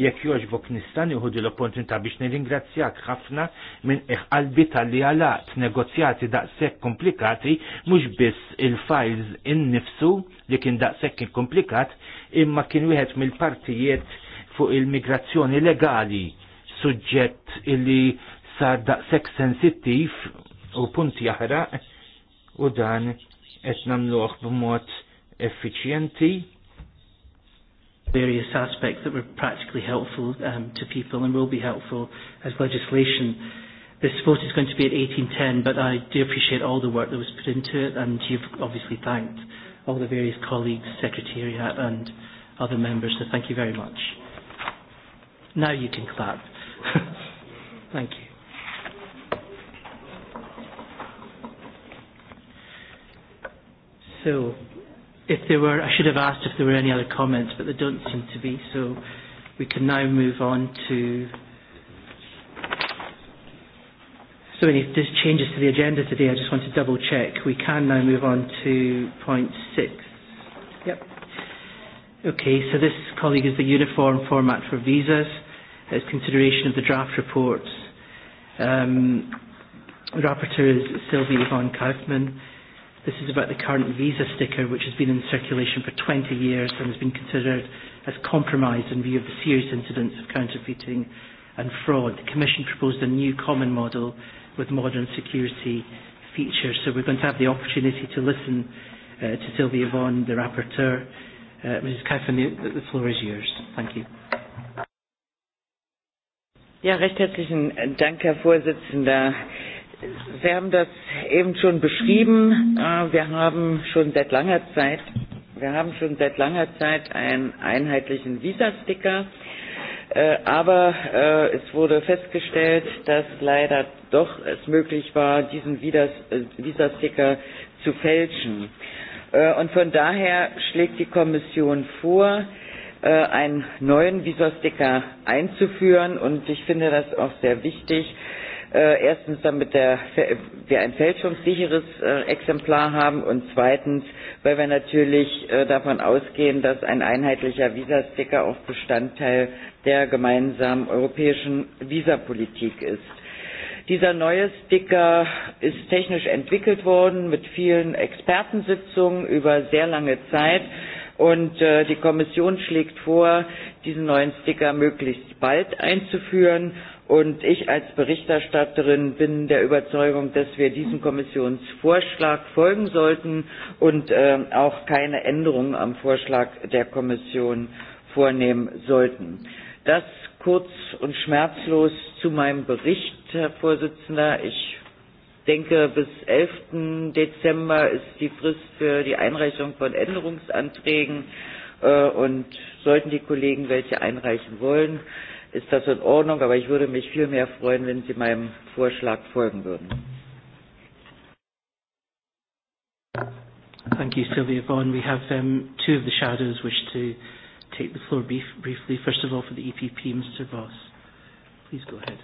jekk joġbok nista' nieħu l-opportunità biex nirringrazzjak ħafna minn iħqalbi tal-li għalaqt negozjati daqshekk komplikati mhux biss il-files innifsu li kien daqshekk komplikat imma kien wieħed mill-partijiet fuq il-migrazzjoni legali suġġett illi sar daqshekk sensittiv u punt jaħraq u dan qed nagħmluh b'mod effiċjenti various aspects that were practically helpful um, to people and will be helpful as legislation. This vote is going to be at 18.10, but I do appreciate all the work that was put into it, and you've obviously thanked all the various colleagues, Secretariat, and other members, so thank you very much. Now you can clap. thank you. So, if there were, I should have asked if there were any other comments, but there don't seem to be, so we can now move on to. So any changes to the agenda today, I just want to double check. We can now move on to point six. Yep. Okay, so this, colleague, is the uniform format for visas. It's consideration of the draft reports. Um, the rapporteur is Sylvie Yvonne Kaufman. This is about the current visa sticker, which has been in circulation for 20 years and has been considered as compromised in view of the serious incidents of counterfeiting and fraud. The Commission proposed a new common model with modern security features. So we're going to have the opportunity to listen uh, to Sylvia Vaughan, the rapporteur. Uh, Mrs. Kaifan, the, the floor is yours. Thank you. Ja, recht herzlichen Dank, Herr Vorsitzender. Sie haben das eben schon beschrieben. Äh, wir haben schon seit langer Zeit, wir haben schon seit langer Zeit einen einheitlichen Visa-Sticker. Äh, aber äh, es wurde festgestellt, dass leider doch es möglich war, diesen Visa-Sticker zu fälschen. Und von daher schlägt die Kommission vor, einen neuen Visa-Sticker einzuführen. Und ich finde das auch sehr wichtig, Äh, erstens, damit der, wir ein fälschungssicheres äh, Exemplar haben und zweitens, weil wir natürlich äh, davon ausgehen, dass ein einheitlicher Visasticker auch Bestandteil der gemeinsamen europäischen Visapolitik ist. Dieser neue Sticker ist technisch entwickelt worden mit vielen Expertensitzungen über sehr lange Zeit. Und äh, die Kommission schlägt vor, diesen neuen Sticker möglichst bald einzuführen Und ich als Berichterstatterin bin der Überzeugung, dass wir diesem Kommissionsvorschlag folgen sollten und äh, auch keine Änderungen am Vorschlag der Kommission vornehmen sollten. Das kurz und schmerzlos zu meinem Bericht, Herr Vorsitzender. Ich denke, bis 11. Dezember ist die Frist für die Einreichung von Änderungsanträgen äh, und sollten die Kollegen welche einreichen wollen, äh, ist das in Ordnung, aber ich würde mich viel mehr freuen, wenn Sie meinem Vorschlag folgen würden. Thank you, Sylvia Vaughan. We have um, two of the shadows wish to take the floor brief, briefly. First of all, for the EPP, Mr. Voss. Please go ahead.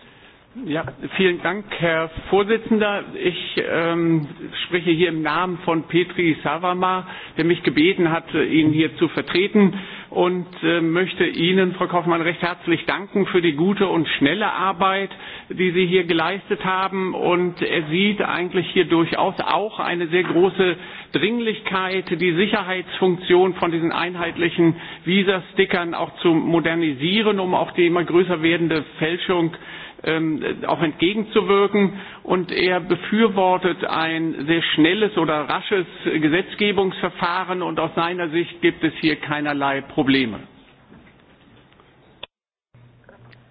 Ja, vielen Dank, Herr Vorsitzender. Ich ähm, spreche hier im Namen von Petri Savama, der mich gebeten hat, ihn hier zu vertreten. Äh, und äh, möchte Ihnen, Frau Kaufmann, recht herzlich danken für die gute und schnelle Arbeit, die Sie hier geleistet haben. Und er sieht eigentlich hier durchaus auch eine sehr große Dringlichkeit, die Sicherheitsfunktion von diesen einheitlichen Visa-Stickern auch zu modernisieren, um auch die immer größer werdende Fälschung äh, Ähm, auch entgegenzuwirken. Und er befürwortet ein sehr schnelles oder rasches Gesetzgebungsverfahren. Und aus seiner Sicht gibt es hier keinerlei Probleme.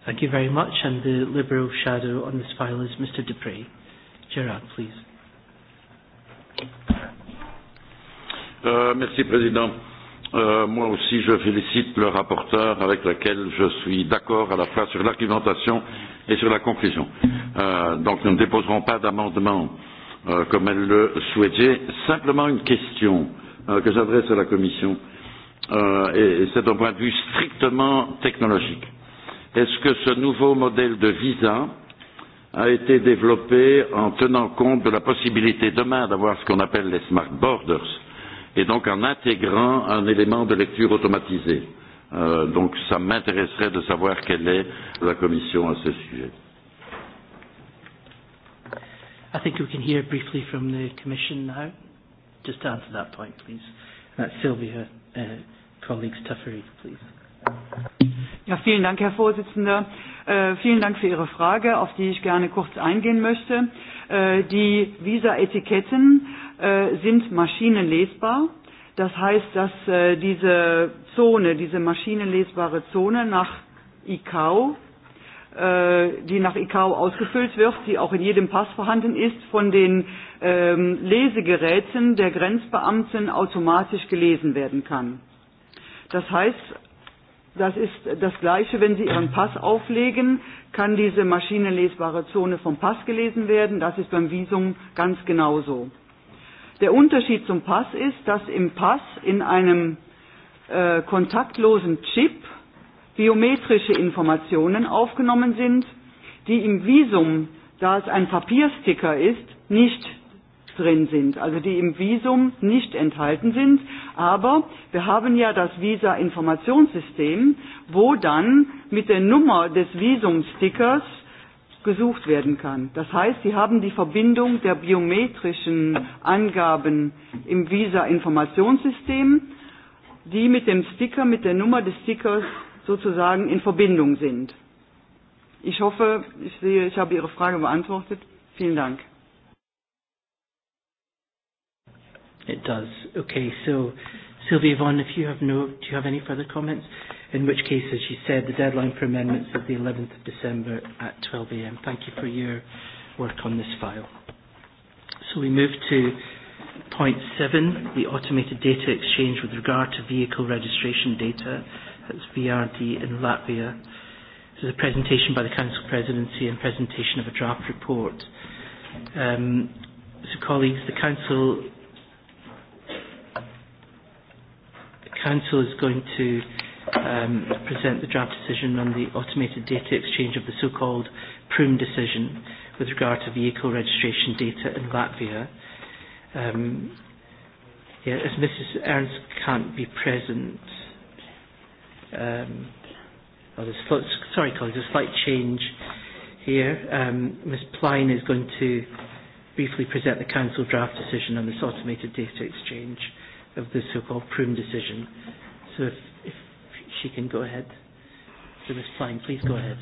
Thank you very much. And the Liberal shadow on this file is Mr. Dupree. Gerard, please. Uh, merci, Président. Euh, moi aussi, je félicite le rapporteur avec lequel je suis d'accord à la fois sur l'argumentation et sur la conclusion. Euh, donc, nous ne déposerons pas d'amendement euh, comme elle le souhaitait. Simplement une question euh, que j'adresse à la Commission, euh, et, et c'est d'un point de vue strictement technologique. Est-ce que ce nouveau modèle de visa a été développé en tenant compte de la possibilité demain d'avoir ce qu'on appelle les smart borders et donc en intégrant un élément de lecture automatisé. Euh, donc ça m'intéresserait de savoir quelle est la Commission à ce sujet. I think we can hear briefly from the Commission now, just to answer that point, please. That's Sylvia, uh, colleagues Tuffery, please. Ja, vielen Dank, Herr Vorsitzender. Äh, vielen Dank für Ihre Frage, auf die ich gerne kurz eingehen möchte. Äh, die Visa-Etiketten äh, Äh, sind maschinenlesbar. Das heißt, dass äh, diese Zone, diese maschinenlesbare Zone nach ICAO, äh, die nach ICAO ausgefüllt wird, die auch in jedem Pass vorhanden ist, von den ähm, Lesegeräten der Grenzbeamten automatisch gelesen werden kann. Das heißt, Das ist das Gleiche, wenn Sie Ihren Pass auflegen, kann diese maschinenlesbare Zone vom Pass gelesen werden. Das ist beim Visum ganz genauso. Der Unterschied zum Pass ist, dass im Pass in einem äh, kontaktlosen Chip biometrische Informationen aufgenommen sind, die im Visum, da es ein Papiersticker ist, nicht drin sind, also die im Visum nicht enthalten sind. Aber wir haben ja das Visa-Informationssystem, wo dann mit der Nummer des Visumstickers gesucht werden kann. Das heißt, Sie haben die Verbindung der biometrischen Angaben im Visa-Informationssystem, die mit dem Sticker, mit der Nummer des Stickers sozusagen in Verbindung sind. Ich hoffe, ich sehe, ich habe Ihre Frage beantwortet. Vielen Dank. It does. Okay, so Sylvia Yvonne, if you have no, do you have any further comments? in which case, as you said, the deadline for amendments is the 11th of December at 12 a.m. Thank you for your work on this file. So we move to point seven, the automated data exchange with regard to vehicle registration data. That's VRD in Latvia. This is a presentation by the Council Presidency and presentation of a draft report. Um, so colleagues, the Council, the Council is going to um, present the draft decision on the automated data exchange of the so-called prune decision with regard to vehicle registration data in Latvia. Um, yeah, if Mrs. Ernst can't be present, um, oh, there's, sorry colleagues, a slight change here. Um, Ms. Pline is going to briefly present the Council draft decision on this automated data exchange of the so-called Prune decision. So if, if she can go ahead. So Ms. Fine, please go ahead.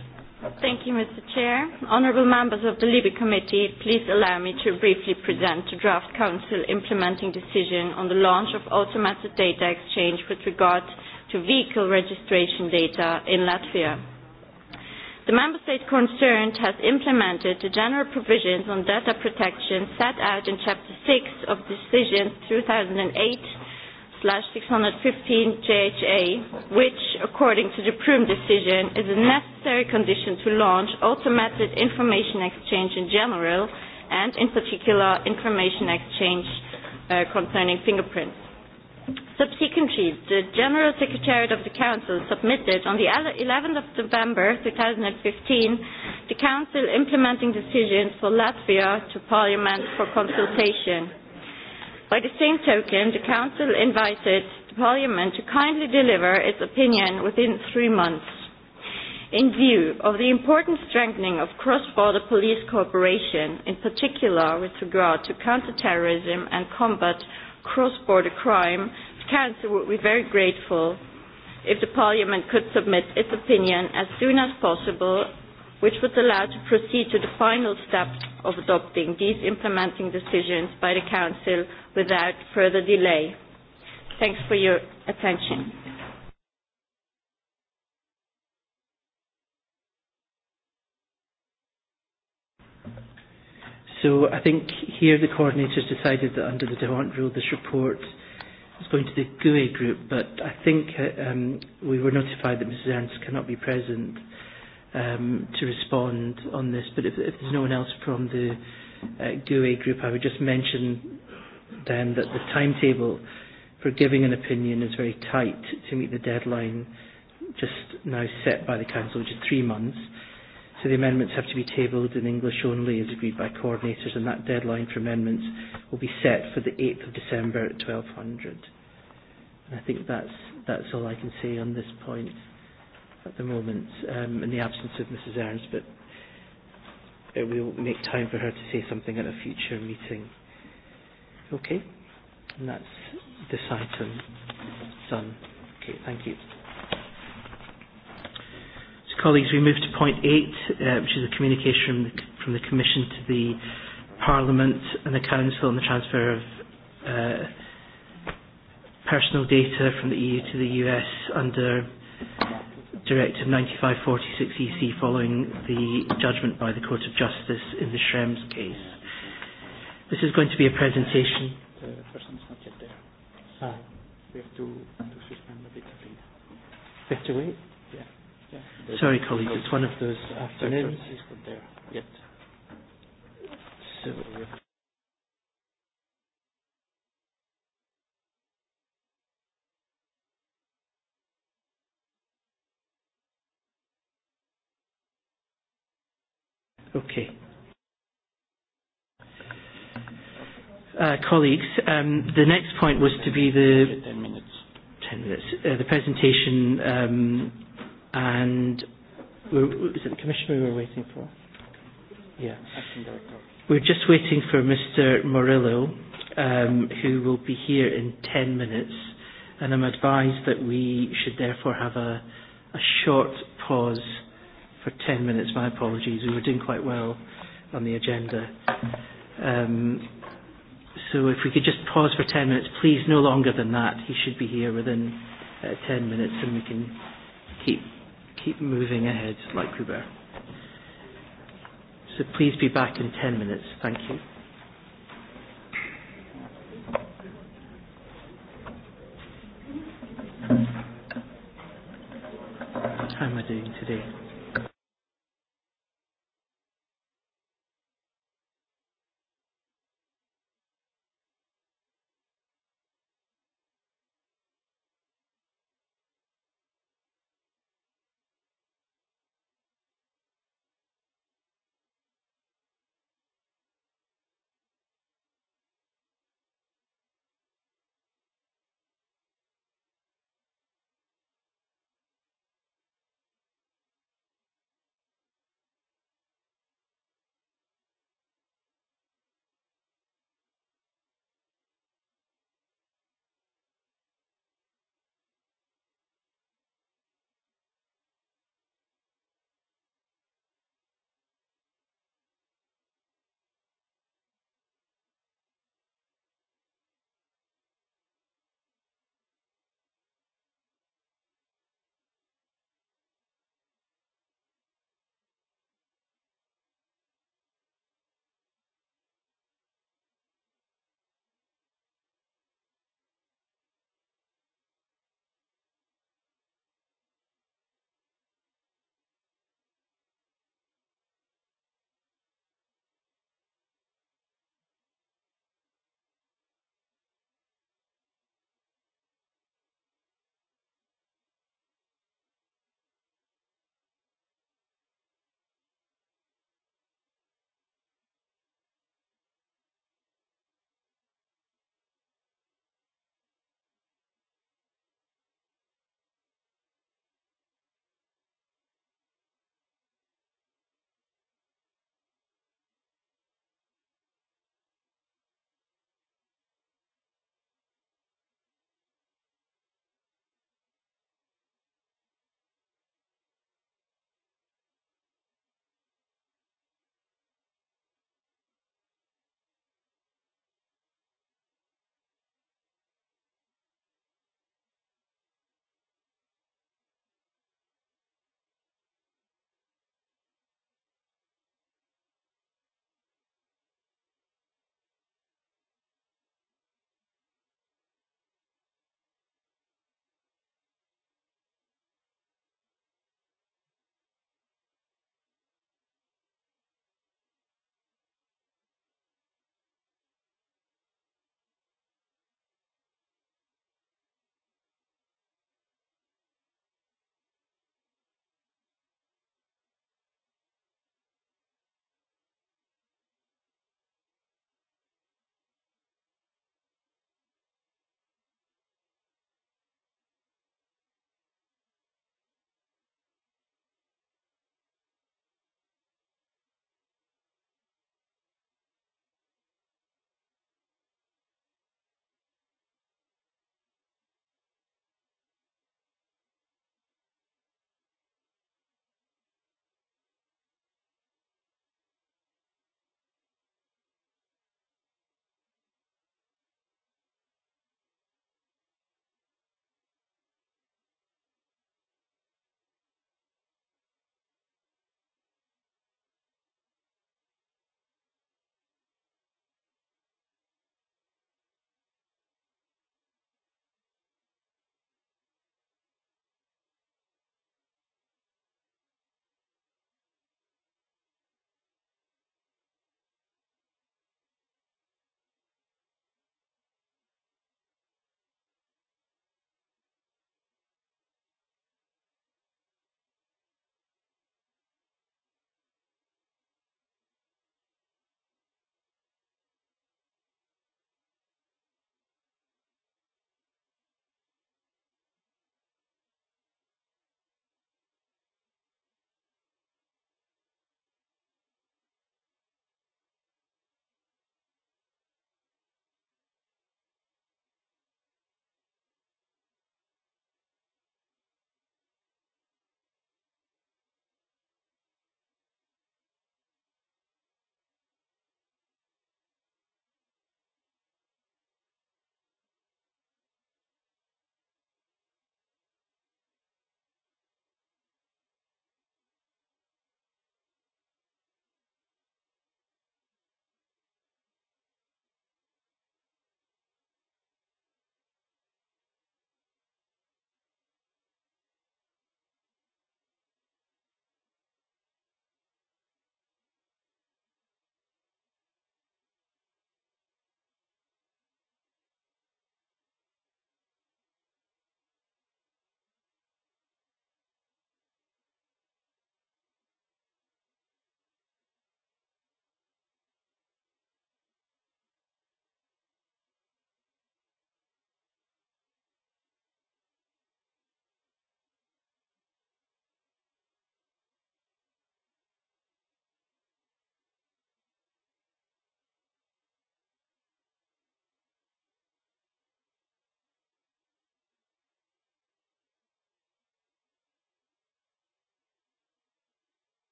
Thank you, Mr. Chair. Honourable members of the Libby Committee, please allow me to briefly present the draft Council implementing decision on the launch of automated data exchange with regard to vehicle registration data in Latvia. The member state concerned has implemented the general provisions on data protection set out in Chapter 6 of Decision 2008 615 jha which, according to the Prüm decision, is a necessary condition to launch automated information exchange in general and, in particular, information exchange uh, concerning fingerprints. Subsequently, the General Secretariat of the Council submitted on the 11th of November 2015 the Council implementing decisions for Latvia to Parliament for consultation. By the same token, the Council invited the Parliament to kindly deliver its opinion within three months. In view of the important strengthening of cross-border police cooperation, in particular with regard to counter-terrorism and combat cross-border crime, the Council would be very grateful if the Parliament could submit its opinion as soon as possible which would allow to proceed to the final step of adopting these implementing decisions by the Council without further delay. Thanks for your attention. So I think here the coordinators decided that under the DeWant rule this report is going to the GUE group, but I think uh, um, we were notified that Mrs. Ernst cannot be present um, to respond on this, but if, if there's no one else from the uh, GUE group, I would just mention then that the timetable for giving an opinion is very tight to meet the deadline just now set by the Council, which is three months. So the amendments have to be tabled in English only as agreed by coordinators, and that deadline for amendments will be set for the 8th of December at 1200. And I think that's, that's all I can say on this point at the moment um, in the absence of Mrs. Ernst, but it will make time for her to say something at a future meeting. Okay, and that's this item done. Okay, thank you. So colleagues, we move to point eight, uh, which is a communication from the, from the Commission to the Parliament and the Council on the transfer of uh, personal data from the EU to the US under Directive 9546 EC following the judgment by the Court of Justice in the Schrems case. This is going to be a presentation. The person's not yet there. Ah. We have to, to suspend a bit. wait? Yeah. yeah. Sorry, colleagues, it's one of those afternoons. He's not there yet. So. Okay. Uh, colleagues, um, the next point was to be the... Ten minutes. Ten minutes. Uh, the presentation um, and... we're Is it the commissioner we were waiting for? Yeah. We're just waiting for Mr. Morillo, um, who will be here in 10 minutes, and I'm advised that we should therefore have a, a short pause for 10 minutes. My apologies. We were doing quite well on the agenda. Um, so if we could just pause for 10 minutes, please, no longer than that. He should be here within uh, 10 minutes and we can keep, keep moving ahead like we were. So please be back in 10 minutes. Thank you. How am I doing today?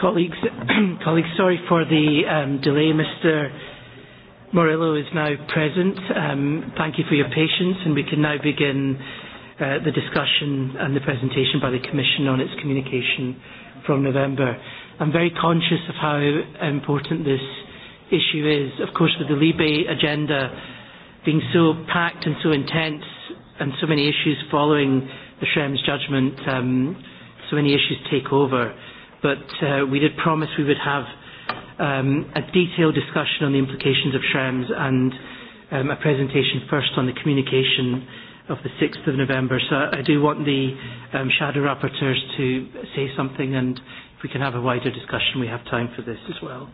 Colleagues, colleagues, sorry for the um, delay. Mr. Morello is now present. Um, thank you for your patience, and we can now begin uh, the discussion and the presentation by the Commission on its communication from November. I'm very conscious of how important this issue is. Of course, with the Libe agenda being so packed and so intense and so many issues following the Shrem's judgment, um, many issues take over. But uh, we did promise we would have um, a detailed discussion on the implications of SREMS and um, a presentation first on the communication of the 6th of November. So I do want the um, shadow rapporteurs to say something and if we can have a wider discussion, we have time for this as well.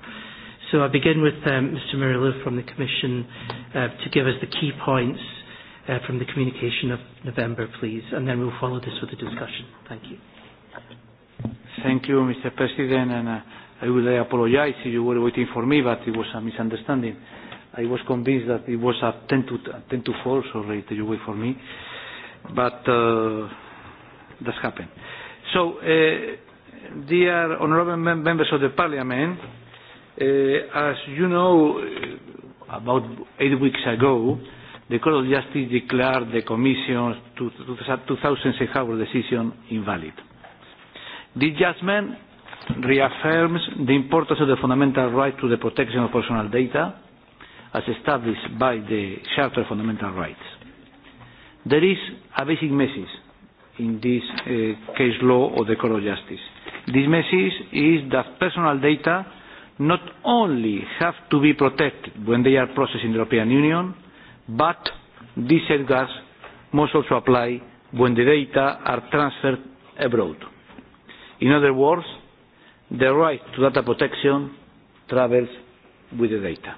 So I begin with um, Mr. Murillo from the Commission uh, to give us the key points uh, from the communication of November, please, and then we'll follow this with a discussion. Thank you. Thank you, Mr. President, and uh, I would uh, apologize if you were waiting for me, but it was a misunderstanding. I was convinced that it was at 10 to, at 10 to 4, sorry that you wait for me, but uh, that's happened. So, uh, dear honorable mem members of the parliament, uh, as you know, uh, about eight weeks ago, the Court of Justice declared the Commission's 2006 hour decision invalid. The judgment reaffirms the importance of the fundamental right to the protection of personal data as established by the Charter of Fundamental Rights. There is a basic message in this uh, case law of the Court of Justice. This message is that personal data not only have to be protected when they are processed in the European Union, but these safeguards must also apply when the data are transferred abroad. In other words, the right to data protection travels with the data.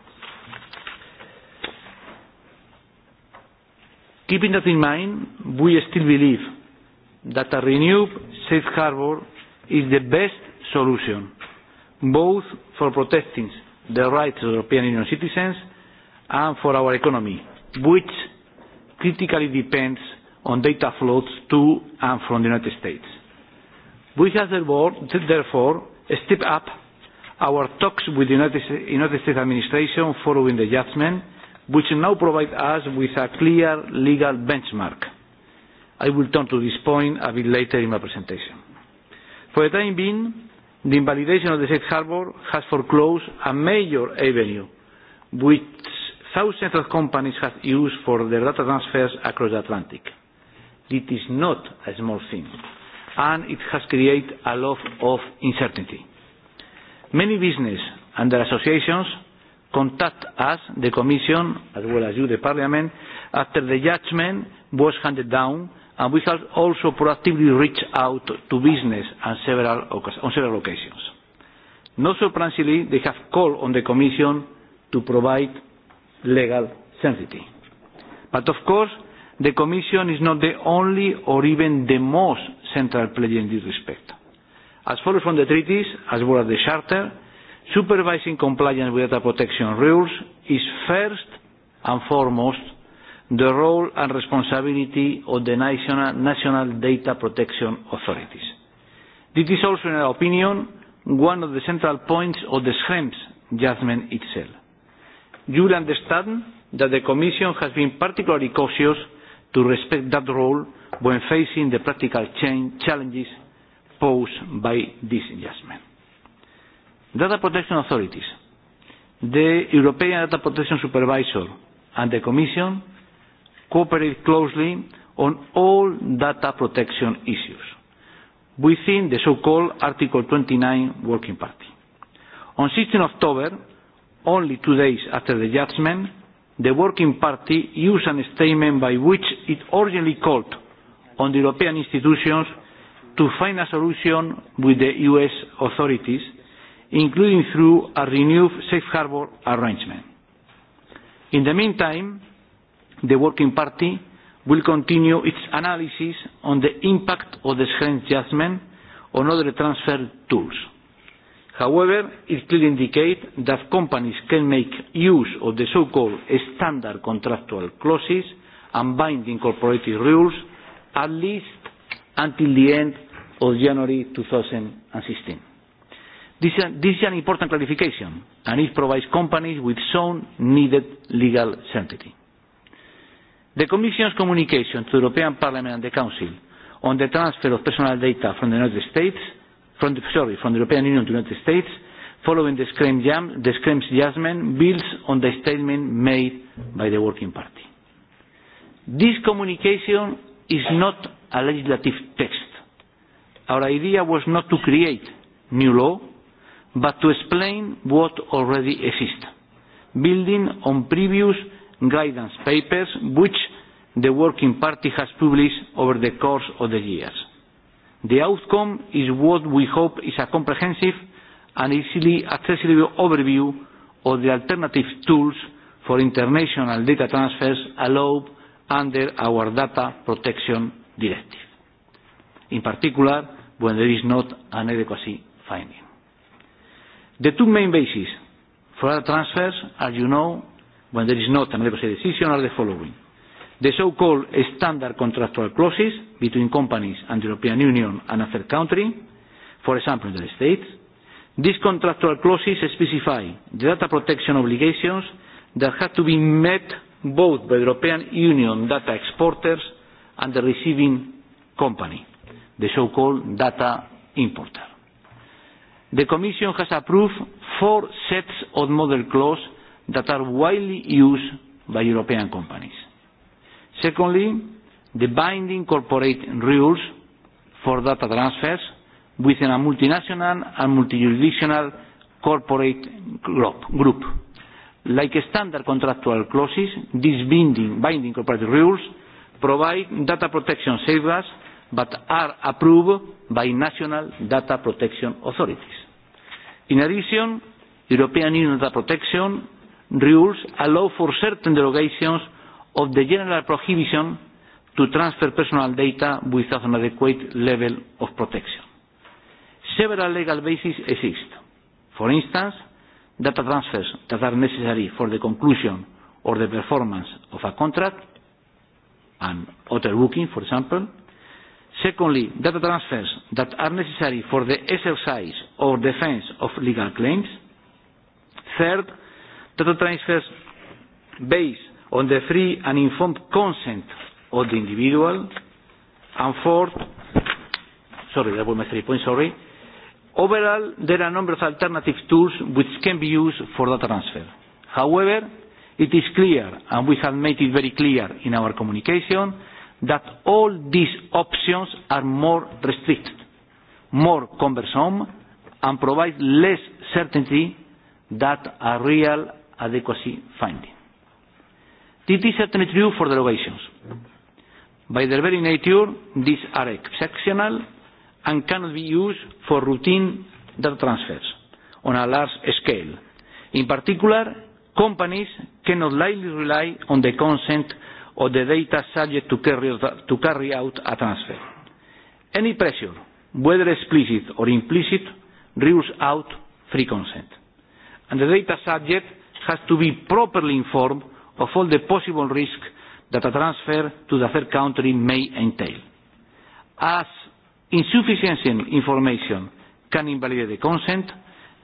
Keeping that in mind, we still believe that a renewed safe harbor is the best solution, both for protecting the rights of European Union citizens and for our economy, which critically depends on data flows to and from the United States. We have therefore step up our talks with the United States administration following the judgment, which now provide us with a clear legal benchmark. I will turn to this point a bit later in my presentation. For the time being, the invalidation of the safe harbor has foreclosed a major avenue which thousands of companies have used for their data transfers across the Atlantic. It is not a small thing and it has created a lot of uncertainty. Many business and their associations contact us, the Commission, as well as you, the Parliament, after the judgment was handed down, and we have also proactively reached out to business on several, on several occasions. Not surprisingly, they have called on the Commission to provide legal certainty. But of course, The Commission is not the only or even the most central player in this respect. As follows from the treaties, as well as the Charter, supervising compliance with data protection rules is first and foremost the role and responsibility of the national, national data protection authorities. This is also, in our opinion, one of the central points of the SREMS judgment itself. You will understand that the Commission has been particularly cautious to respect that role when facing the practical challenges posed by this adjustment. Data protection authorities, the European Data Protection Supervisor and the Commission cooperate closely on all data protection issues within the so-called Article 29 Working Party. On 16 October, only two days after the judgment, the Working Party used a statement by which it urgently called on the European institutions to find a solution with the US authorities, including through a renewed safe harbor arrangement. In the meantime, the Working Party will continue its analysis on the impact of the strength judgment on other transfer tools. However, it clearly indicates that companies can make use of the so-called standard contractual clauses and binding corporate rules at least until the end of January 2016. This, this is an important clarification and it provides companies with some needed legal certainty. The Commission's communication to the European Parliament and the Council on the transfer of personal data from the United States from the, sorry, from the European Union to the United States following the Scream, jam, the Scream jasmine builds on the statement made by the Working Party. This communication is not a legislative text. Our idea was not to create new law, but to explain what already exists, building on previous guidance papers which the Working Party has published over the course of the years. The outcome is what we hope is a comprehensive and easily accessible overview of the alternative tools for international data transfers allowed under our Data Protection Directive, in particular when there is not an adequacy finding. The two main bases for data transfers, as you know, when there is not an adequacy decision, are the following the so-called standard contractual clauses between companies and the European Union and a third country, for example, in the States. These contractual clauses specify the data protection obligations that have to be met both by the European Union data exporters and the receiving company, the so-called data importer. The Commission has approved four sets of model clause that are widely used by European companies. Secondly, the binding corporate rules for data transfers within a multinational and multi-jurisdictional corporate group. Like standard contractual clauses, these binding, binding corporate rules provide data protection safeguards but are approved by national data protection authorities. In addition, European Union data protection rules allow for certain derogations of the general prohibition to transfer personal data without an adequate level of protection. Several legal bases exist. For instance, data transfers that are necessary for the conclusion or the performance of a contract, and other booking, for example. Secondly, data transfers that are necessary for the exercise or defense of legal claims. Third, data transfers based on the free and informed consent of the individual, and fourth, sorry, that was my three points, sorry. Overall, there are a number of alternative tools which can be used for data transfer. However, it is clear, and we have made it very clear in our communication, that all these options are more restricted, more cumbersome, and provide less certainty that a real adequacy finding. This is certainly true for derogations. By their very nature, these are exceptional and cannot be used for routine data transfers on a large scale. In particular, companies cannot lightly rely on the consent of the data subject to carry, to carry out a transfer. Any pressure, whether explicit or implicit, rules out free consent. And the data subject has to be properly informed of all the possible risks that a transfer to the third country may entail. As insufficient information can invalidate the consent,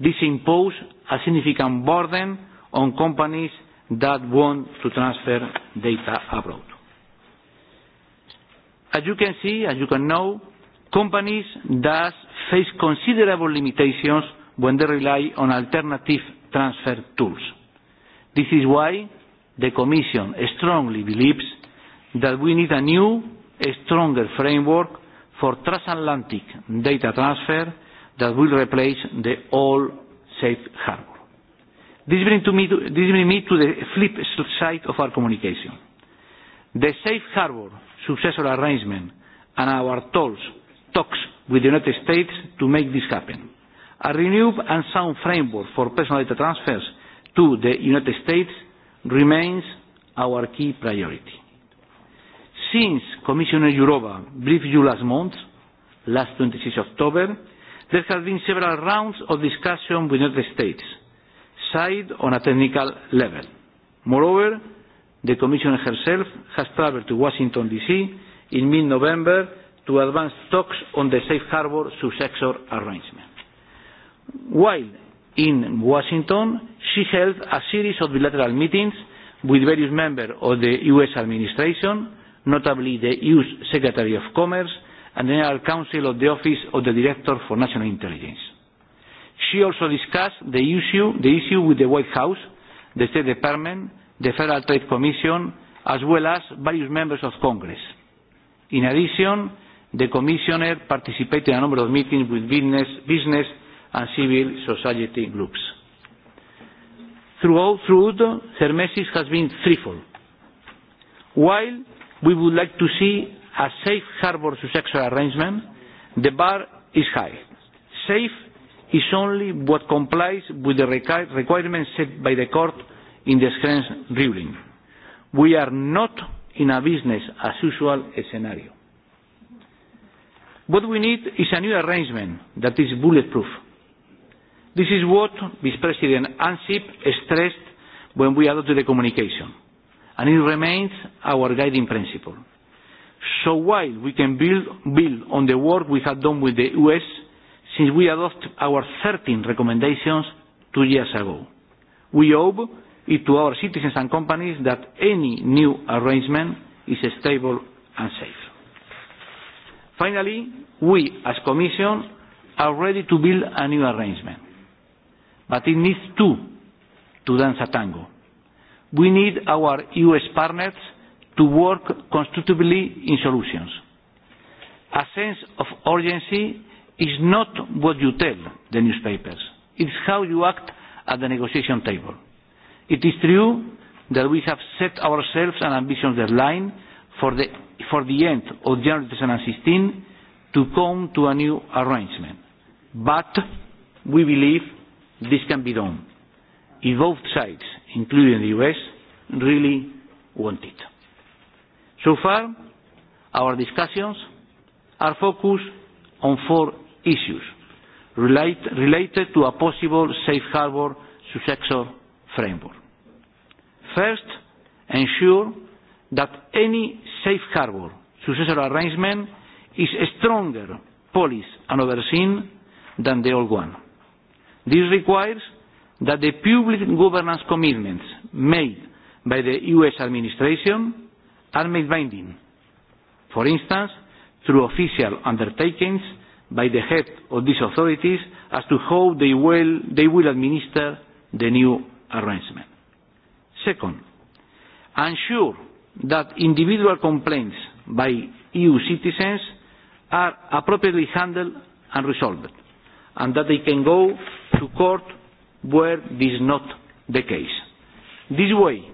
this imposes a significant burden on companies that want to transfer data abroad. As you can see, as you can know, companies thus face considerable limitations when they rely on alternative transfer tools. This is why the Commission strongly believes that we need a new, a stronger framework for transatlantic data transfer that will replace the old safe harbor. This brings, to me to, this brings me to the flip side of our communication. The safe harbor successor arrangement and our talks, talks with the United States to make this happen. A renewed and sound framework for personal data transfers to the United States remains our key priority. Since Commissioner Jourova briefed you last month, last 26 October, there have been several rounds of discussion with other States, side on a technical level. Moreover, the Commissioner herself has travelled to Washington, D.C. in mid-November to advance talks on the safe harbour subsector arrangement. While in Washington, she held a series of bilateral meetings with various members of the U.S. administration, notably the U.S. Secretary of Commerce and the General Counsel of the Office of the Director for National Intelligence. She also discussed the issue, the issue with the White House, the State Department, the Federal Trade Commission, as well as various members of Congress. In addition, the Commissioner participated in a number of meetings with business, business and civil society groups. Throughout through Hermesis has been threefold. While we would like to see a safe harbour to sexual arrangement, the bar is high. Safe is only what complies with the requirements set by the court in the Schrens ruling. We are not in a business as usual scenario. What we need is a new arrangement that is bulletproof This is what Vice President Ansip stressed when we adopted the communication, and it remains our guiding principle. So while we can build, build on the work we have done with the US since we adopted our 13 recommendations two years ago, we owe it to our citizens and companies that any new arrangement is stable and safe. Finally, we as Commission are ready to build a new arrangement But it needs two to dance a tango. We need our e US partners to work constructively in solutions. A sense of urgency is not what you tell the newspapers. It's how you act at the negotiation table. It is true that we have set ourselves an ambitious deadline for the, for the end of January 2016 to come to a new arrangement. But we believe this can be done if both sides, including the US, really want it. So far, our discussions are focused on four issues relate, related to a possible safe harbor successor framework. First, ensure that any safe harbor successor arrangement is stronger, police, and overseen than the old one This requires that the public governance commitments made by the U.S. administration are made binding. For instance, through official undertakings by the head of these authorities as to how they will, they will administer the new arrangement. Second, ensure that individual complaints by EU citizens are appropriately handled and resolved and that they can go to court where this is not the case. This way,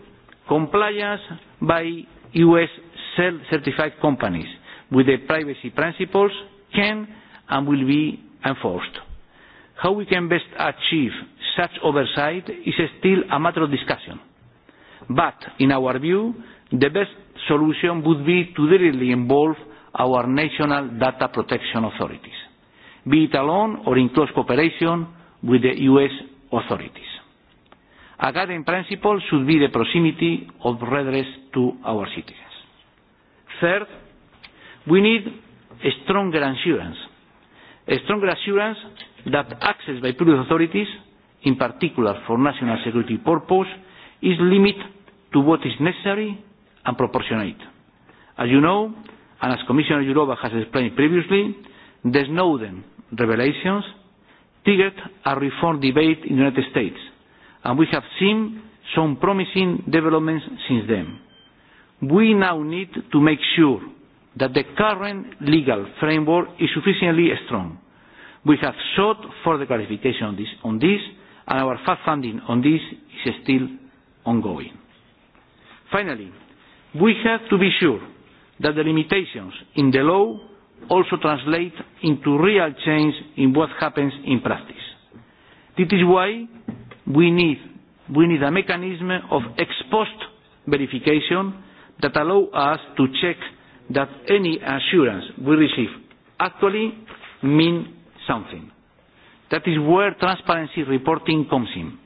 compliance by US self-certified companies with the privacy principles can and will be enforced. How we can best achieve such oversight is still a matter of discussion. But in our view, the best solution would be to directly involve our national data protection authorities be it alone or in close cooperation with the U.S. authorities. A guiding principle should be the proximity of redress to our citizens. Third, we need a stronger assurance, a stronger assurance that access by public authorities, in particular for national security purpose, is limited to what is necessary and proportionate. As you know, and as Commissioner Jourova has explained previously, the Snowden revelations triggered a reform debate in the United States, and we have seen some promising developments since then. We now need to make sure that the current legal framework is sufficiently strong. We have sought further clarification on this, on this and our fast funding on this is still ongoing. Finally, we have to be sure that the limitations in the law also translate into real change in what happens in practice. This is why we need, we need a mechanism of ex post verification that allow us to check that any assurance we receive actually means something. That is where transparency reporting comes in.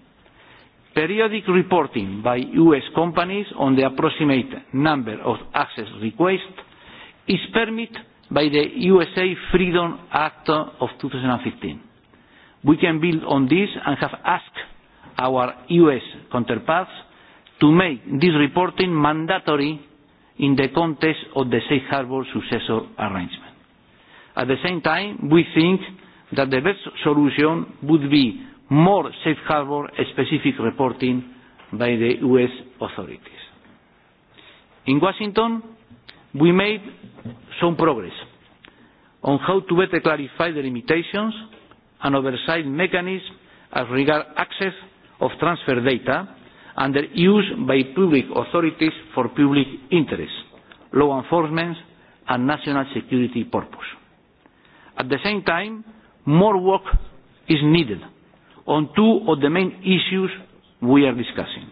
Periodic reporting by US companies on the approximate number of access requests is permitted by the USA Freedom Act of 2015. We can build on this and have asked our US counterparts to make this reporting mandatory in the context of the safe harbor successor arrangement. At the same time, we think that the best solution would be more safe harbor specific reporting by the US authorities. In Washington, We made some progress on how to better clarify the limitations and oversight mechanism as regard access of transfer data and their use by public authorities for public interest, law enforcement and national security purpose. At the same time, more work is needed on two of the main issues we are discussing.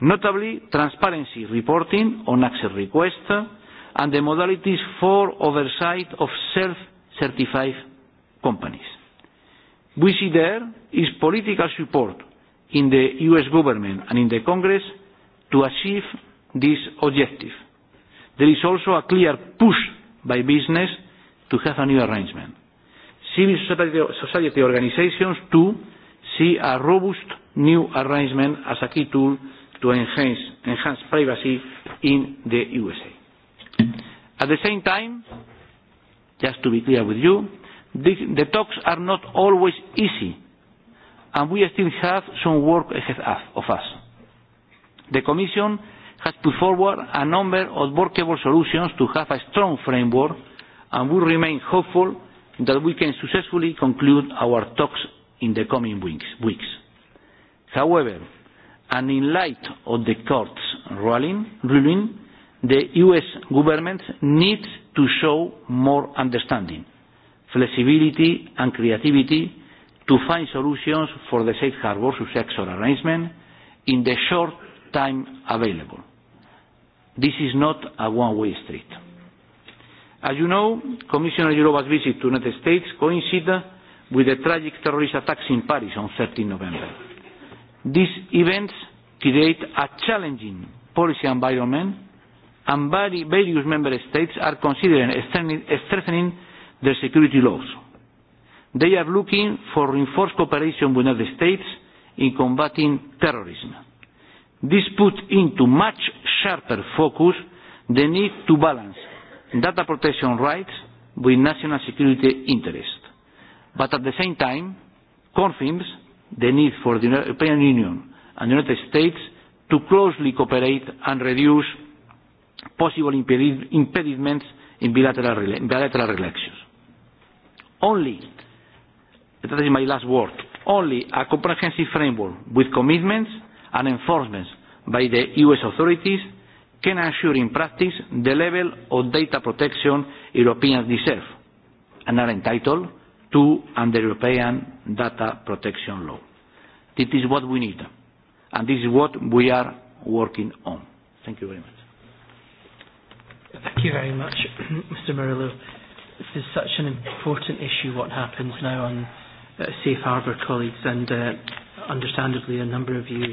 Notably, transparency reporting on access requests and the modalities for oversight of self-certified companies. We see there is political support in the US government and in the Congress to achieve this objective. There is also a clear push by business to have a new arrangement. Civil society organizations too see a robust new arrangement as a key tool to enhance, enhance privacy in the USA. At the same time, just to be clear with you, the, the talks are not always easy, and we still have some work ahead of us. The Commission has put forward a number of workable solutions to have a strong framework, and we remain hopeful that we can successfully conclude our talks in the coming weeks. However, and in light of the court's ruling, ruling the US government needs to show more understanding, flexibility and creativity to find solutions for the safe harbor successor arrangement in the short time available. This is not a one-way street. As you know, Commissioner Jourova's visit to the United States coincided with the tragic terrorist attacks in Paris on 13 November. These events create a challenging policy environment and various member states are considering strengthening their security laws. They are looking for reinforced cooperation with other states in combating terrorism. This puts into much sharper focus the need to balance data protection rights with national security interests, but at the same time confirms the need for the European Union and the United States to closely cooperate and reduce possible impediments in bilateral, in bilateral relations. Only, that is my last word, only a comprehensive framework with commitments and enforcements by the US authorities can assure in practice the level of data protection Europeans deserve and are entitled to under European data protection law. This is what we need and this is what we are working on. Thank you very much. Thank you very much, Mr. Murillo. This is such an important issue, what happens now on uh, Safe Harbour, colleagues, and uh, understandably a number of you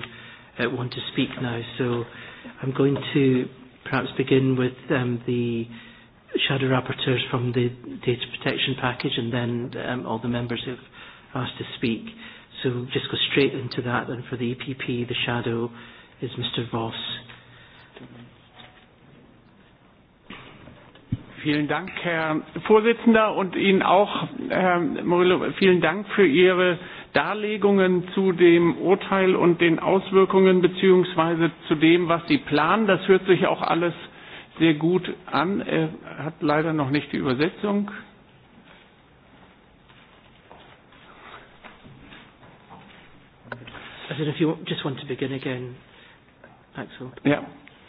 uh, want to speak now. So I'm going to perhaps begin with um, the shadow rapporteurs from the data protection package and then um, all the members who have asked to speak. So just go straight into that. And for the EPP, the shadow is Mr. Voss. Vielen Dank, Herr Vorsitzender, und Ihnen auch, Herr Morillo, vielen Dank für Ihre Darlegungen zu dem Urteil und den Auswirkungen beziehungsweise zu dem, was Sie planen. Das hört sich auch alles sehr gut an. Er hat leider noch nicht die Übersetzung. I don't know if you just want to begin again, Axel. Yeah.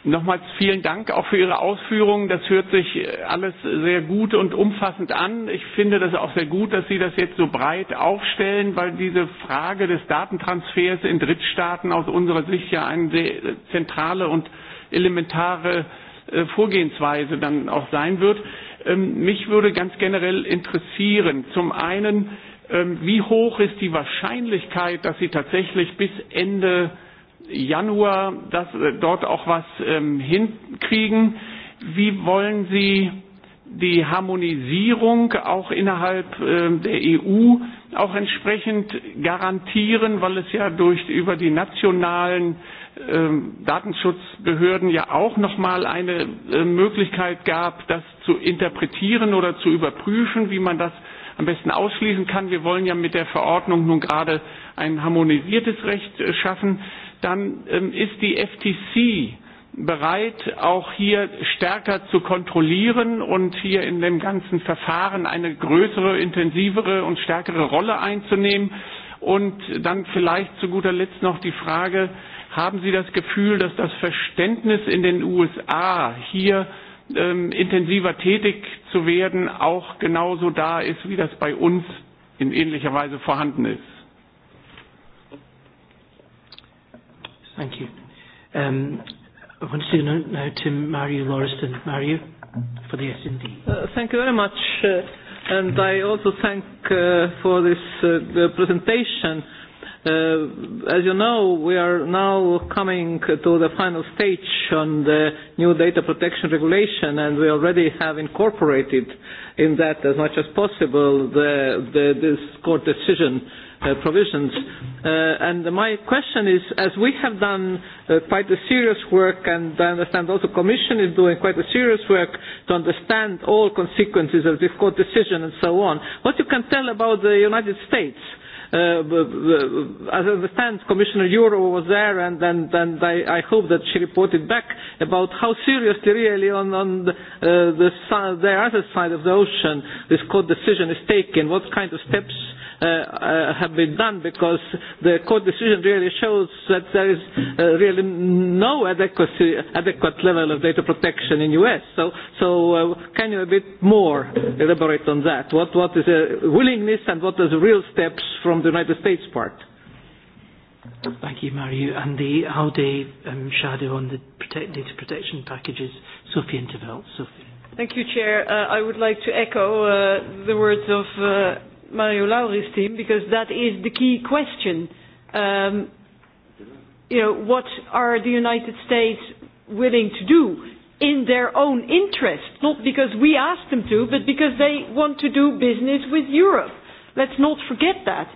Nochmals vielen Dank auch für Ihre Ausführungen. Das hört sich äh, alles sehr gut und umfassend an. Ich finde das auch sehr gut, dass Sie das jetzt so breit aufstellen, weil diese Frage des Datentransfers in Drittstaaten aus unserer Sicht ja eine sehr äh, zentrale und elementare äh, Vorgehensweise dann auch sein wird. Ähm, mich würde ganz generell interessieren, zum einen, ähm, wie hoch ist die Wahrscheinlichkeit, dass Sie tatsächlich bis Ende Januar das, äh, dort auch was ähm, hinkriegen? Wie wollen Sie die Harmonisierung auch innerhalb äh, der EU auch entsprechend garantieren, weil es ja durch über die nationalen ähm, Datenschutzbehörden ja auch noch mal eine äh, Möglichkeit gab, das zu interpretieren oder zu überprüfen, wie man das am besten ausschließen kann. Wir wollen ja mit der Verordnung nun gerade ein harmonisiertes Recht äh, schaffen dann ähm, ist die FTC bereit, auch hier stärker zu kontrollieren und hier in dem ganzen Verfahren eine größere, intensivere und stärkere Rolle einzunehmen. Und dann vielleicht zu guter Letzt noch die Frage, haben Sie das Gefühl, dass das Verständnis in den USA hier ähm, intensiver tätig zu werden auch genauso da ist, wie das bei uns in ähnlicher Weise vorhanden ist? Thank you. Um, I want to say now, to Mario Lauriston. Mario, for the SND. Uh, thank you very much. Uh, and I also thank uh, for this uh, presentation. Uh, as you know, we are now coming to the final stage on the new data protection regulation, and we already have incorporated in that as much as possible the, the, this court decision uh, provisions. Uh, and my question is, as we have done uh, quite a serious work, and I understand also the Commission is doing quite a serious work to understand all consequences of this court decision and so on, what you can tell about the United States? uh, as I understand, Commissioner Euro was there, and, and, and I, I hope that she reported back about how seriously, really, on, on the, uh, the, the other side of the ocean, this court decision is taken, what kind of steps uh, uh, have been done because the court decision really shows that there is uh, really no adequacy, adequate level of data protection in the US. So, so uh, can you a bit more elaborate on that? What, what is the willingness and what are the real steps from from the United States part. Thank you, Mario. And the they um, shadow on the protect, data protection packages, Sophie Intervelt. Sophie. Thank you, Chair. Uh, I would like to echo uh, the words of uh, Mario Lauri's team because that is the key question. Um, you know, what are the United States willing to do in their own interest? Not because we asked them to, but because they want to do business with Europe. Let's not forget that.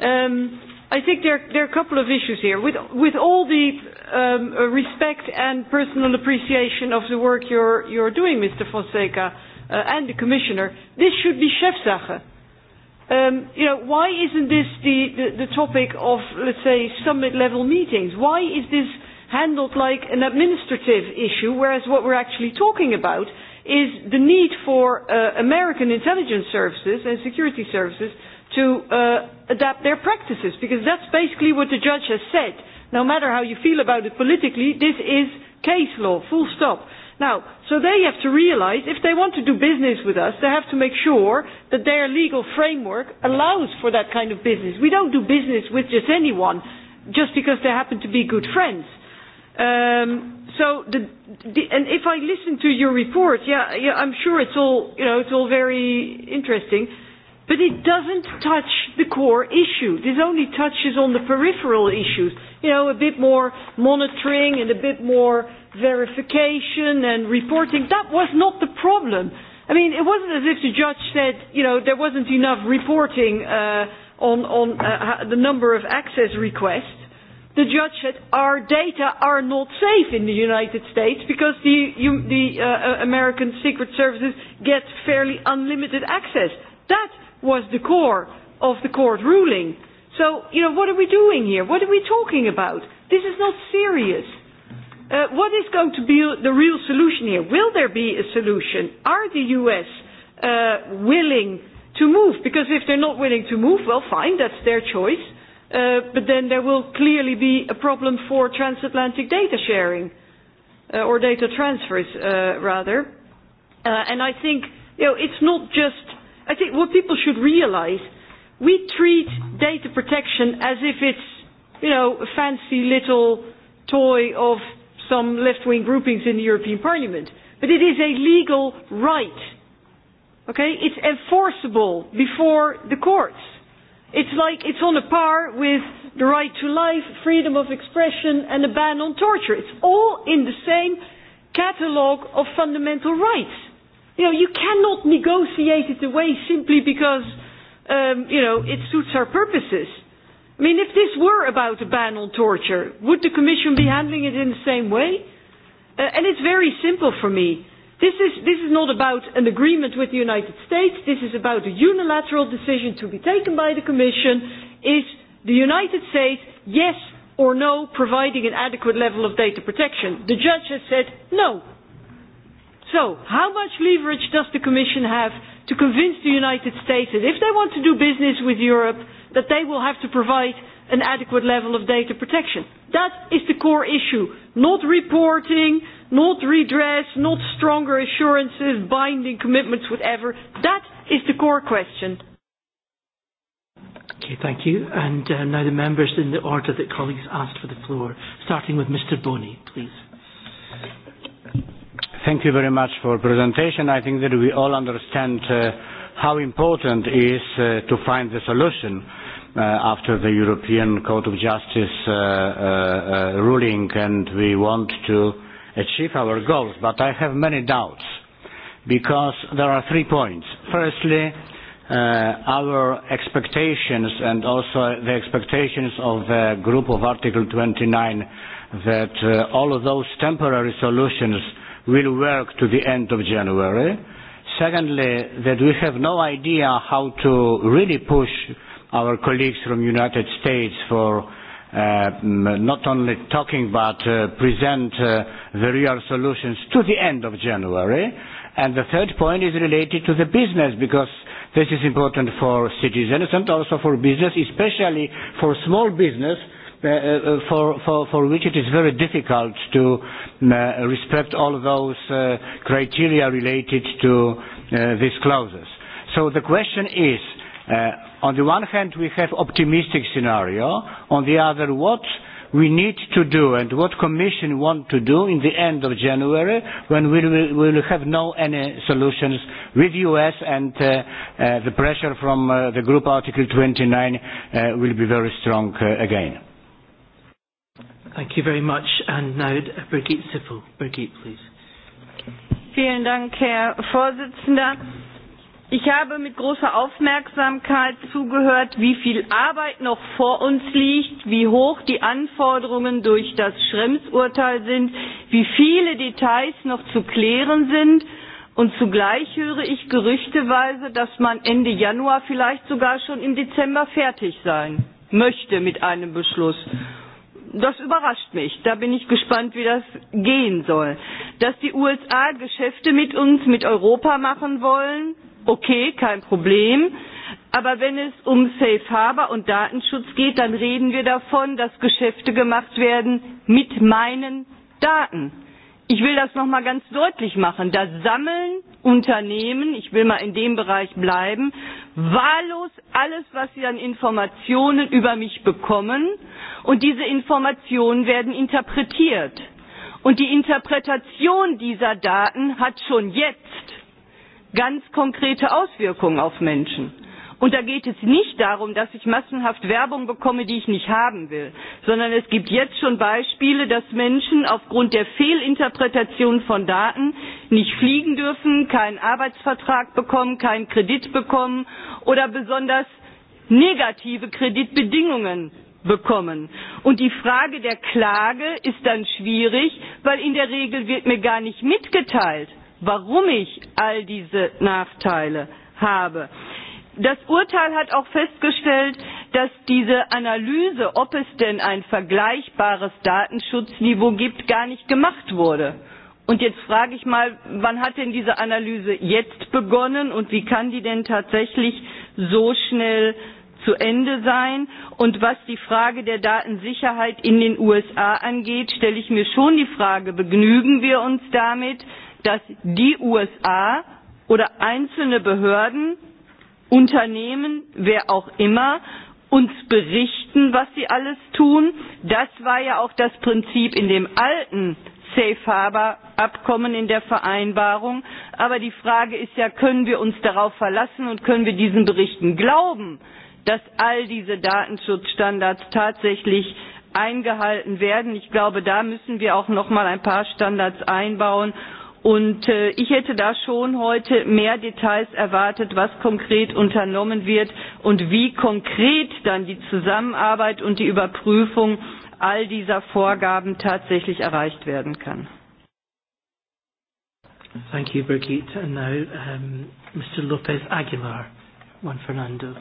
Um, I think there, there are a couple of issues here. With, with all the um, uh, respect and personal appreciation of the work you're, you're doing, Mr. Fonseca, uh, and the Commissioner, this should be Chefsache. Um, you know, why isn't this the, the, the topic of, let's say, summit-level meetings? Why is this handled like an administrative issue, whereas what we're actually talking about is the need for uh, American intelligence services and security services to uh, adapt their practices because that's basically what the judge has said. No matter how you feel about it politically, this is case law, full stop. Now, so they have to realize if they want to do business with us, they have to make sure that their legal framework allows for that kind of business. We don't do business with just anyone just because they happen to be good friends. Um, so, the, the, and if I listen to your report, yeah, yeah, I'm sure it's all, you know, it's all very interesting. But it doesn't touch the core issue. This only touches on the peripheral issues. You know, a bit more monitoring and a bit more verification and reporting. That was not the problem. I mean, it wasn't as if the judge said, you know, there wasn't enough reporting uh, on, on uh, the number of access requests. The judge said our data are not safe in the United States because the, you, the uh, uh, American Secret Services get fairly unlimited access. That was the core of the court ruling. So, you know, what are we doing here? What are we talking about? This is not serious. Uh, what is going to be the real solution here? Will there be a solution? Are the US uh, willing to move? Because if they're not willing to move, well, fine, that's their choice. Uh, but then there will clearly be a problem for transatlantic data sharing, uh, or data transfers, uh, rather. Uh, and I think, you know, it's not just I think what people should realize, we treat data protection as if it's, you know, a fancy little toy of some left-wing groupings in the European Parliament. But it is a legal right. Okay? It's enforceable before the courts. It's like it's on a par with the right to life, freedom of expression, and a ban on torture. It's all in the same catalogue of fundamental rights you know, you cannot negotiate it away simply because, um, you know, it suits our purposes. I mean, if this were about a ban on torture, would the Commission be handling it in the same way? Uh, and it's very simple for me. This is, this is not about an agreement with the United States. This is about a unilateral decision to be taken by the Commission. Is the United States yes or no providing an adequate level of data protection? The judge has said no. So, how much leverage does the Commission have to convince the United States that if they want to do business with Europe, that they will have to provide an adequate level of data protection? That is the core issue. Not reporting, not redress, not stronger assurances, binding commitments, whatever. That is the core question. Okay, thank you. And uh, now the members in the order that colleagues asked for the floor, starting with Mr. Boney, please. Thank you very much for presentation. I think that we all understand uh, how important it is uh, to find the solution uh, after the European Court of Justice uh, uh, uh, ruling and we want to achieve our goals. But I have many doubts because there are three points. Firstly, uh, our expectations and also the expectations of the group of Article 29 that uh, all of those temporary solutions will work to the end of January. Secondly, that we have no idea how to really push our colleagues from United States for uh, not only talking but uh, present uh, the real solutions to the end of January. And the third point is related to the business because this is important for citizens and also for business, especially for small business Uh, uh, for, for, for which it is very difficult to uh, respect all those uh, criteria related to uh, these clauses. So the question is, uh, on the one hand we have optimistic scenario, on the other what we need to do and what Commission want to do in the end of January when we will, we will have no any solutions with US and uh, uh, the pressure from uh, the group Article 29 uh, will be very strong uh, again. Thank you very much. And now Birgit Sippel. Birgit, please. Vielen Dank, Herr Vorsitzender. Ich habe mit großer Aufmerksamkeit zugehört, wie viel Arbeit noch vor uns liegt, wie hoch die Anforderungen durch das Schrems-Urteil sind, wie viele Details noch zu klären sind. Und zugleich höre ich gerüchteweise, dass man Ende Januar vielleicht sogar schon im Dezember fertig sein möchte mit einem Beschluss. Das überrascht mich. Da bin ich gespannt, wie das gehen soll. Dass die USA Geschäfte mit uns, mit Europa machen wollen, okay, kein Problem. Aber wenn es um Safe Harbor und Datenschutz geht, dann reden wir davon, dass Geschäfte gemacht werden mit meinen Daten. Ich will das nochmal ganz deutlich machen. Das Sammeln Unternehmen, ich will mal in dem Bereich bleiben, wahllos alles, was sie an Informationen über mich bekommen. Und diese Informationen werden interpretiert. Und die Interpretation dieser Daten hat schon jetzt ganz konkrete Auswirkungen auf Menschen. Und da geht es nicht darum, dass ich massenhaft Werbung bekomme, die ich nicht haben will, sondern es gibt jetzt schon Beispiele, dass Menschen aufgrund der Fehlinterpretation von Daten nicht fliegen dürfen, keinen Arbeitsvertrag bekommen, keinen Kredit bekommen oder besonders negative Kreditbedingungen bekommen. Und die Frage der Klage ist dann schwierig, weil in der Regel wird mir gar nicht mitgeteilt, warum ich all diese Nachteile habe. Das Urteil hat auch festgestellt, dass diese Analyse, ob es denn ein vergleichbares Datenschutzniveau gibt, gar nicht gemacht wurde. Und jetzt frage ich mal, wann hat denn diese Analyse jetzt begonnen und wie kann die denn tatsächlich so schnell zu Ende sein? Und was die Frage der Datensicherheit in den USA angeht, stelle ich mir schon die Frage, begnügen wir uns damit, dass die USA oder einzelne Behörden Unternehmen, wer auch immer, uns berichten, was sie alles tun. Das war ja auch das Prinzip in dem alten Safe Harbor Abkommen in der Vereinbarung. Aber die Frage ist ja, können wir uns darauf verlassen und können wir diesen Berichten glauben, dass all diese Datenschutzstandards tatsächlich eingehalten werden? Ich glaube, da müssen wir auch noch mal ein paar Standards einbauen Und äh, ich hätte da schon heute mehr Details erwartet, was konkret unternommen wird und wie konkret dann die Zusammenarbeit und die Überprüfung all dieser Vorgaben tatsächlich erreicht werden kann. Thank you, Brigitte. And now um, Mr. Lopez Aguilar, Juan Fernando.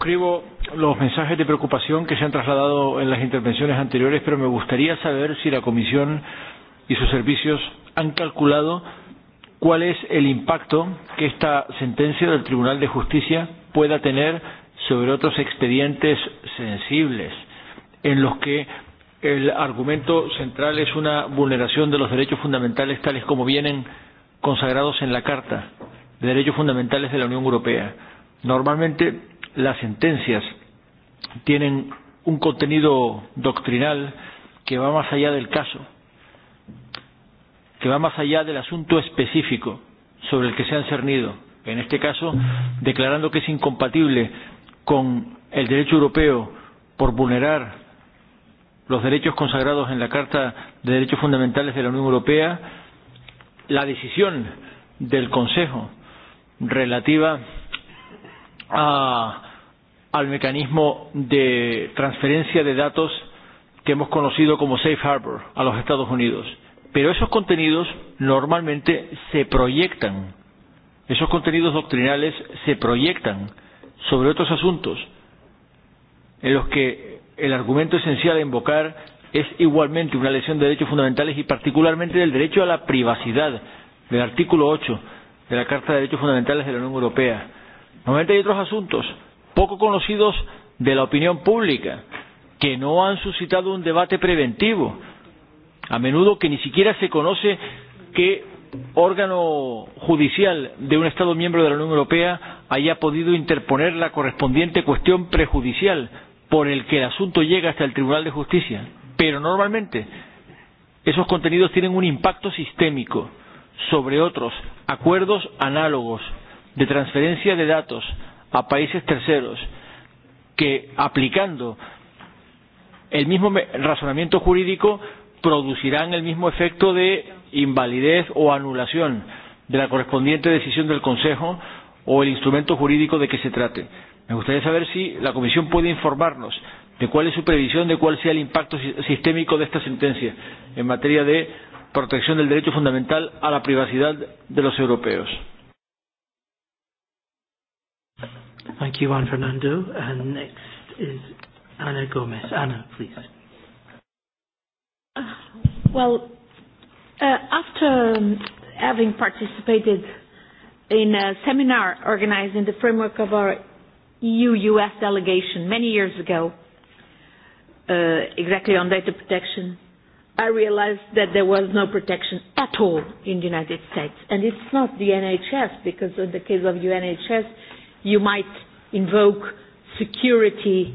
suscribo los mensajes de preocupación que se han trasladado en las intervenciones anteriores, pero me gustaría saber si la Comisión y sus servicios han calculado cuál es el impacto que esta sentencia del Tribunal de Justicia pueda tener sobre otros expedientes sensibles en los que el argumento central es una vulneración de los derechos fundamentales tales como vienen consagrados en la Carta de Derechos Fundamentales de la Unión Europea. Normalmente las sentencias tienen un contenido doctrinal que va más allá del caso, que va más allá del asunto específico sobre el que se han cernido, en este caso declarando que es incompatible con el derecho europeo por vulnerar los derechos consagrados en la Carta de Derechos Fundamentales de la Unión Europea, la decisión del Consejo relativa a, al mecanismo de transferencia de datos que hemos conocido como Safe Harbor a los Estados Unidos. Pero esos contenidos normalmente se proyectan, esos contenidos doctrinales se proyectan sobre otros asuntos en los que el argumento esencial a invocar es igualmente una lesión de derechos fundamentales y particularmente del derecho a la privacidad del artículo 8 de la Carta de Derechos Fundamentales de la Unión Europea Normalmente hay otros asuntos poco conocidos de la opinión pública que no han suscitado un debate preventivo, a menudo que ni siquiera se conoce qué órgano judicial de un Estado miembro de la Unión Europea haya podido interponer la correspondiente cuestión prejudicial por el que el asunto llega hasta el Tribunal de Justicia. Pero normalmente esos contenidos tienen un impacto sistémico sobre otros acuerdos análogos de transferencia de datos a países terceros que aplicando el mismo razonamiento jurídico producirán el mismo efecto de invalidez o anulación de la correspondiente decisión del Consejo o el instrumento jurídico de que se trate. Me gustaría saber si la Comisión puede informarnos de cuál es su previsión de cuál sea el impacto sistémico de esta sentencia en materia de protección del derecho fundamental a la privacidad de los europeos. Thank you, Juan Fernando. And next is Anna Gomez. Anna, please. Uh, well, uh, after um, having participated in a seminar organized in the framework of our EU-US delegation many years ago, uh, exactly on data protection, I realized that there was no protection at all in the United States. And it's not the NHS, because in the case of UNHS, you might invoke security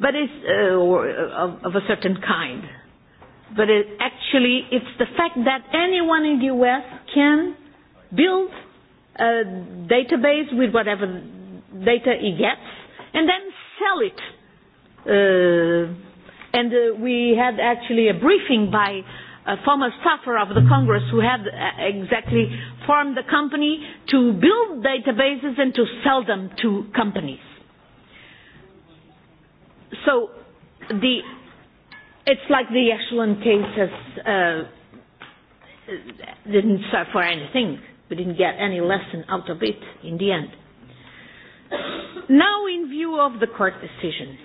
but it's, uh, or, uh, of, of a certain kind. But it, actually, it's the fact that anyone in the U.S. can build a database with whatever data he gets and then sell it. Uh, and uh, we had actually a briefing by a former staffer of the Congress who had uh, exactly formed the company to build databases and to sell them to companies. So the, it's like the Echelon case has, uh, uh, didn't serve for anything. We didn't get any lesson out of it in the end. Now in view of the court decision,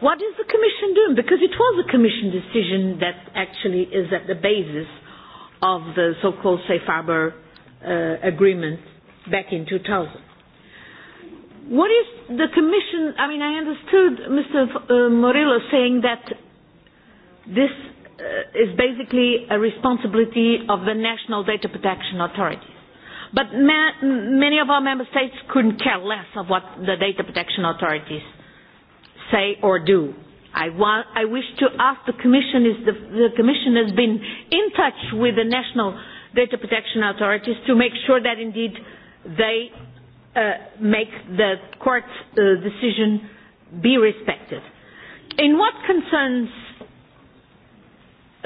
What is the Commission doing? Because it was a Commission decision that actually is at the basis of the so-called safe harbor uh, agreement back in 2000. What is the Commission? I mean, I understood Mr. Uh Morillo saying that this uh, is basically a responsibility of the national data protection authorities. But ma many of our member states couldn't care less of what the data protection authorities say or do. I, want, I wish to ask the Commission if the, the Commission has been in touch with the national data protection authorities to make sure that indeed they uh, make the court's uh, decision be respected. In what concerns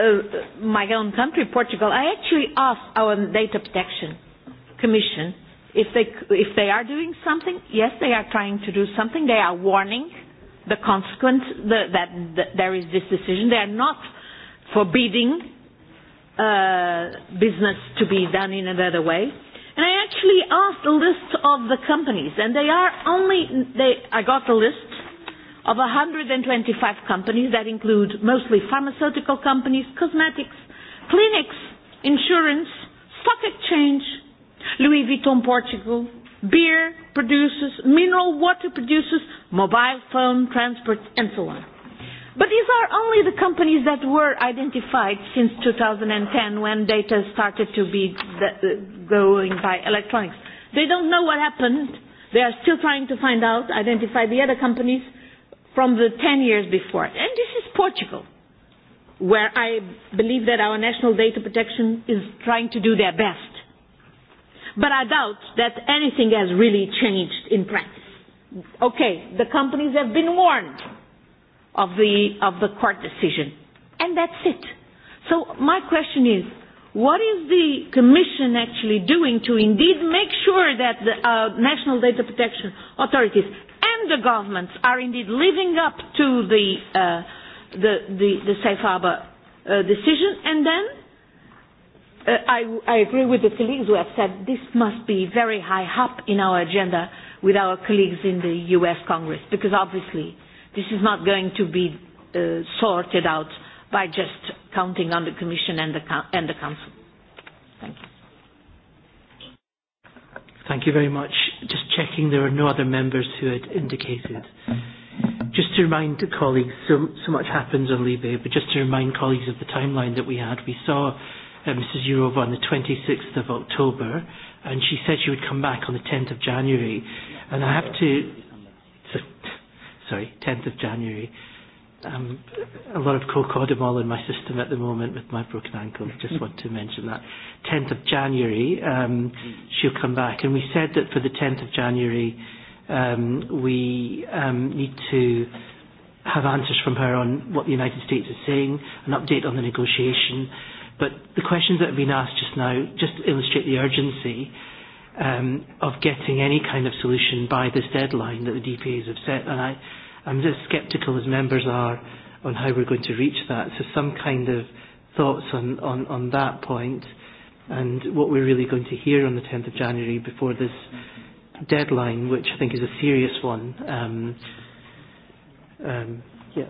uh, my own country, Portugal, I actually asked our data protection commission if they, if they are doing something. Yes, they are trying to do something. They are warning the consequence the, that, there is this decision. They are not forbidding uh, business to be done in another way. And I actually asked a list of the companies, and they are only, they, I got a list of 125 companies that include mostly pharmaceutical companies, cosmetics, clinics, insurance, stock exchange, Louis Vuitton Portugal, beer producers, mineral water producers, mobile phone, transport, and so on. But these are only the companies that were identified since 2010 when data started to be uh, going by electronics. They don't know what happened. They are still trying to find out, identify the other companies from the 10 years before. And this is Portugal, where I believe that our national data protection is trying to do their best But I doubt that anything has really changed in practice. Okay, the companies have been warned of the, of the court decision. And that's it. So my question is, what is the Commission actually doing to indeed make sure that the uh, national data protection authorities and the governments are indeed living up to the, uh, the, the, the safe harbor uh, decision? And then uh, I, I agree with the colleagues who have said this must be very high up in our agenda with our colleagues in the US Congress because obviously this is not going to be uh, sorted out by just counting on the Commission and the, and the Council. Thank you. Thank you very much. Just checking there are no other members who had indicated. Just to remind colleagues, so, so much happens on Libya, but just to remind colleagues of the timeline that we had, we saw uh, Mrs. Yurova on the 26th of October, and she said she would come back on the 10th of January. And I have to, so, sorry, 10th of January. Um, a lot of cocodamol in my system at the moment with my broken ankle. Just want to mention that. 10th of January, um, she'll come back. And we said that for the 10th of January, um, we um, need to have answers from her on what the United States is saying, an update on the negotiation, But the questions that have been asked just now just illustrate the urgency um, of getting any kind of solution by this deadline that the DPAs have set. And I, I'm just sceptical, as members are, on how we're going to reach that. So some kind of thoughts on, on, on that point and what we're really going to hear on the 10th of January before this deadline, which I think is a serious one. Um, um, yeah.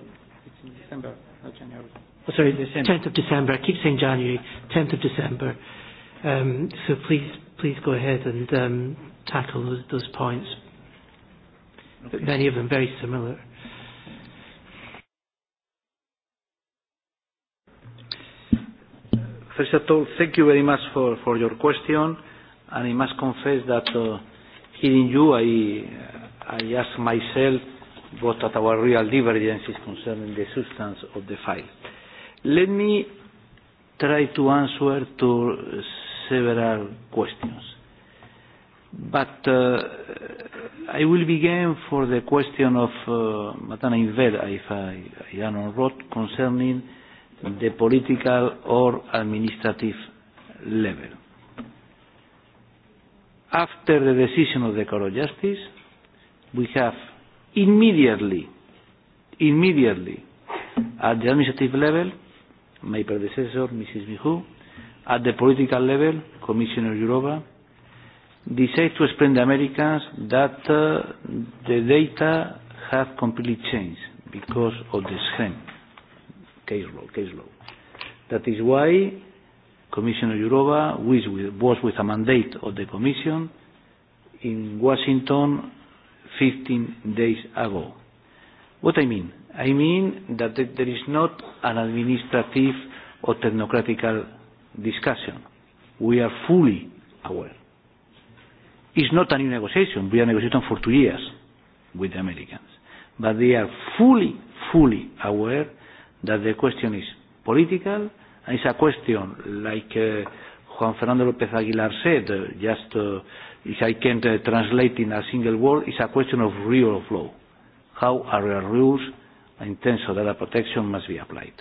It's in December, not January. Oh, sorry, December. 10th of December. I keep saying January. 10th of December. Um, so please, please go ahead and um, tackle those, those points. Okay. many of them very similar. First of all, thank you very much for, for your question. And I must confess that uh, hearing you, I, I ask myself what are our real divergences concerning the substance of the file. Let me try to answer to several questions. But uh, I will begin for the question of uh, Matana Invela, if I, I am on road, concerning the political or administrative level. After the decision of the Court of Justice, we have immediately, immediately, at the administrative level, my predecessor, Mrs. Mihu, at the political level, Commissioner Jourova, decided to explain the Americans that uh, the data have completely changed because of the scheme, case law, case law. That is why Commissioner Jourova was with a mandate of the Commission in Washington 15 days ago. What I mean? I mean that there is not an administrative or technocratical discussion. We are fully aware. It's not a new negotiation. We are negotiating for two years with the Americans. But they are fully, fully aware that the question is political and it's a question like uh, Juan Fernando López Aguilar said, uh, just uh, if I can uh, translate in a single word, it's a question of rule of law. How are the rules in terms of data protection must be applied.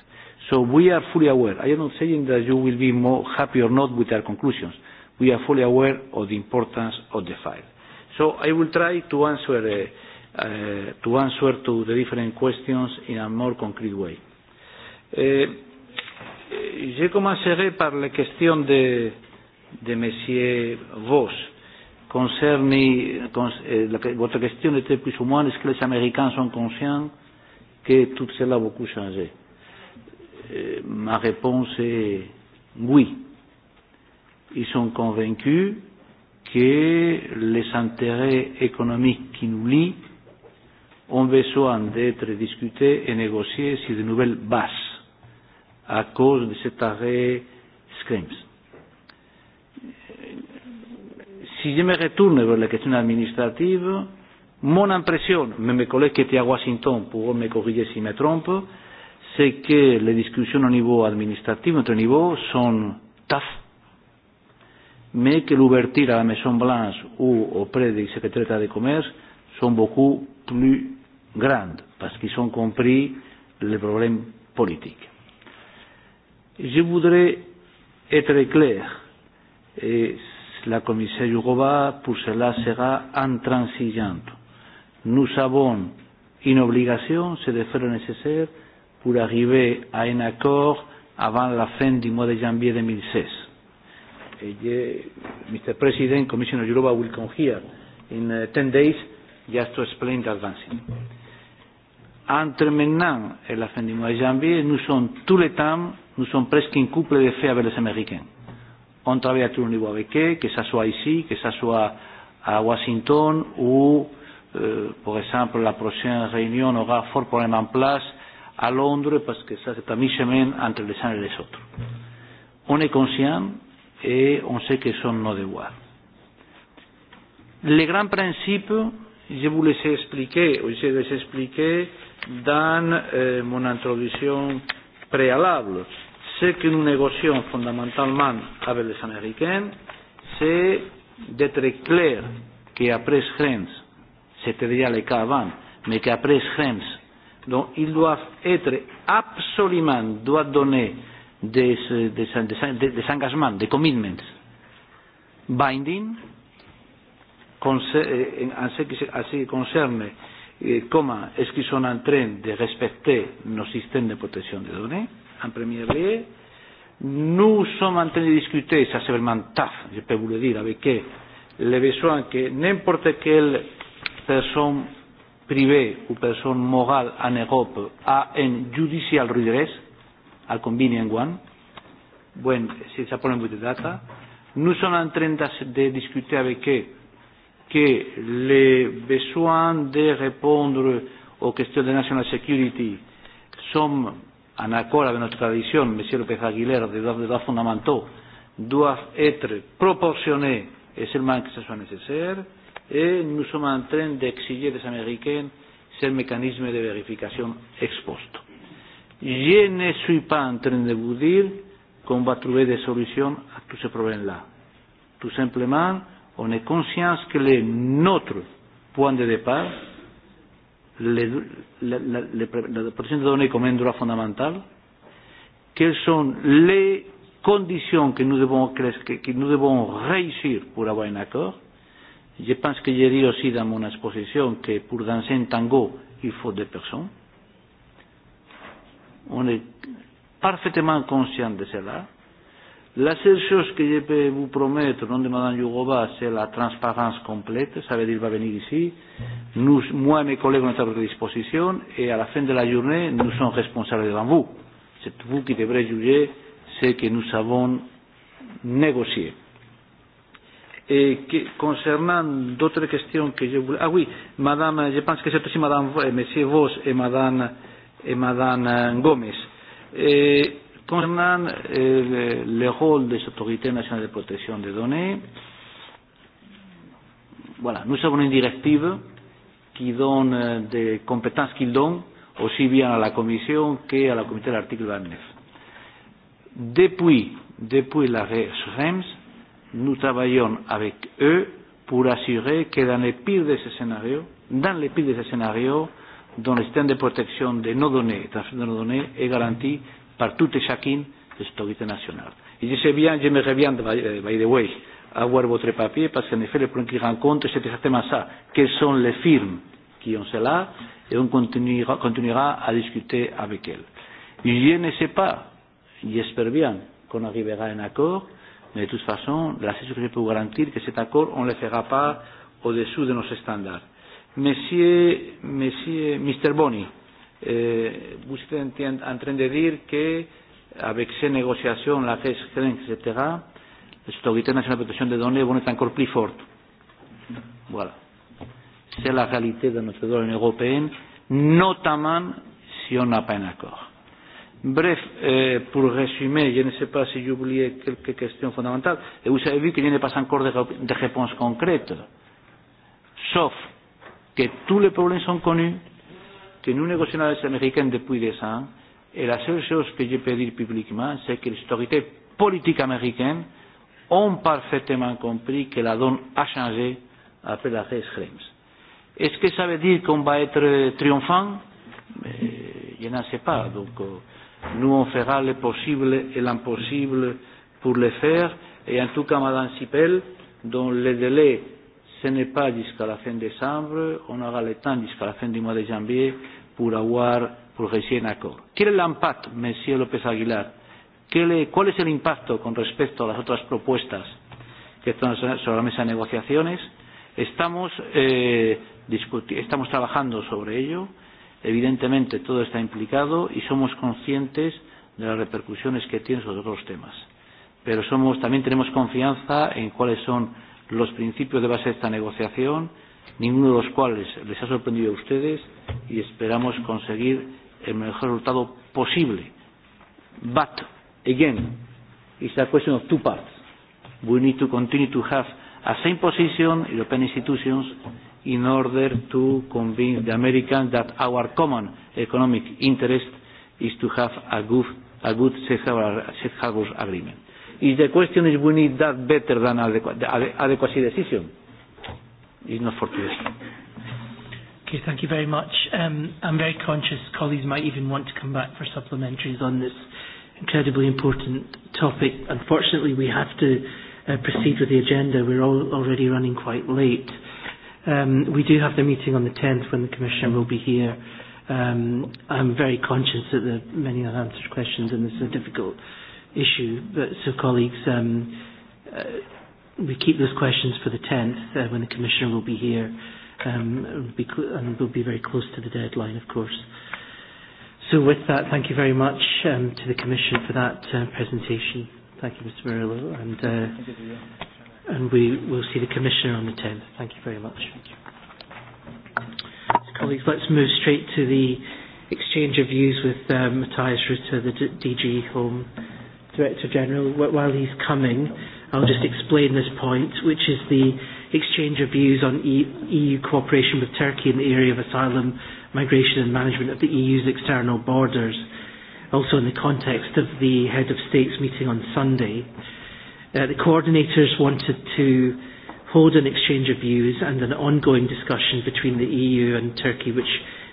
So we are fully aware. I am not saying that you will be more happy or not with our conclusions. We are fully aware of the importance of the file. So I will try to answer, uh, uh, to, answer to the different questions in a more concrete way. Euh, je commencerai par la question de, de Monsieur Vos. Concerning, uh, eh, votre question était plus ou moins est-ce que les Américains sont conscients que tout cela a beaucoup changé euh, Ma réponse est oui. Ils sont convaincus que les intérêts économiques qui nous lient ont besoin d'être discutés et négociés sur de nouvelles bases à cause de cet arrêt SCRIMS. Si je me retourne vers la question administrative, Mon impression, mais mes collègues qui étaient à Washington pourront me corriger si je me trompe, c'est que les discussions au niveau administratif, notre niveau, sont taf. mais que l'ouverture à la Maison Blanche ou auprès des secrétaires d'État de commerce sont beaucoup plus grandes, parce qu'ils ont compris les problèmes politiques. Je voudrais être clair, et la commissaire Jourova, pour cela, sera intransigeante nous savons une obligation, c'est de faire le nécessaire pour arriver à un accord avant la fin du mois de janvier 2016. Et je, Mr. President, Commissioner Yoruba will come here in uh, 10 days just to explain the advancing. Entre maintenant et la fin du mois de janvier, nous sommes tous les temps, nous sommes presque un couple de faits avec les Américains. On travaille à tout le niveau avec eux, que ce soit ici, que ce soit à Washington ou euh, par exemple, la prochaine réunion aura fort probablement place à Londres parce que ça, c'est à mi-chemin entre les uns et les autres. On est conscient et on sait que sont nos devoirs. Les grands principes, je vous les ai expliqués, ou je les ai expliqués dans euh, mon introduction préalable. Ce que nous négocions fondamentalement avec les Américains, c'est d'être clair qu'après Schrems, c'est-à-dire le cas avant, mais qu'après Schrems. Donc ils doivent être absolument, doit donner des, des, des, des des engagements, des commitments binding eh, en ce qui, se ce qui concerne comment est-ce qu'ils sont en train de respecter nos systèmes de protection des données, en premier lieu. Nous sommes en train de discuter, ça c'est vraiment taf, je peux vous le dire, avec eux, les besoins que n'importe quel person privé ou person moral en Europe a un judicial redress, a convenient one, when it's a problem with the data, nous sommes en train de discuter avec eux que les besoins de répondre aux questions de national security sont en accord avec notre tradition, M. López Aguilera, des droits, des droits fondamentaux, doivent être proportionnés et seulement que ce soit nécessaire et eh, nous sommes en train d'exiger des Américains ce mécanisme de vérification ex post. Je ne suis pas en train de vous dire qu'on va trouver des solutions à tous ces problèmes-là. Tout simplement, on est conscient que le, notre point de départ, le, le, la, la, la protection des données comme un droit fondamental, quelles sont les conditions que nous devons, que nous devons réussir pour avoir un accord, Je pense que j'ai dit aussi dans mon exposition que pour danser un tango, il faut deux personnes. On est parfaitement conscient de cela. La seule chose que je peux vous promettre, au nom de Mme Yugova, c'est la transparence complète. Ça veut dire qu'il va venir ici. Nous, moi et mes collègues, on est à votre disposition. Et à la fin de la journée, nous sommes responsables devant vous. C'est vous qui devrez juger ce que nous avons négocié. Et que, concernant d'autres questions que je voulais... Ah oui, madame, je pense que c'est aussi madame, eh, monsieur Vos et madame, et madame euh, Gomez. Et concernant euh, le, le rôle des autorités nationales de protection des données, voilà, nous avons une directive qui donne euh, des compétences qu'il donne aussi bien à la Commission qu'à la Comité de l'article 29. Depuis, depuis la REMS, nous travaillons avec eux pour assurer que dans les pires ces scénarios, dans les pires ces scénarios, dont le système de protection de nos données, transfert de nos données, est garanti par toutes et chacune des autorités nationales. Et je sais bien, je me reviens euh, by the way, voir votre papier, parce qu'en effet, le point qui rencontre, c'est exactement ça. Quelles sont les firmes qui ont cela, et on continuera, continuera à discuter avec elles. Je ne sais pas, j'espère bien qu'on arrivera à un accord, Mais de toute façon, la seule chose que je peux vous garantir, que cet accord, on ne le fera pas au-dessous de nos standards. Monsieur, monsieur, Mr. Boni, euh, vous êtes en train de dire que avec ces négociations, la FESCREN, etc., les autorités nationales de protection des données vont être encore plus fortes. Voilà. C'est la réalité de notre droit européen, notamment si on n'a pas un accord. Bref, eh, pour résumer, je ne sais pas si j'ai oublié quelques questions fondamentales, et vous avez vu qu'il n'y a pas encore de, de réponse concrète, sauf que tous les problèmes sont connus, que nous négocions avec les Américains depuis des ans, et la seule chose que je peux dire publiquement, c'est que les autorités politiques américaines ont parfaitement compris que la donne a changé après la l'arrêt Schrems. Est-ce que ça veut dire qu'on va être triomphant Je n'en sais pas. Donc, euh, Nous, on fera le possible et l'impossible pour le faire. Et en tout cas, Madame Sipel, dans le délai, ce n'est pas jusqu'à la fin décembre, on aura le temps jusqu'à la fin du mois de janvier pour avoir, pour réussir un accord. Quel est l'impact, Monsieur López Aguilar? Quel est, quel est l'impact con respecto a las otras propuestas que están sobre la mesa de negociaciones? Estamos, eh, estamos trabajando sobre ello. Evidentemente todo está implicado y somos conscientes de las repercusiones que tiene sobre otros temas. Pero somos, también tenemos confianza en cuáles son los principios de base de esta negociación, ninguno de los cuales les ha sorprendido a ustedes y esperamos conseguir el mejor resultado posible. But, again, it's a question of two parts. We need to continue to have a same position, European institutions, in order to convince the Americans that our common economic interest is to have a good, a good safe harbor agreement. Is the question is we need that better than adequ adequacy decision, it's not for today. Okay, thank you very much. Um, I'm very conscious colleagues might even want to come back for supplementaries on this incredibly important topic. Unfortunately, we have to uh, proceed with the agenda. We're all already running quite late. Um, we do have the meeting on the 10th when the Commissioner will be here. Um, I'm very conscious that there are many unanswered questions and this is a difficult issue. But, so, colleagues, um, uh, we keep those questions for the 10th uh, when the Commissioner will be here um, be and we'll be very close to the deadline, of course. So with that, thank you very much um, to the Commission for that uh, presentation. Thank you, Mr. Murillo. And, uh, and we will see the Commissioner on the 10th. Thank you very much. Thank you. So colleagues, let's move straight to the exchange of views with um, Matthias Ritter, the D DG Home Director General. While he's coming, I'll just explain this point, which is the exchange of views on e EU cooperation with Turkey in the area of asylum, migration and management of the EU's external borders, also in the context of the Head of States meeting on Sunday. Uh, the coordinators wanted to hold an exchange of views and an ongoing discussion between the EU and Turkey, which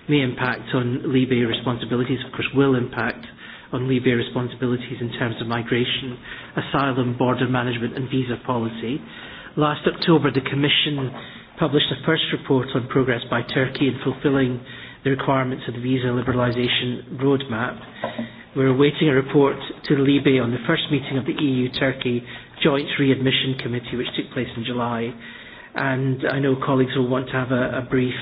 may impact on Libya responsibilities, of course will impact on Libya responsibilities in terms of migration, asylum, border management and visa policy. Last October, the Commission published a first report on progress by Turkey in fulfilling the requirements of the visa liberalisation roadmap. We're awaiting a report to Libya on the first meeting of the EU-Turkey Joint Readmission Committee, which took place in July. And I know colleagues will want to have a, a brief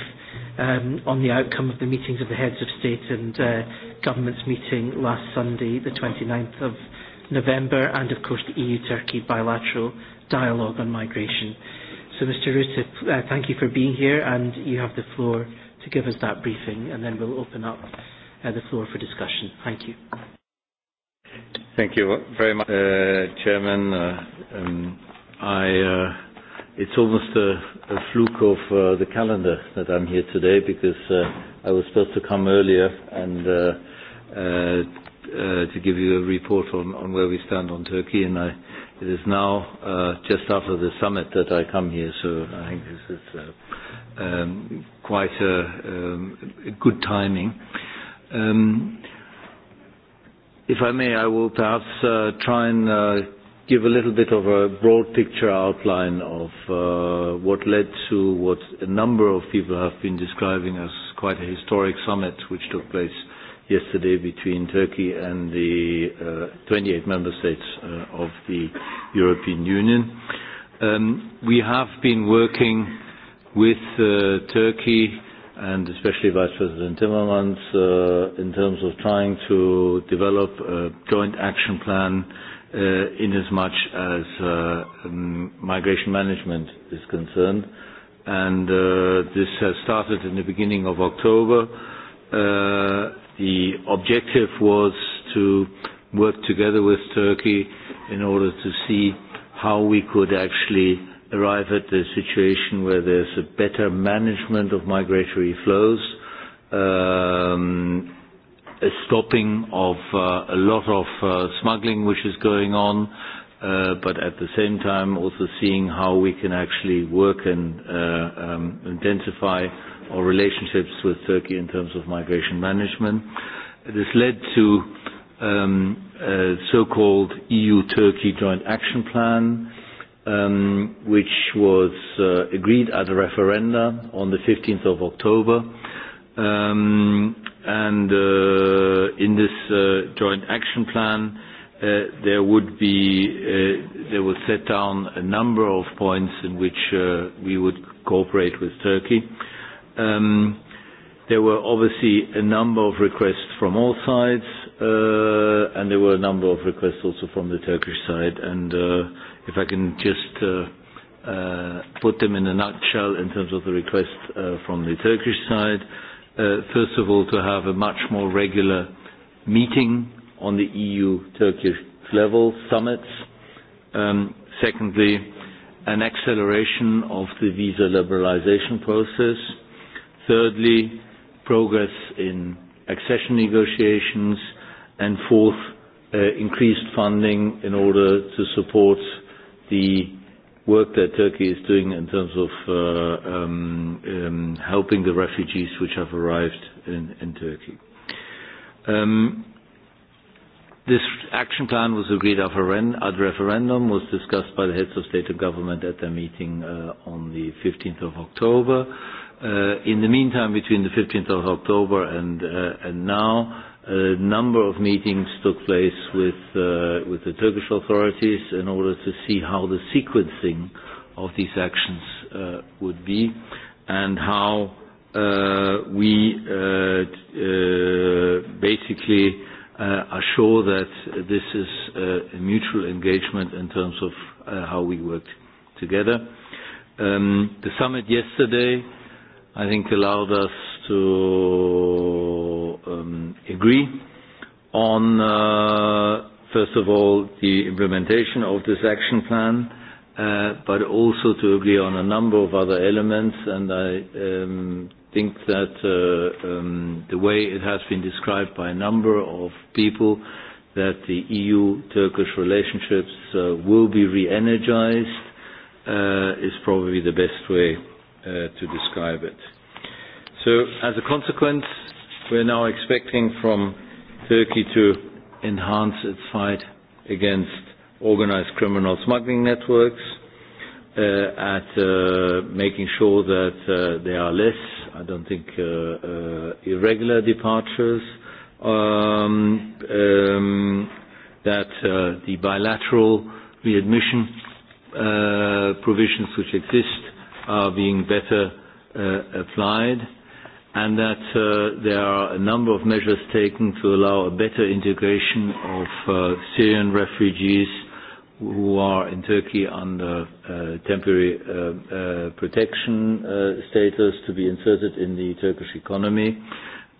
um, on the outcome of the meetings of the heads of state and uh, governments meeting last Sunday, the 29th of November, and of course the EU-Turkey bilateral dialogue on migration. So Mr. Rutte, uh, thank you for being here and you have the floor to give us that briefing and then we'll open up uh, the floor for discussion. Thank you. Thank you very much, uh, Chairman. Uh, um, I, uh, it's almost a, a fluke of uh, the calendar that I'm here today because uh, I was supposed to come earlier and uh, uh, uh, to give you a report on, on where we stand on Turkey, and I, it is now uh, just after the summit that I come here, so I think this is uh, um, quite a, um, a good timing. Um, If I may, I will perhaps uh, try and uh, give a little bit of a broad picture outline of uh, what led to what a number of people have been describing as quite a historic summit which took place yesterday between Turkey and the uh, 28 member states uh, of the European Union. Um, we have been working with uh, Turkey and especially Vice President Timmermans uh, in terms of trying to develop a joint action plan uh, in as much as uh, um, migration management is concerned. And uh, this has started in the beginning of October. Uh, the objective was to work together with Turkey in order to see how we could actually arrive at a situation where there's a better management of migratory flows, um, a stopping of uh, a lot of uh, smuggling which is going on, uh, but at the same time also seeing how we can actually work and uh, um, intensify our relationships with Turkey in terms of migration management. It has led to um, a so-called EU-Turkey joint action plan, um, which was uh, agreed at a referenda on the 15th of October. Um, and uh, in this uh, joint action plan, uh, there would be, uh, they was set down a number of points in which uh, we would cooperate with Turkey. Um, there were obviously a number of requests from all sides, uh, and there were a number of requests also from the Turkish side, and uh, if I can just uh, uh, put them in a nutshell in terms of the request uh, from the Turkish side. Uh, first of all, to have a much more regular meeting on the EU-Turkish level, summits. Um, secondly, an acceleration of the visa liberalization process. Thirdly, progress in accession negotiations. And fourth, uh, increased funding in order to support uh, the work that Turkey is doing in terms of uh, um, um, helping the refugees which have arrived in, in Turkey. Um, this action plan was agreed at a referendum, was discussed by the heads of state and government at their meeting uh, on the 15th of October. Uh, in the meantime, between the 15th of October and, uh, and now, A number of meetings took place with, uh, with the Turkish authorities in order to see how the sequencing of these actions uh, would be and how uh, we uh, uh, basically uh, are sure that this is uh, a mutual engagement in terms of uh, how we worked together. Um, the summit yesterday, I think, allowed us to um, agree on, uh, first of all, the implementation of this action plan, uh, but also to agree on a number of other elements. And I um, think that uh, um, the way it has been described by a number of people, that the EU-Turkish relationships uh, will be re-energized uh, is probably the best way uh, to describe it. So as a consequence, we're now expecting from Turkey to enhance its fight against organized criminal smuggling networks, uh, at uh, making sure that uh, there are less, I don't think, uh, uh, irregular departures, um, um, that uh, the bilateral readmission uh, provisions which exist are being better uh, applied and that uh, there are a number of measures taken to allow a better integration of uh, Syrian refugees who are in Turkey under uh, temporary uh, uh, protection uh, status to be inserted in the Turkish economy.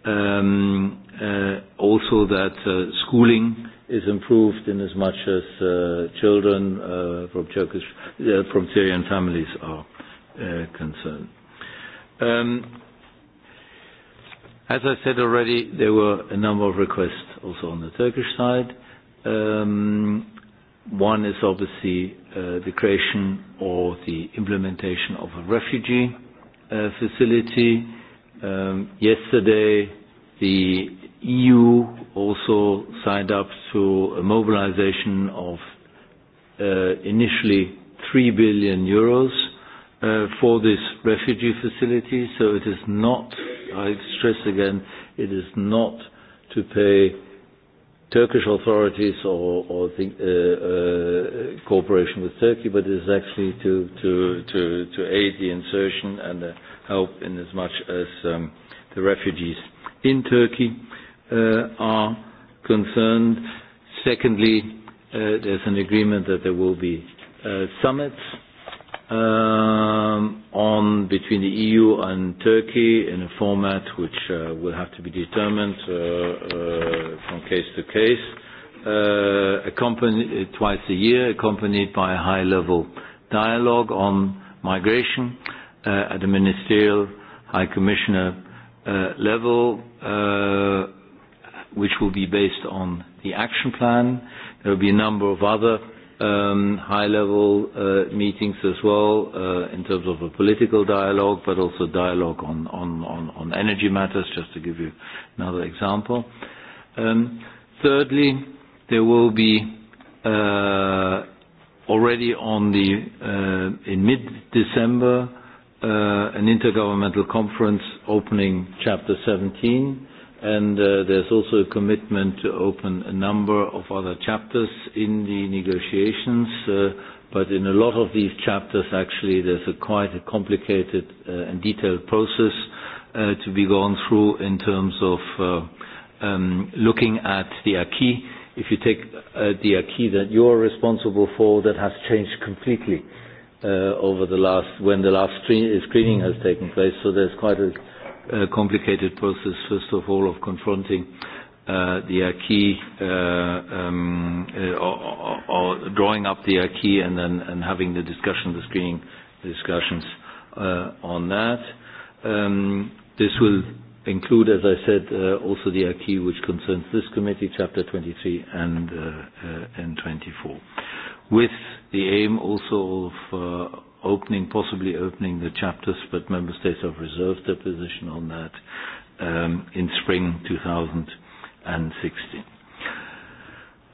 Um, uh, also that uh, schooling is improved in as much as uh, children uh, from Turkish, uh, from Syrian families are uh, concerned. Um, As I said already, there were a number of requests also on the Turkish side. Um, one is obviously uh, the creation or the implementation of a refugee uh, facility. Um, yesterday, the EU also signed up to a mobilization of uh, initially 3 billion euros uh, for this refugee facility, so it is not, I stress again, it is not to pay Turkish authorities or, or the, uh, uh, cooperation with Turkey, but it is actually to, to, to, to aid the insertion and uh, help in as much as um, the refugees in Turkey uh, are concerned. Secondly, uh, there's an agreement that there will be uh, summits um, on between the EU and Turkey in a format which uh, will have to be determined uh, uh, from case to case, uh, accompanied twice a year, accompanied by a high-level dialogue on migration uh, at the ministerial high commissioner uh, level, uh, which will be based on the action plan. There will be a number of other um, high-level uh, meetings as well uh, in terms of a political dialogue, but also dialogue on, on, on, on energy matters, just to give you another example. Um, thirdly, there will be uh, already on the, uh, in mid-December uh, an intergovernmental conference opening Chapter 17 and uh, there's also a commitment to open a number of other chapters in the negotiations, uh, but in a lot of these chapters actually there's a quite a complicated uh, and detailed process uh, to be gone through in terms of uh, um, looking at the acquis. If you take uh, the acquis that you're responsible for, that has changed completely uh, over the last, when the last screen, screening has taken place, so there's quite a uh, complicated process, first of all, of confronting uh, the acquis, uh, um, uh, or, or drawing up the acquis and then and having the discussion, the screening discussions uh, on that. Um, this will include, as I said, uh, also the acquis which concerns this committee, chapter 23 and, uh, uh, and 24, with the aim also of uh, opening, possibly opening the chapters, but member states have reserved their position on that um, in spring 2016.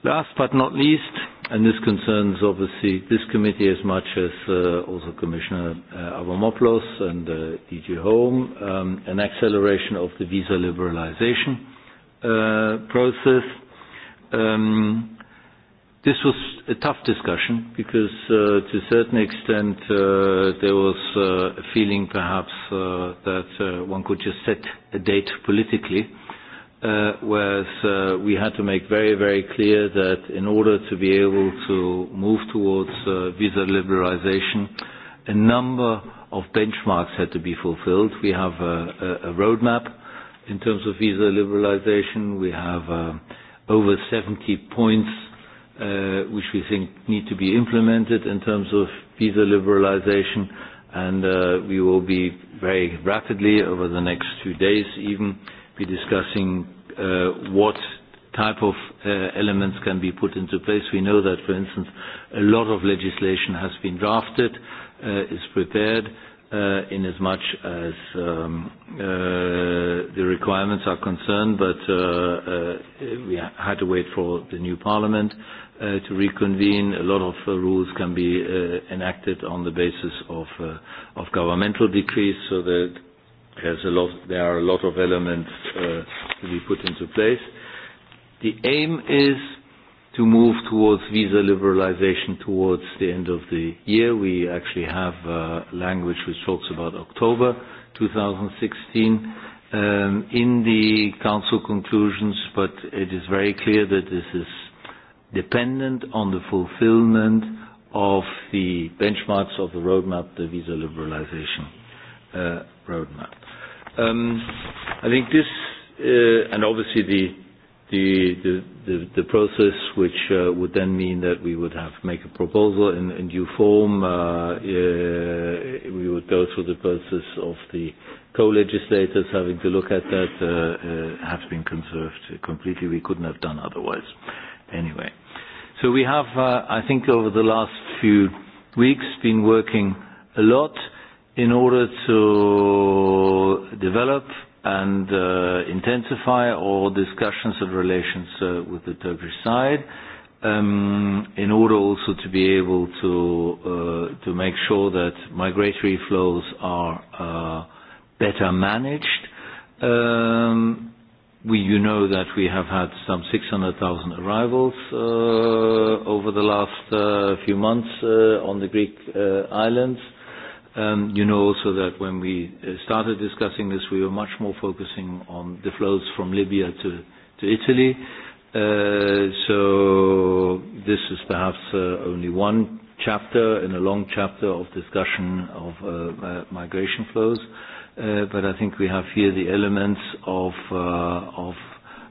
Last but not least, and this concerns obviously this committee as much as uh, also Commissioner uh, Avamopoulos and uh, DG e Home, um, an acceleration of the visa liberalization uh, process. Um, This was a tough discussion because uh, to a certain extent uh, there was uh, a feeling perhaps uh, that uh, one could just set a date politically, uh, whereas uh, we had to make very, very clear that in order to be able to move towards uh, visa liberalization, a number of benchmarks had to be fulfilled. We have a, a, a roadmap in terms of visa liberalization. We have uh, over 70 points uh, which we think need to be implemented in terms of visa liberalization and uh, we will be very rapidly over the next few days even be discussing uh, what type of uh, elements can be put into place. We know that, for instance, a lot of legislation has been drafted, uh, is prepared, uh, in as much as um, uh, the requirements are concerned, but uh, uh, we had to wait for the new parliament uh, to reconvene. A lot of uh, rules can be uh, enacted on the basis of, uh, of governmental decrees, so that there's a lot, there are a lot of elements uh, to be put into place. The aim is to move towards visa liberalization towards the end of the year. We actually have uh, language which talks about October 2016 um, in the Council conclusions, but it is very clear that this is dependent on the fulfillment of the benchmarks of the roadmap, the visa liberalization uh, roadmap. Um, I think this, uh, and obviously the the, the, the, the process, which uh, would then mean that we would have to make a proposal in, in due form. Uh, uh, we would go through the process of the co-legislators having to look at that uh, uh, has been conserved completely. We couldn't have done otherwise. Anyway, so we have, uh, I think, over the last few weeks been working a lot in order to develop and uh, intensify our discussions and relations uh, with the Turkish side um, in order also to be able to, uh, to make sure that migratory flows are uh, better managed. Um, we, you know that we have had some 600,000 arrivals uh, over the last uh, few months uh, on the Greek uh, islands. Um, you know also that when we uh, started discussing this, we were much more focusing on the flows from Libya to, to Italy. Uh, so this is perhaps uh, only one chapter in a long chapter of discussion of uh, uh, migration flows. Uh, but I think we have here the elements of, uh, of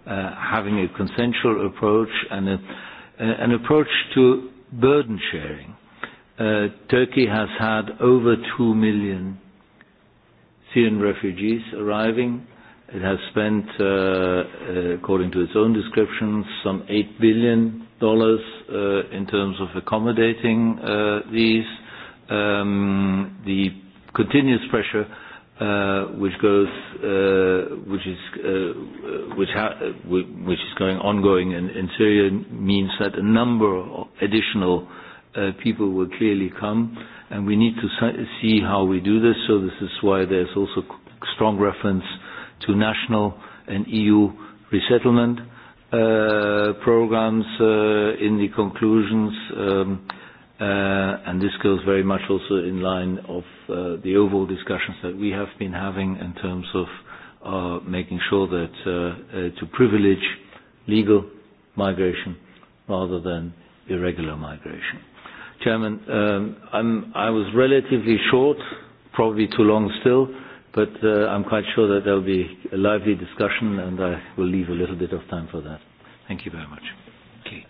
uh, having a consensual approach and a, an approach to burden sharing uh, Turkey has had over 2 million Syrian refugees arriving. It has spent, uh, uh, according to its own descriptions, some $8 billion uh, in terms of accommodating uh, these. Um, the continuous pressure uh, which goes, uh, which is, uh, uh which, ha uh, which is going ongoing in, in Syria means that a number of additional uh, uh, people will clearly come, and we need to see how we do this. So this is why there's also strong reference to national and EU resettlement uh, programs uh, in the conclusions, um, uh, and this goes very much also in line of uh, the overall discussions that we have been having in terms of uh, making sure that uh, uh, to privilege legal migration rather than irregular migration. Chairman, um, I'm, I was relatively short, probably too long still, but uh, I'm quite sure that there will be a lively discussion and I will leave a little bit of time for that. Thank you very much. Okay.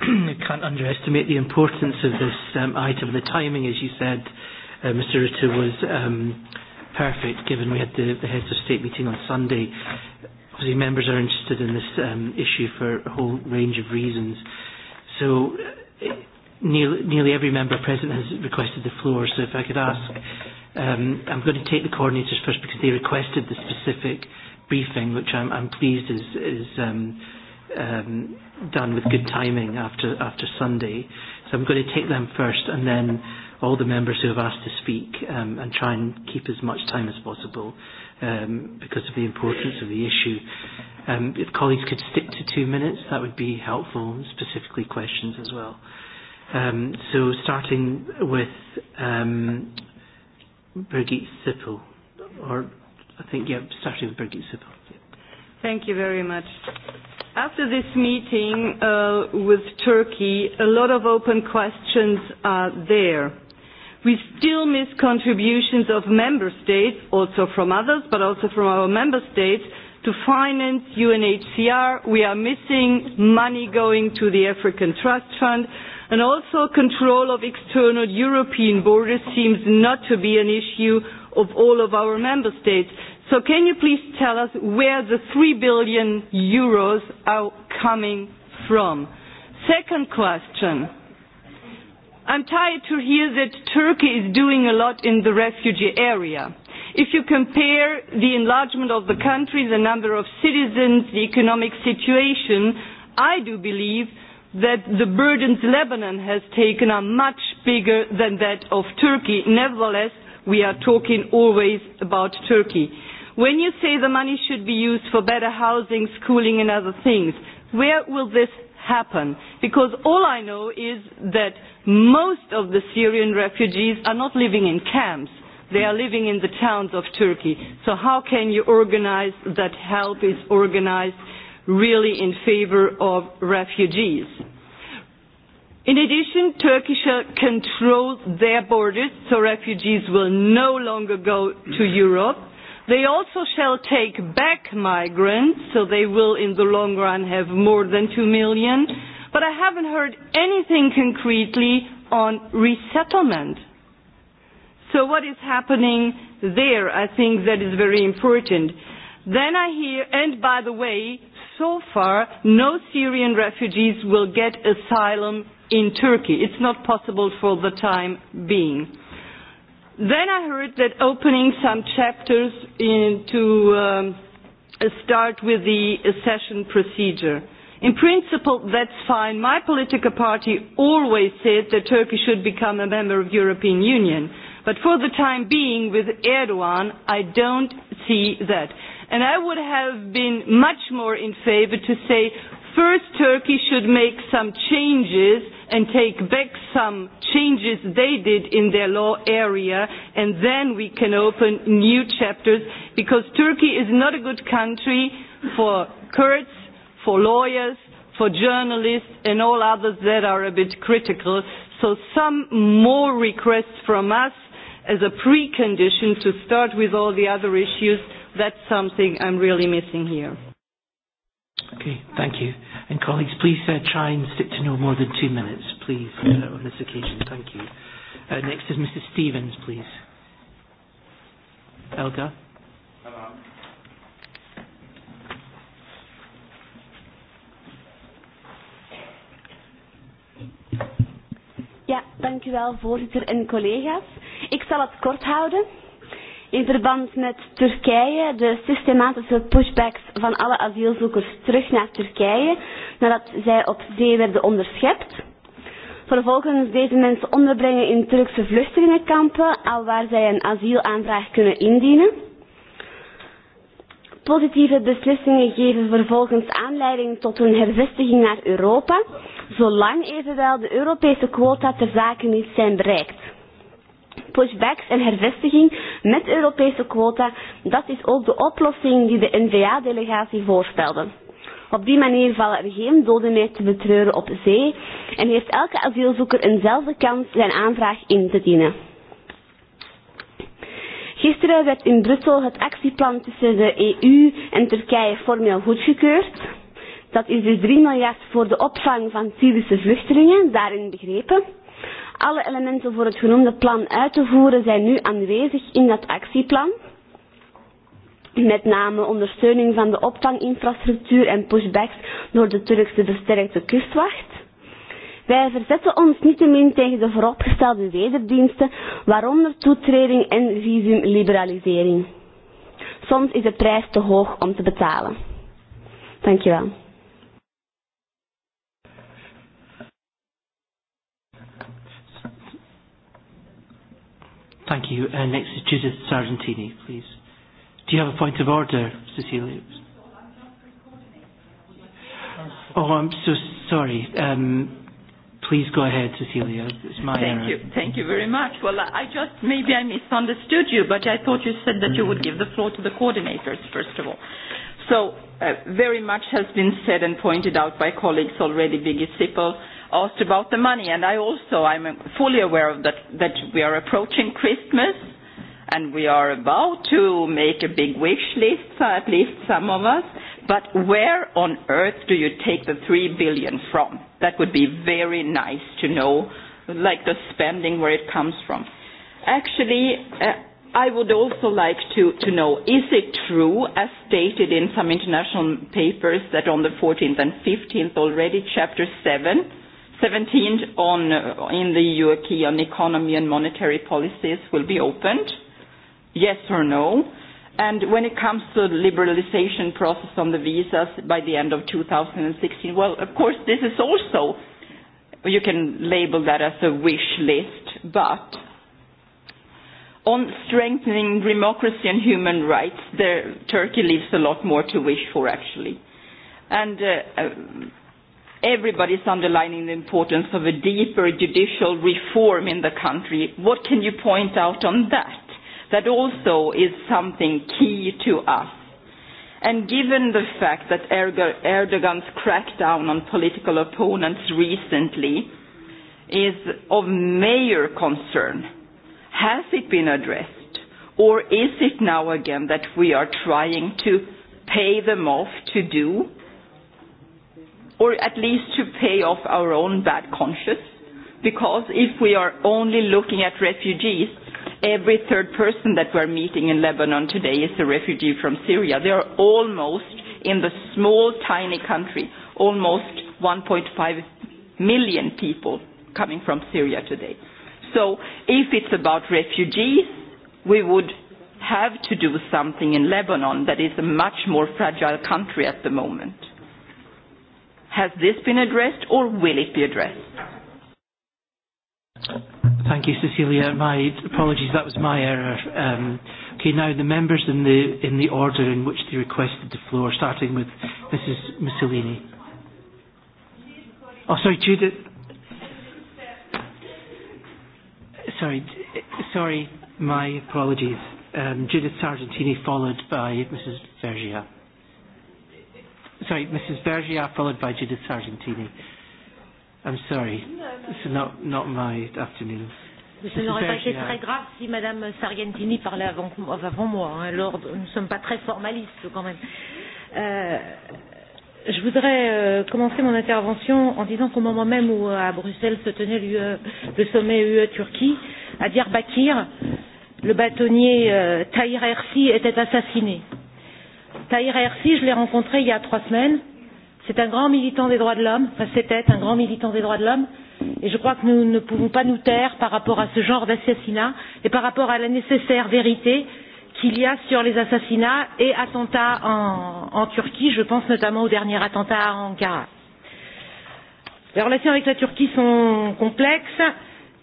I can't underestimate the importance of this um, item. The timing, as you said, uh, Mr. Ritter, was um, perfect given we had the, the heads of state meeting on Sunday. Obviously, members are interested in this um, issue for a whole range of reasons. So, uh, nearly, nearly every member present has requested the floor, so if I could ask, um, I'm going to take the coordinators first because they requested the specific briefing, which I'm, I'm pleased is, is um, um, done with good timing after, after Sunday. So I'm going to take them first and then all the members who have asked to speak um, and try and keep as much time as possible um, because of the importance of the issue. Um, if colleagues could stick to two minutes, that would be helpful, specifically questions as well. Um, so starting with um, Birgit Sippel, or I think, yeah, starting with Birgit Sippel. Thank you very much. After this meeting uh, with Turkey, a lot of open questions are there. We still miss contributions of member states, also from others, but also from our member states, to finance UNHCR. We are missing money going to the African Trust Fund. And also control of external European borders seems not to be an issue of all of our member states. So can you please tell us where the 3 billion euros are coming from? Second question. I'm tired to hear that Turkey is doing a lot in the refugee area. If you compare the enlargement of the country, the number of citizens, the economic situation, I do believe that the burdens Lebanon has taken are much bigger than that of Turkey. Nevertheless, we are talking always about Turkey. When you say the money should be used for better housing, schooling and other things, where will this happen? Because all I know is that most of the Syrian refugees are not living in camps. They are living in the towns of Turkey. So how can you organize that help is organized really in favor of refugees. In addition, Turkey shall control their borders so refugees will no longer go to Europe. They also shall take back migrants, so they will in the long run have more than two million. But I haven't heard anything concretely on resettlement. So what is happening there? I think that is very important. Then I hear, and by the way, so far, no Syrian refugees will get asylum in Turkey. It's not possible for the time being. Then I heard that opening some chapters in to um, uh, start with the accession procedure. In principle, that's fine. My political party always said that Turkey should become a member of the European Union. But for the time being, with Erdogan, I don't see that. And I would have been much more in favor to say first Turkey should make some changes and take back some changes they did in their law area and then we can open new chapters because Turkey is not a good country for Kurds, for lawyers, for journalists and all others that are a bit critical. So some more requests from us as a precondition to start with all the other issues that's something I'm really missing here. Okay, thank you. And colleagues, please uh, try and stick to no more than two minutes, please, uh, on this occasion. Thank you. Uh, next is Mrs. Stevens, please. Elga. Hello. Ja, dankjewel voorzitter en collega's. Ik zal het kort houden in verband met Turkije de systematische pushbacks van alle asielzoekers terug naar Turkije, nadat zij op zee werden onderschept. Vervolgens deze mensen onderbrengen in Turkse vluchtelingenkampen, al waar zij een asielaanvraag kunnen indienen. Positieve beslissingen geven vervolgens aanleiding tot hun hervestiging naar Europa, zolang evenwel de Europese quota ter zake niet zijn bereikt pushbacks en hervestiging met Europese quota, dat is ook de oplossing die de NVA-delegatie voorstelde. Op die manier vallen er geen doden meer te betreuren op zee en heeft elke asielzoeker eenzelfde kans zijn aanvraag in te dienen. Gisteren werd in Brussel het actieplan tussen de EU en Turkije formeel goedgekeurd. Dat is dus 3 miljard voor de opvang van Syrische vluchtelingen, daarin begrepen. Alle elementen voor het genoemde plan uit te voeren zijn nu aanwezig in dat actieplan. Met name ondersteuning van de opvanginfrastructuur en pushbacks door de Turkse versterkte kustwacht. Wij verzetten ons niet te min tegen de vooropgestelde wederdiensten, waaronder toetreding en visumliberalisering. Soms is de prijs te hoog om te betalen. Dankjewel. Thank you. Uh, next is Judith Sargentini, please. Do you have a point of order, Cecilia? Oh, I'm so sorry. Um, Please go ahead, Cecilia. It's my Thank error. you. Thank you very much. Well, I just, maybe I misunderstood you, but I thought you said that you would give the floor to the coordinators, first of all. So, uh, very much has been said and pointed out by colleagues already, Biggie Sippel, asked about the money, and I also I'm fully aware of that that we are approaching Christmas, and we are about to make a big wish list, at least some of us. But where on earth do you take the three billion from? That would be very nice to know, like the spending where it comes from. Actually. Uh, I would also like to, to know, is it true, as stated in some international papers, that on the 14th and 15th already, Chapter 7 17 on, uh, in the EU key on economy and monetary policies will be opened, yes or no. And when it comes to the liberalization process on the visas by the end of 2016, well, of course, this is also, you can label that as a wish list, but on strengthening democracy and human rights, there, Turkey leaves a lot more to wish for, actually. And uh, uh everybody is underlining the importance of a deeper judicial reform in the country. What can you point out on that? That also is something key to us. And given the fact that Erdogan's crackdown on political opponents recently is of major concern, has it been addressed? Or is it now again that we are trying to pay them off to do or at least to pay off our own bad conscience. Because if we are only looking at refugees, every third person that we're meeting in Lebanon today is a refugee from Syria. They are almost, in the small, tiny country, almost 1.5 million people coming from Syria today. So if it's about refugees, we would have to do something in Lebanon that is a much more fragile country at the moment. Has this been addressed or will it be addressed? Thank you, Cecilia. My apologies, that was my error. Um, okay, now the members in the, in the order in which they requested the floor, starting with Mrs. Mussolini. Oh, sorry, Judith. Sorry, sorry, my apologies. Um, Judith Sargentini, followed by Mrs. Vergia. Sorry, Mrs. Bergier, followed by Judith Sargentini. I'm sorry, no, no. this is not, not my afternoon. Ce n'aurait pas été très grave si Sargentini parlait avant, avant moi. Hein. nous ne sommes pas très formalistes quand même. Euh, je voudrais euh, commencer mon intervention en disant qu'au moment même où euh, à Bruxelles se tenait UE, le sommet UE-Turquie, à Diyarbakir, le bâtonnier euh, Tahir Ersi était assassiné. Euh, Tahir Ersi, je l'ai rencontré il y a trois semaines. C'est un grand militant des droits de l'homme, enfin c'était un grand militant des droits de l'homme, et je crois que nous ne pouvons pas nous taire par rapport à ce genre d'assassinat et par rapport à la nécessaire vérité qu'il y a sur les assassinats et attentats en, en Turquie, je pense notamment au dernier attentat à Ankara. Les relations avec la Turquie sont complexes.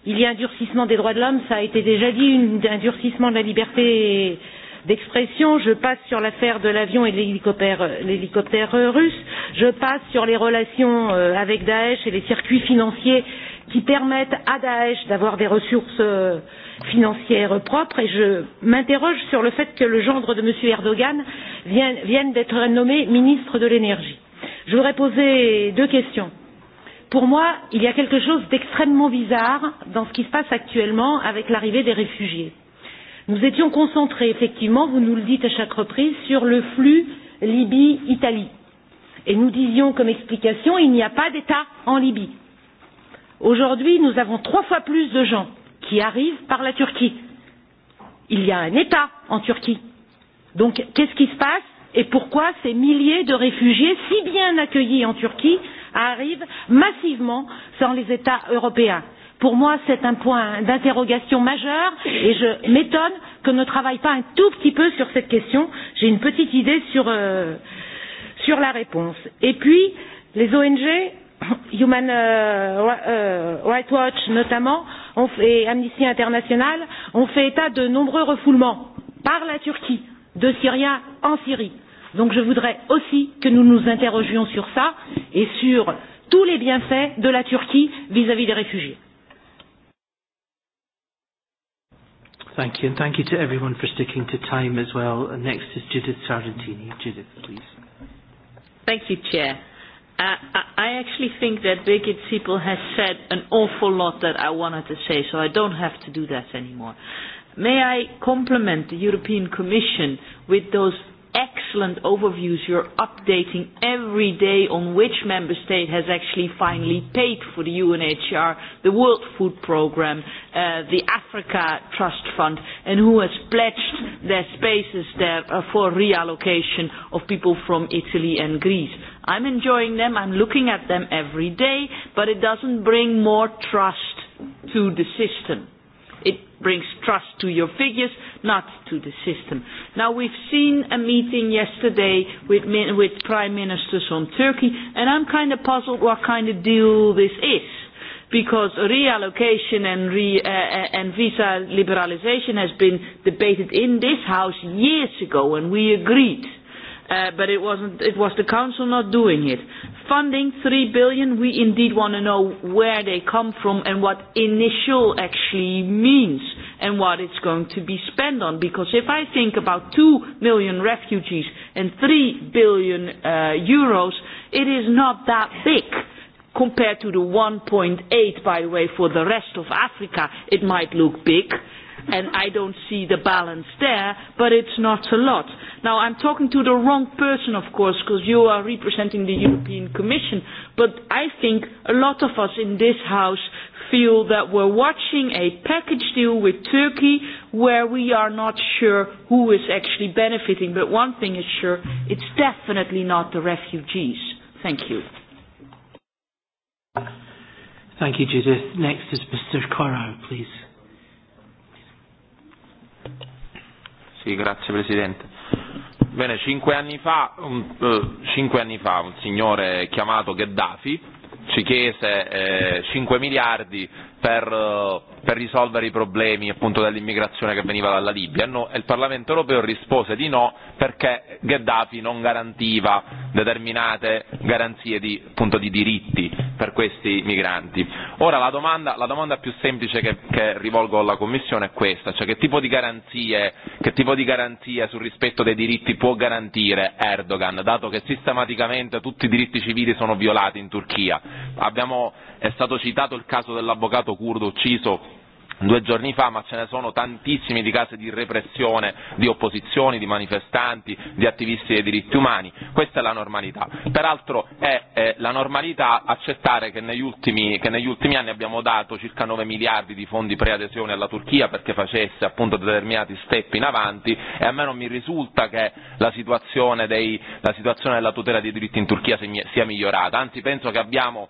Il y a un durcissement des droits de l'homme, ça a été déjà dit, un durcissement de la liberté d'expression. Je passe sur l'affaire de l'avion et de l'hélicoptère euh, russe. Je passe sur les relations euh, avec Daesh et les circuits financiers qui permettent à Daesh d'avoir des ressources euh, financières propres et je m'interroge sur le fait que le gendre de M. Erdogan vienne, vienne d'être nommé ministre de l'énergie. Je voudrais poser deux questions. Pour moi, il y a quelque chose d'extrêmement bizarre dans ce qui se passe actuellement avec l'arrivée des réfugiés. Nous étions concentrés, effectivement, vous nous le dites à chaque reprise, sur le flux Libye-Italie. Et nous disions comme explication, il n'y a pas d'État en Libye. Aujourd'hui, nous avons trois fois plus de gens qui arrivent par la Turquie. Il y a un État en Turquie. Donc, qu'est-ce qui se passe et pourquoi ces milliers de réfugiés, si bien accueillis en Turquie, arrivent massivement sans les États européens Pour moi, c'est un point d'interrogation majeur et je m'étonne que ne travaille pas un tout petit peu sur cette question. J'ai une petite idée sur, euh, sur la réponse. Et puis, les ONG, Human euh, euh, Rights Watch notamment, ont fait, et Amnesty International, ont fait état de nombreux refoulements par la Turquie de Syriens en Syrie. Donc je voudrais aussi que nous nous interrogions sur ça et sur tous les bienfaits de la Turquie vis-à-vis -vis des réfugiés. Thank you, and thank you to everyone for sticking to time as well. And next is Judith Sargentini. Judith, please. Thank you, Chair. Uh, I actually think that Birgit Siepel has said an awful lot that I wanted to say, so I don't have to do that anymore. May I compliment the European Commission with those excellent overviews. You're updating every day on which member state has actually finally paid for the UNHCR, the World Food Programme, uh, the Africa Trust Fund, and who has pledged their spaces there uh, for reallocation of people from Italy and Greece. I'm enjoying them, I'm looking at them every day, but it doesn't bring more trust to the system. It brings trust to your figures, not to the system. Now, we've seen a meeting yesterday with, with prime ministers on Turkey, and I'm kind of puzzled what kind of deal this is. Because reallocation and, re, uh, uh and visa liberalization has been debated in this house years ago, and we agreed uh, but it, wasn't, it was the council not doing it. Funding 3 billion, we indeed want to know where they come from and what initial actually means and what it's going to be spent on. Because if I think about 2 million refugees and 3 billion uh, euros, it is not that big compared to the 1.8, by the way, for the rest of Africa. It might look big and I don't see the balance there, but it's not a lot. Now, I'm talking to the wrong person, of course, because you are representing the European Commission, but I think a lot of us in this House feel that we're watching a package deal with Turkey where we are not sure who is actually benefiting, but one thing is sure, it's definitely not the refugees. Thank you. Thank you, Judith. Next is Mr. Corrow, please. Sì, grazie Presidente. Bene, cinque anni fa, un, uh, cinque anni fa un signore chiamato Gheddafi ci chiese eh, 5 miliardi per, eh, per risolvere i problemi appunto dell'immigrazione che veniva dalla Libia no, e il Parlamento europeo rispose di no perché Gheddafi non garantiva determinate garanzie di, appunto, di diritti per questi migranti. Ora la domanda, la domanda più semplice che, che rivolgo alla Commissione è questa, cioè che tipo di garanzie, che tipo di garanzie sul rispetto dei diritti può garantire Erdogan, dato che sistematicamente tutti i diritti civili sono violati in Turchia. Abbiamo È stato citato il caso dell'avvocato curdo ucciso due giorni fa, ma ce ne sono tantissimi di casi di repressione di opposizioni, di manifestanti, di attivisti dei diritti umani. Questa è la normalità. Peraltro è eh, la normalità accettare che negli, ultimi, che negli ultimi anni abbiamo dato circa 9 miliardi di fondi preadesione alla Turchia perché facesse appunto determinati step in avanti e a me non mi risulta che la situazione, dei, la situazione della tutela dei diritti in Turchia sia migliorata, anzi penso che abbiamo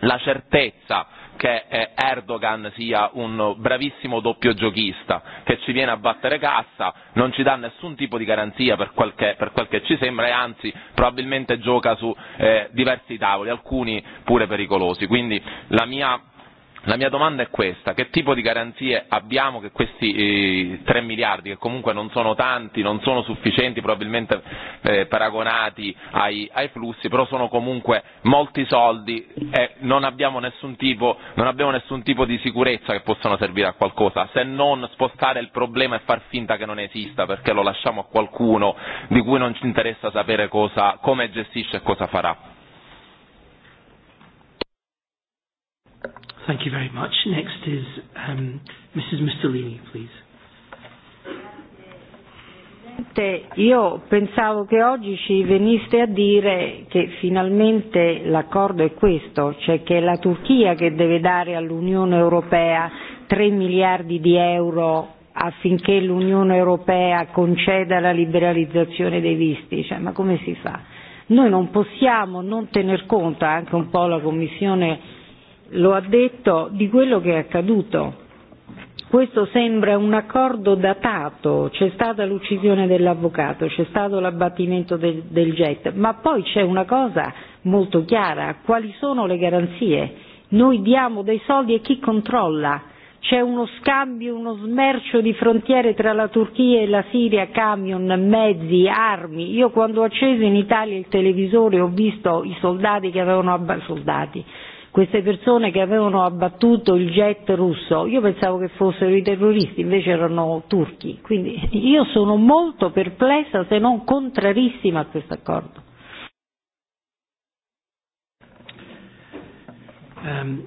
la certezza che eh, Erdogan sia un bravissimo doppio giochista che ci viene a battere cassa, non ci dà nessun tipo di garanzia per quel che, per quel che ci sembra e anzi probabilmente gioca su eh, diversi tavoli, alcuni pure pericolosi. Quindi la mia La mia domanda è questa, che tipo di garanzie abbiamo che questi eh, 3 miliardi, che comunque non sono tanti, non sono sufficienti probabilmente eh, paragonati ai, ai flussi, però sono comunque molti soldi e non abbiamo, nessun tipo, non abbiamo nessun tipo di sicurezza che possano servire a qualcosa, se non spostare il problema e far finta che non esista, perché lo lasciamo a qualcuno di cui non ci interessa sapere cosa, come gestisce e cosa farà. Thank you very much. Next is um, Mrs. Mustolini, please. Presidente, io pensavo che oggi ci veniste a dire che finalmente l'accordo è questo, cioè che è la Turchia che deve dare all'Unione Europea 3 miliardi di euro affinché l'Unione Europea conceda la liberalizzazione dei visti, cioè, ma come si fa? Noi non possiamo non tener conto, anche un po' la Commissione lo ha detto, di quello che è accaduto. Questo sembra un accordo datato, c'è stata l'uccisione dell'avvocato, c'è stato l'abbattimento del, del jet, ma poi c'è una cosa molto chiara, quali sono le garanzie? Noi diamo dei soldi e chi controlla? C'è uno scambio, uno smercio di frontiere tra la Turchia e la Siria, camion, mezzi, armi. Io quando ho acceso in Italia il televisore ho visto i soldati che avevano abbattuto soldati queste persone che avevano abbattuto il jet russo, io pensavo che fossero i terroristi, invece erano turchi. Quindi io sono molto perplessa se non contrarissima a questo accordo. Um,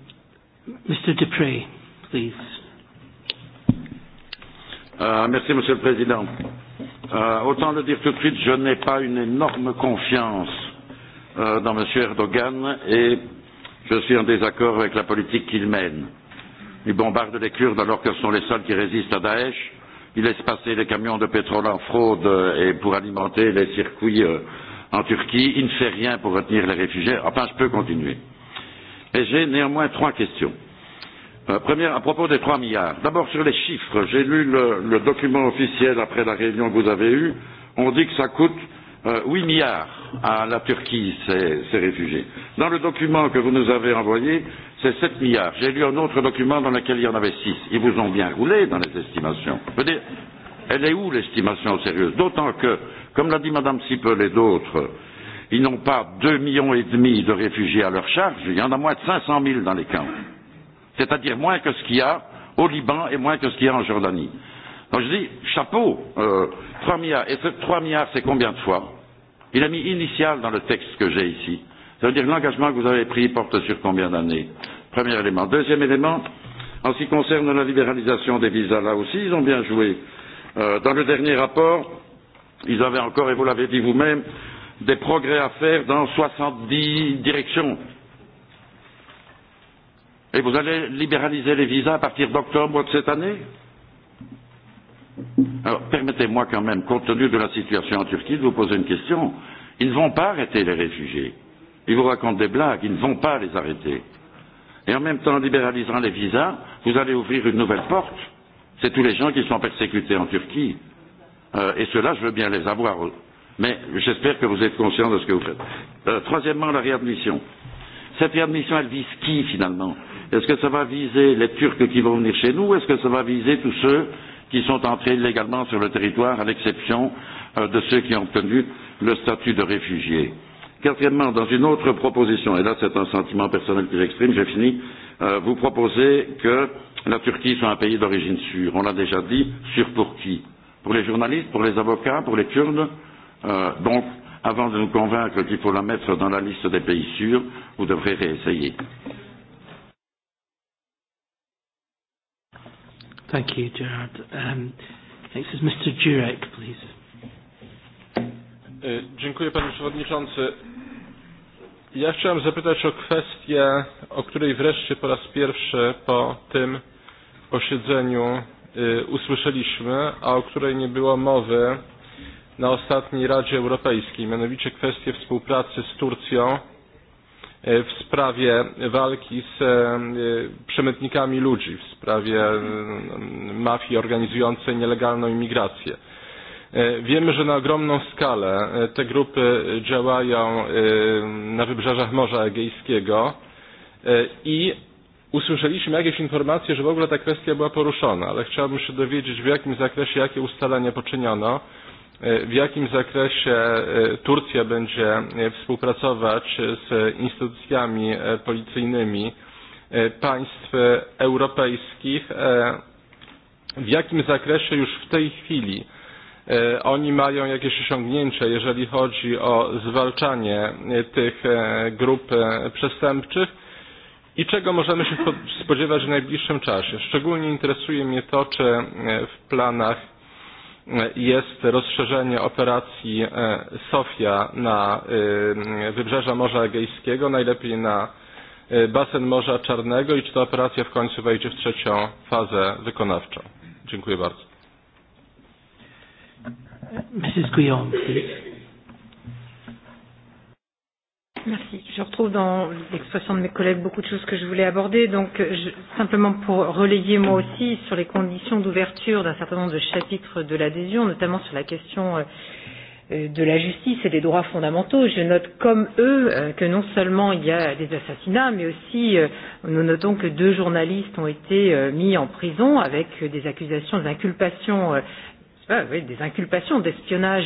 Mr. Dupre, please. Uh, merci, Monsieur le Président. Uh, autant le dire tout de suite, je n'ai pas une énorme confiance uh, dans Monsieur Erdogan et Je suis en désaccord avec la politique qu'il mène. Il bombarde les Kurdes alors que ce sont les seuls qui résistent à Daesh. Il laisse passer les camions de pétrole en fraude euh, et pour alimenter les circuits euh, en Turquie. Il ne fait rien pour retenir les réfugiés. Enfin, je peux continuer. Et j'ai néanmoins trois questions. Euh, première, à propos des 3 milliards. D'abord sur les chiffres. J'ai lu le, le document officiel après la réunion que vous avez eue. On dit que ça coûte euh, 8 milliards à la Turquie, ces, ces réfugiés. Dans le document que vous nous avez envoyé, c'est 7 milliards. J'ai lu un autre document dans lequel il y en avait 6. Ils vous ont bien roulé dans les estimations. Je veux dire, elle est où l'estimation sérieuse D'autant que, comme l'a dit Mme Sipel et d'autres, ils n'ont pas 2,5 millions et demi de réfugiés à leur charge, il y en a moins de 500 000 dans les camps. C'est-à-dire moins que ce qu'il y a au Liban et moins que ce qu'il y a en Jordanie. Donc je dis, chapeau, euh, 3 milliards. Et ce 3 milliards, c'est combien de fois Il a mis initial dans le texte que j'ai ici. Ça veut dire que l'engagement que vous avez pris porte sur combien d'années Premier élément. Deuxième élément, en ce qui concerne la libéralisation des visas, là aussi, ils ont bien joué. Euh, dans le dernier rapport, ils avaient encore, et vous l'avez dit vous-même, des progrès à faire dans 70 directions. Et vous allez libéraliser les visas à partir d'octobre de cette année Alors, permettez-moi quand même, compte tenu de la situation en Turquie, de vous poser une question. Ils ne vont pas arrêter les réfugiés. Ils vous racontent des blagues, ils ne vont pas les arrêter. Et en même temps, en libéralisant les visas, vous allez ouvrir une nouvelle porte. C'est tous les gens qui sont persécutés en Turquie. Euh, et cela, je veux bien les avoir. Mais j'espère que vous êtes conscient de ce que vous faites. Euh, troisièmement, la réadmission. Cette réadmission, elle vise qui finalement Est-ce que ça va viser les Turcs qui vont venir chez nous ou est-ce que ça va viser tous ceux qui sont entrés illégalement sur le territoire, à l'exception euh, de ceux qui ont obtenu le statut de réfugié. Quatrièmement, dans une autre proposition, et là c'est un sentiment personnel que j'exprime, j'ai fini, euh, vous proposez que la Turquie soit un pays d'origine sûre. On l'a déjà dit, sûr pour qui Pour les journalistes, pour les avocats, pour les Kurdes euh, Donc, avant de nous convaincre qu'il faut la mettre dans la liste des pays sûrs, vous devrez réessayer. Thank you, Gerard. Um, next is Mr. Jurek, please. E, dziękuję Panie Przewodniczący. Ja chciałem zapytać o kwestię, o której wreszcie po raz pierwszy po tym posiedzeniu e, usłyszeliśmy, a o której nie było mowy na ostatniej Radzie Europejskiej, mianowicie kwestię współpracy z Turcją E, w sprawie walki z e, e, przemytnikami ludzi, w sprawie mafii organizującej nielegalną imigrację. Wiemy, że na ogromną skalę te grupy działają na wybrzeżach Morza Egejskiego i usłyszeliśmy jakieś informacje, że w ogóle ta kwestia była poruszona, ale chciałbym się dowiedzieć w jakim zakresie, jakie ustalenia poczyniono E, w jakim zakresie e, Turcja będzie e, współpracować z instytucjami policyjnymi państw europejskich, w jakim zakresie już w tej chwili oni mają jakieś osiągnięcia, jeżeli chodzi o zwalczanie tych grup przestępczych i czego możemy się spodziewać w najbliższym czasie. Szczególnie interesuje mnie to, czy w planach jest rozszerzenie operacji e, Sofia na e, wybrzeża Morza Egejskiego, najlepiej na e, basen Morza Czarnego i czy ta operacja w końcu wejdzie w trzecią fazę wykonawczą. Dziękuję bardzo. Mrs. Guillaume, please. Merci. Je retrouve dans l'expression de mes collègues beaucoup de choses que je voulais aborder. Donc, je, simplement pour relayer moi aussi sur les conditions d'ouverture d'un certain nombre de chapitres de l'adhésion, notamment sur la question euh, euh, de la justice et des droits fondamentaux. Je note comme eux euh, que non seulement il y a des assassinats, mais aussi nous notons que deux journalistes ont été mis en prison avec des accusations d'inculpation euh, oui, des inculpations d'espionnage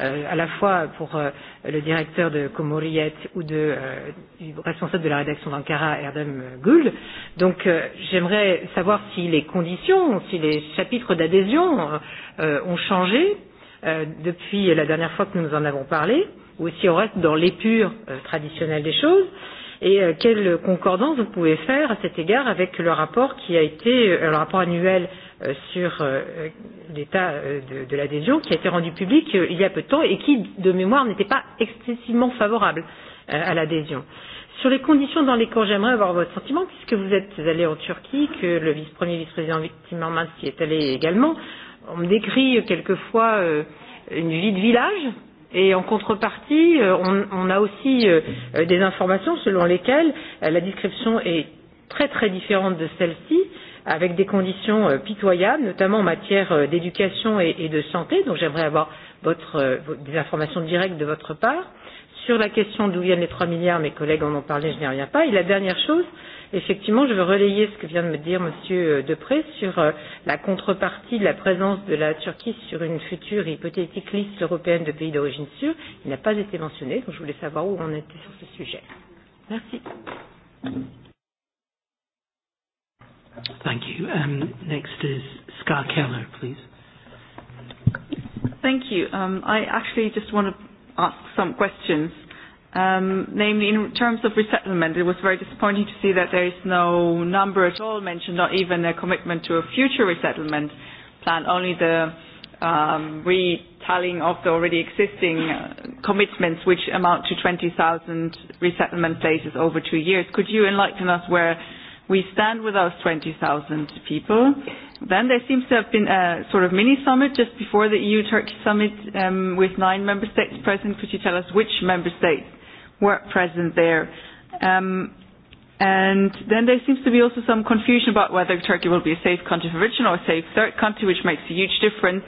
euh, à la fois pour euh, le directeur de Comoriette ou de, euh, du responsable de la rédaction d'Ankara, Erdem Gould. Donc euh, j'aimerais savoir si les conditions, si les chapitres d'adhésion euh, ont changé euh, depuis la dernière fois que nous en avons parlé, ou si on reste dans l'épure euh, traditionnelle des choses. Et euh, quelle concordance vous pouvez faire à cet égard avec le rapport qui a été, euh, le rapport annuel Euh, sur euh, l'état euh, de, de l'adhésion qui a été rendu public il y a peu de temps et qui, de mémoire, n'était pas excessivement favorable à l'adhésion. Sur les conditions dans lesquelles j'aimerais avoir votre sentiment, puisque vous êtes allé en Turquie, que le vice premier vice-président Timmermans y est allé également, on me décrit quelquefois une vie de village, Et en contrepartie, on, on a aussi des informations selon lesquelles la description est très très différente de celle-ci avec des conditions euh, pitoyables, notamment en matière euh, d'éducation et de santé. Donc j'aimerais avoir votre, euh, des informations directes de votre part. Sur la question d'où viennent les 3 milliards, mes collègues en ont parlé, je n'y reviens pas. Et la dernière chose, effectivement, je veux relayer ce que vient de me dire Monsieur Depré sur la contrepartie de la présence de la Turquie sur une future hypothétique liste européenne de pays d'origine sûre. Il n'a pas été mentionné, donc je voulais savoir où on était sur ce sujet. Merci. Thank you. Um, next is Scar Keller, please. Thank you. Um, I actually just want to ask some questions. Um, namely, in terms of resettlement, it was very disappointing to see that there is no number at all mentioned, not even a commitment to a future resettlement plan, only the um, retelling of the already existing uh, commitments, which amount to 20,000 resettlement places over two years. Could you enlighten us where We stand with those 20,000 people. Then there seems to have been a sort of mini summit just before the EU-Turkey summit um, with nine member states present. Could you tell us which member states were present there? Um, and then there seems to be also some confusion about whether Turkey will be a safe country for origin or a safe third country, which makes a huge difference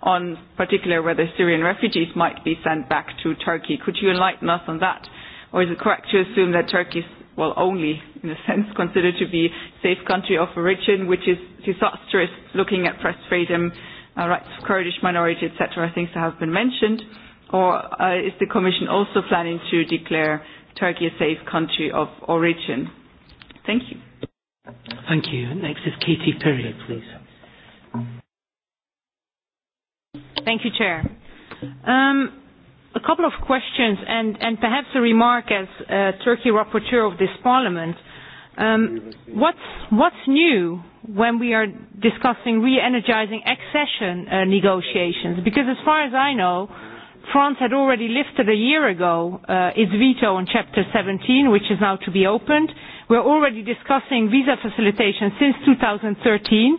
on particular whether Syrian refugees might be sent back to Turkey. Could you enlighten us on that? Or is it correct to assume that Turkey's well, only in a sense considered to be safe country of origin, which is disastrous looking at press freedom, uh, rights of Kurdish minority, etc., things that have been mentioned? Or uh, is the Commission also planning to declare Turkey a safe country of origin? Thank you. Thank you. Next is Katie Perry, please. Thank you, Chair. Um, a couple of questions and, and perhaps a remark as uh, Turkey rapporteur of this parliament. Um, what's, what's new when we are discussing re-energizing accession uh, negotiations? Because as far as I know, France had already lifted a year ago uh, its veto on Chapter 17, which is now to be opened. We're already discussing visa facilitation since 2013.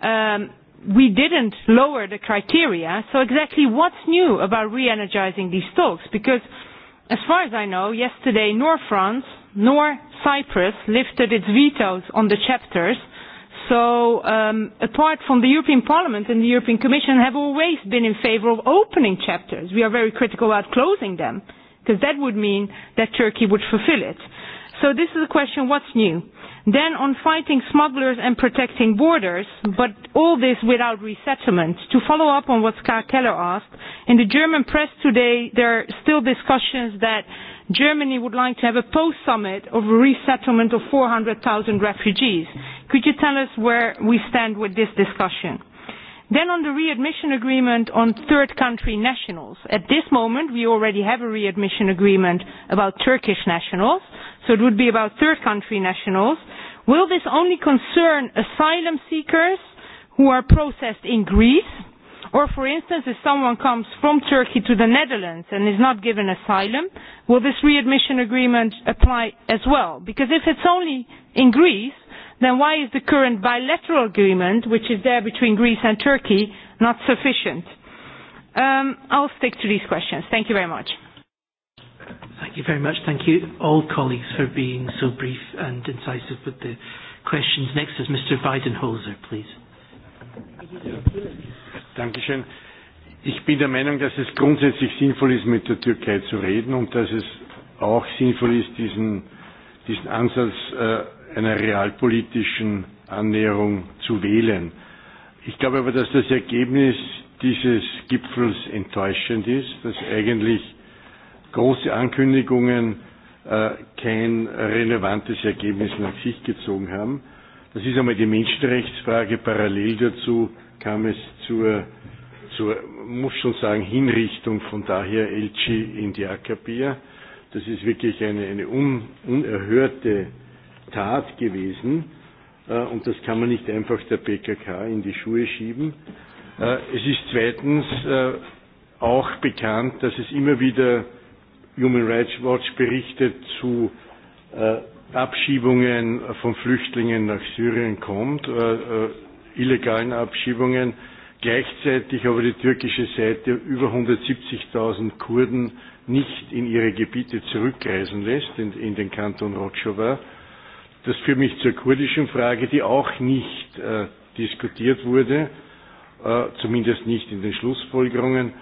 Um, we didn't lower the criteria, so exactly what's new about re-energizing these talks? Because as far as I know, yesterday nor France nor Cyprus lifted its vetoes on the chapters, so um, apart from the European Parliament and the European Commission have always been in favor of opening chapters. We are very critical about closing them, because that would mean that Turkey would fulfill it. So this is a question, what's new? Then on fighting smugglers and protecting borders, but all this without resettlement. To follow up on what Scott Keller asked, in the German press today there are still discussions that Germany would like to have a post-summit of a resettlement of 400,000 refugees. Could you tell us where we stand with this discussion? Then on the readmission agreement on third country nationals. At this moment, we already have a readmission agreement about Turkish nationals, so it would be about third country nationals. Will this only concern asylum seekers who are processed in Greece? Or for instance, if someone comes from Turkey to the Netherlands and is not given asylum, will this readmission agreement apply as well? Because if it's only in Greece, then why is the current bilateral agreement, which is there between Greece and Turkey, not sufficient? Um, I'll stick to these questions. Thank you very much. Thank you very much. Thank you all colleagues for being so brief and incisive with the questions. Next is Mr. Weidenholzer, please. Dankeschön. Ich bin der Meinung, dass es grundsätzlich sinnvoll ist, mit der Türkei zu reden und dass es auch sinnvoll ist, diesen, diesen Ansatz äh, einer realpolitischen Annäherung zu wählen. Ich glaube aber, dass das Ergebnis dieses Gipfels enttäuschend ist, dass eigentlich große Ankündigungen äh, kein relevantes Ergebnis nach sich gezogen haben. Das ist einmal die Menschenrechtsfrage. Parallel dazu kam es zur, zur muss schon sagen, Hinrichtung von daher Elchi in Diyarbakir. Das ist wirklich eine, eine un, unerhörte Tat gewesen. Äh, und das kann man nicht einfach der PKK in die Schuhe schieben. Äh, es ist zweitens äh, auch bekannt, dass es immer wieder Human Rights Watch berichtet zu äh, Abschiebungen von Flüchtlingen nach Syrien kommt, äh, äh, illegalen Abschiebungen. Gleichzeitig aber die türkische Seite über 170.000 Kurden nicht in ihre Gebiete zurückreisen lässt, in, in den Kanton Rojava. Das führt mich zur kurdischen Frage, die auch nicht äh, diskutiert wurde, äh, zumindest nicht in den Schlussfolgerungen.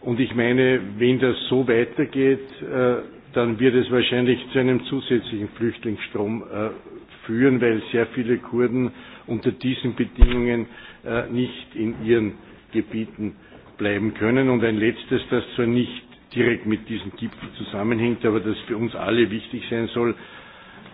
Und ich meine, wenn das so weitergeht, äh, dann wird es wahrscheinlich zu einem zusätzlichen Flüchtlingsstrom äh, führen, weil sehr viele Kurden unter diesen Bedingungen äh, nicht in ihren Gebieten bleiben können. Und ein letztes, das zwar nicht direkt mit diesem Gipfel zusammenhängt, aber das für uns alle wichtig sein soll,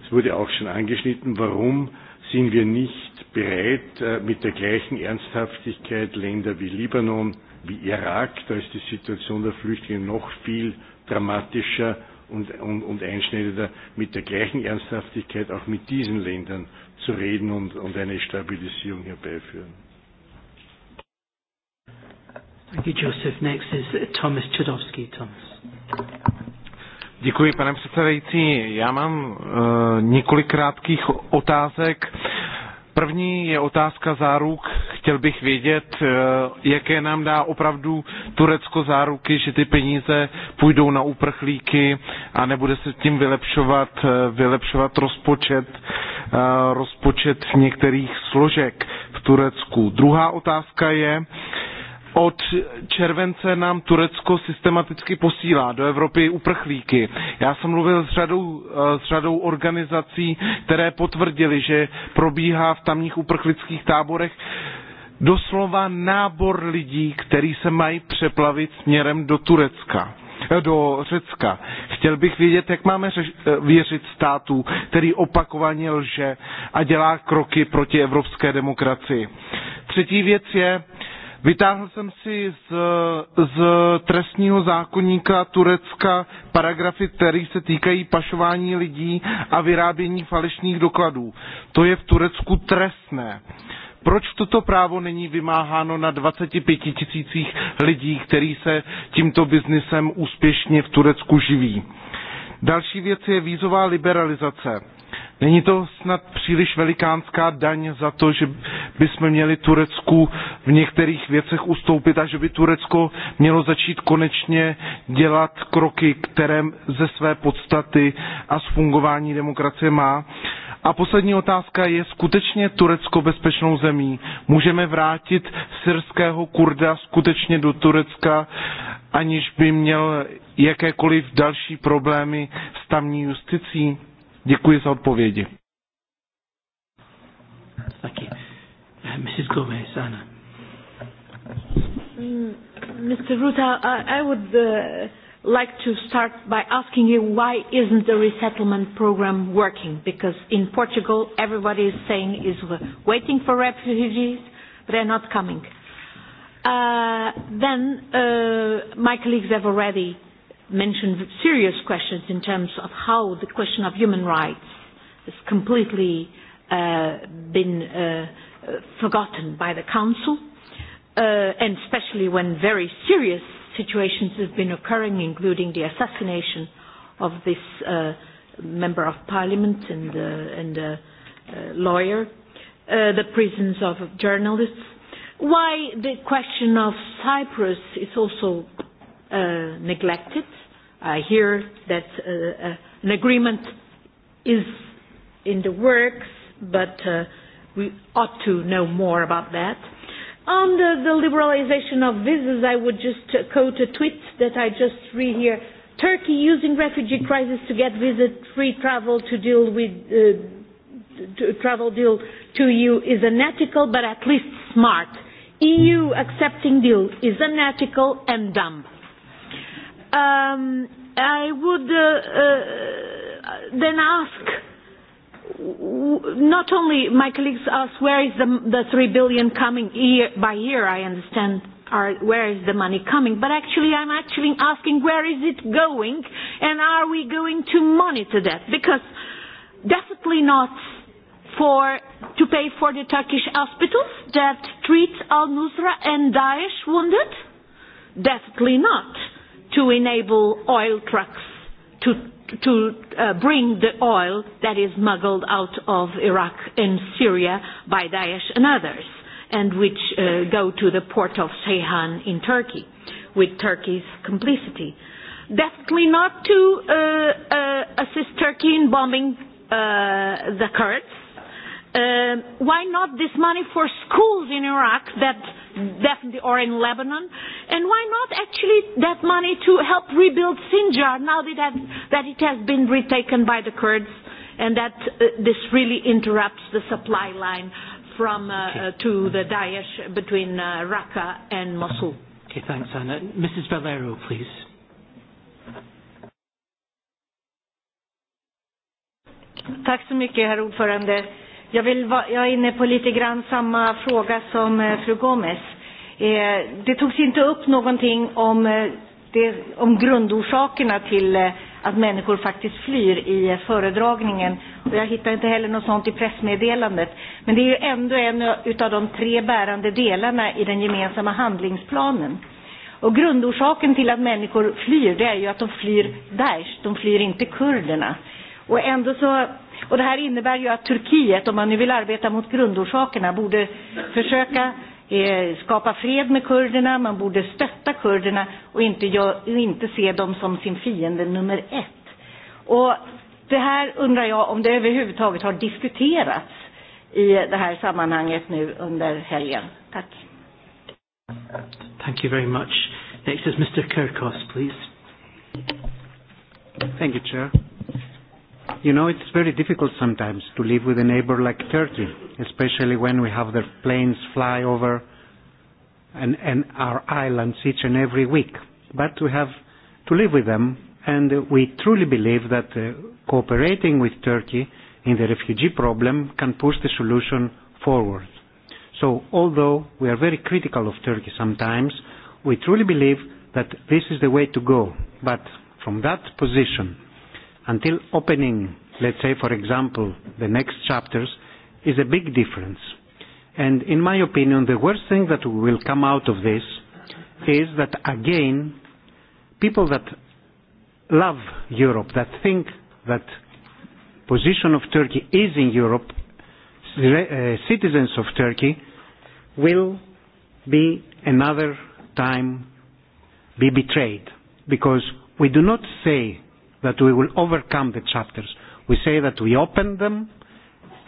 es wurde auch schon angeschnitten, warum sind wir nicht bereit, mit der gleichen Ernsthaftigkeit Länder wie Libanon, wie Irak, da ist die Situation der Flüchtlinge noch viel dramatischer und, und, und einschneidender, mit der gleichen Ernsthaftigkeit auch mit diesen Ländern zu reden und, und eine Stabilisierung herbeiführen. Thank you, Joseph. Next is Thomas Chudovsky. Thomas. Děkuji, pane předsedající. Já mám uh, několik krátkých otázek. Uh, První je otázka záruk. Chtěl bych vědět, eh, jaké nám dá opravdu Turecko záruky, že ty peníze půjdou na uprchlíky a nebude se tím vylepšovat, eh, vylepšovat rozpočet, eh, rozpočet některých složek v Turecku. Druhá otázka je, Od července nám Turecko systematicky posílá do Evropy uprchlíky. Já jsem mluvil s řadou, eh, s řadou organizací, které potvrdili, že probíhá v tamních uprchlických táborech doslova nábor lidí, který se mají přeplavit směrem do Turecka eh, do Řecka. Chtěl bych vědět, jak máme řeš, eh, věřit státu, který opakovaně lže a dělá kroky proti evropské demokracii. Třetí věc je, Vytáhl jsem si z, z trestního zákonníka Turecka paragrafy, které se týkají pašování lidí a vyrábění falešných dokladů. To je v Turecku trestné. Proč toto právo není vymáháno na 25 tisících lidí, který se tímto biznesem úspěšně v Turecku živí? Další věc je vízová liberalizace Není to snad příliš velikánská daň za to, že bychom měli Turecku v některých věcech ustoupit a že by Turecko mělo začít konečně dělat kroky, které ze své podstaty a z fungování demokracie má. A poslední otázka je skutečně Turecko bezpečnou zemí. Můžeme vrátit syrského kurda skutečně do Turecka, aniž by měl jakékoliv další problémy s tamní justicí? Děkuji za odpovědi. Eh, Mrs. Gomez, Anna. Mr. Mm, Ruta, I would uh, like to start by asking you why isn't the resettlement program working? Because in Portugal, everybody is saying is waiting for refugees, but they're not coming. Uh, then uh, my colleagues have already uh, mentioned serious questions in terms of how the question of human rights has completely uh, been uh, forgotten by the Council, uh, and especially when very serious situations have been occurring, including the assassination of this uh, member of parliament and, uh, and uh, uh, lawyer, uh, the prisons of journalists. Why the question of Cyprus is also uh, neglected I hear that uh, uh, an agreement is in the works, but uh, we ought to know more about that. On the, the liberalization of visas, I would just uh, quote a tweet that I just read here. Turkey using refugee crisis to get visa-free travel to deal with uh, to travel deal to EU is unethical, but at least smart. EU accepting deal is unethical and dumb um, I would uh, uh, then ask not only my colleagues ask where is the, the three billion coming year by year, I understand, are, where is the money coming, but actually I'm actually asking where is it going and are we going to monitor that? Because definitely not for to pay for the Turkish hospitals that treat Al-Nusra and Daesh wounded? Definitely not to enable oil trucks to, to uh, bring the oil that is smuggled out of Iraq and Syria by Daesh and others, and which uh, go to the port of Ceyhan in Turkey, with Turkey's complicity. Definitely not to uh, uh, assist Turkey in bombing uh, the Kurds, Uh, why not this money for schools in Iraq that definitely or in Lebanon and why not actually that money to help rebuild Sinjar now that, has that it has been retaken by the Kurds and that uh, this really interrupts the supply line from uh, okay. uh, to the Daesh between uh, Raqqa and Mosul. Okay, thanks Anna. Mrs. Valero, please. Tack så mycket, herr ordförande. Jag, vill, jag är inne på lite grann samma fråga som eh, fru Gomes. Eh, det togs inte upp någonting om, eh, det, om grundorsakerna till eh, att människor faktiskt flyr i föredragningen. Och jag hittar inte heller något sånt i pressmeddelandet. Men det är ju ändå en av de tre bärande delarna i den gemensamma handlingsplanen. Och grundorsaken till att människor flyr, det är ju att de flyr Daesh, de flyr inte kurderna. Och ändå så Och det här innebär ju att Turkiet, om man nu vill arbeta mot grundorsakerna, borde försöka eh, skapa fred med kurderna, man borde stötta kurderna och inte, gör, inte se dem som sin fiende nummer ett. Och det här undrar jag om det överhuvudtaget har diskuterats i det här sammanhanget nu under helgen. Tack. Thank you very much. Next is Mr. Kirkos, please. Thank you, Chair. You know, it's very difficult sometimes to live with a neighbor like Turkey, especially when we have their planes fly over and, and our islands each and every week. But we have to live with them, and we truly believe that uh, cooperating with Turkey in the refugee problem can push the solution forward. So, although we are very critical of Turkey sometimes, we truly believe that this is the way to go. But from that position, until opening, let's say, for example, the next chapters, is a big difference. And in my opinion, the worst thing that will come out of this is that, again, people that love Europe, that think that position of Turkey is in Europe, uh, citizens of Turkey, will be another time be betrayed. Because we do not say that we will overcome the chapters. We say that we open them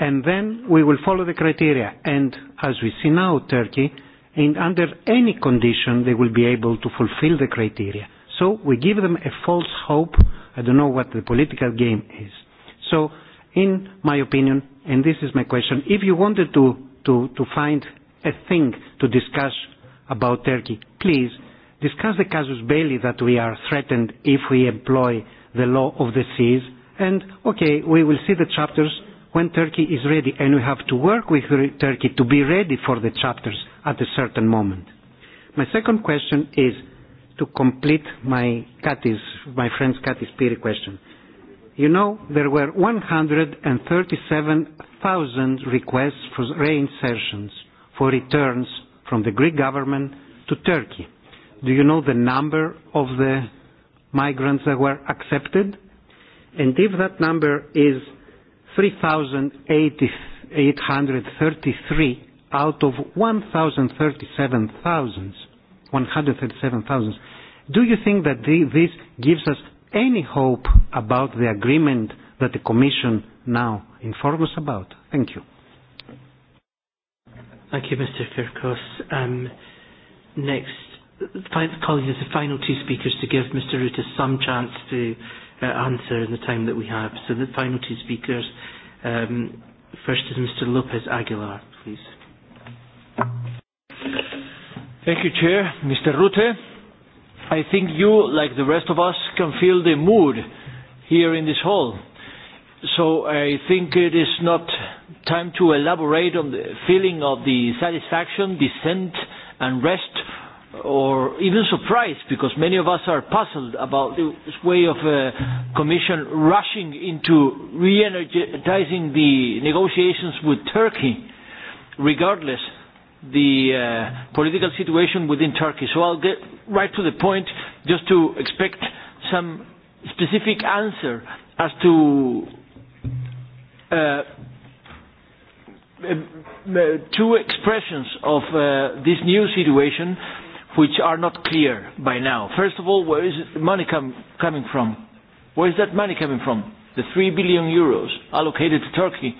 and then we will follow the criteria. And as we see now, Turkey, in, under any condition, they will be able to fulfill the criteria. So we give them a false hope. I don't know what the political game is. So, in my opinion, and this is my question, if you wanted to, to, to find a thing to discuss about Turkey, please discuss the casus belli that we are threatened if we employ the law of the seas. And, okay, we will see the chapters when Turkey is ready, and we have to work with Turkey to be ready for the chapters at a certain moment. My second question is to complete my Katis, my friend's Katis Piri question. You know, there were 137,000 requests for reinsertions, for returns from the Greek government to Turkey. Do you know the number of the migrants that were accepted. And if that number is 3,833 out of 137,000, 137, do you think that this gives us any hope about the agreement that the Commission now informs us about? Thank you. Thank you, Mr. Kirkos. Um, next colleagues, the final two speakers to give Mr. Ruta some chance to uh, answer in the time that we have. So the final two speakers, um, first is Mr. Lopez Aguilar, please. Thank you, Chair. Mr. Rute, I think you, like the rest of us, can feel the mood here in this hall. So I think it is not time to elaborate on the feeling of the satisfaction, dissent, and rest or even surprised because many of us are puzzled about this way of uh, Commission rushing into re-energizing the negotiations with Turkey, regardless the uh, political situation within Turkey. So I'll get right to the point just to expect some specific answer as to uh, two expressions of uh, this new situation which are not clear by now. First of all, where is the money com coming from? Where is that money coming from? The 3 billion euros allocated to Turkey.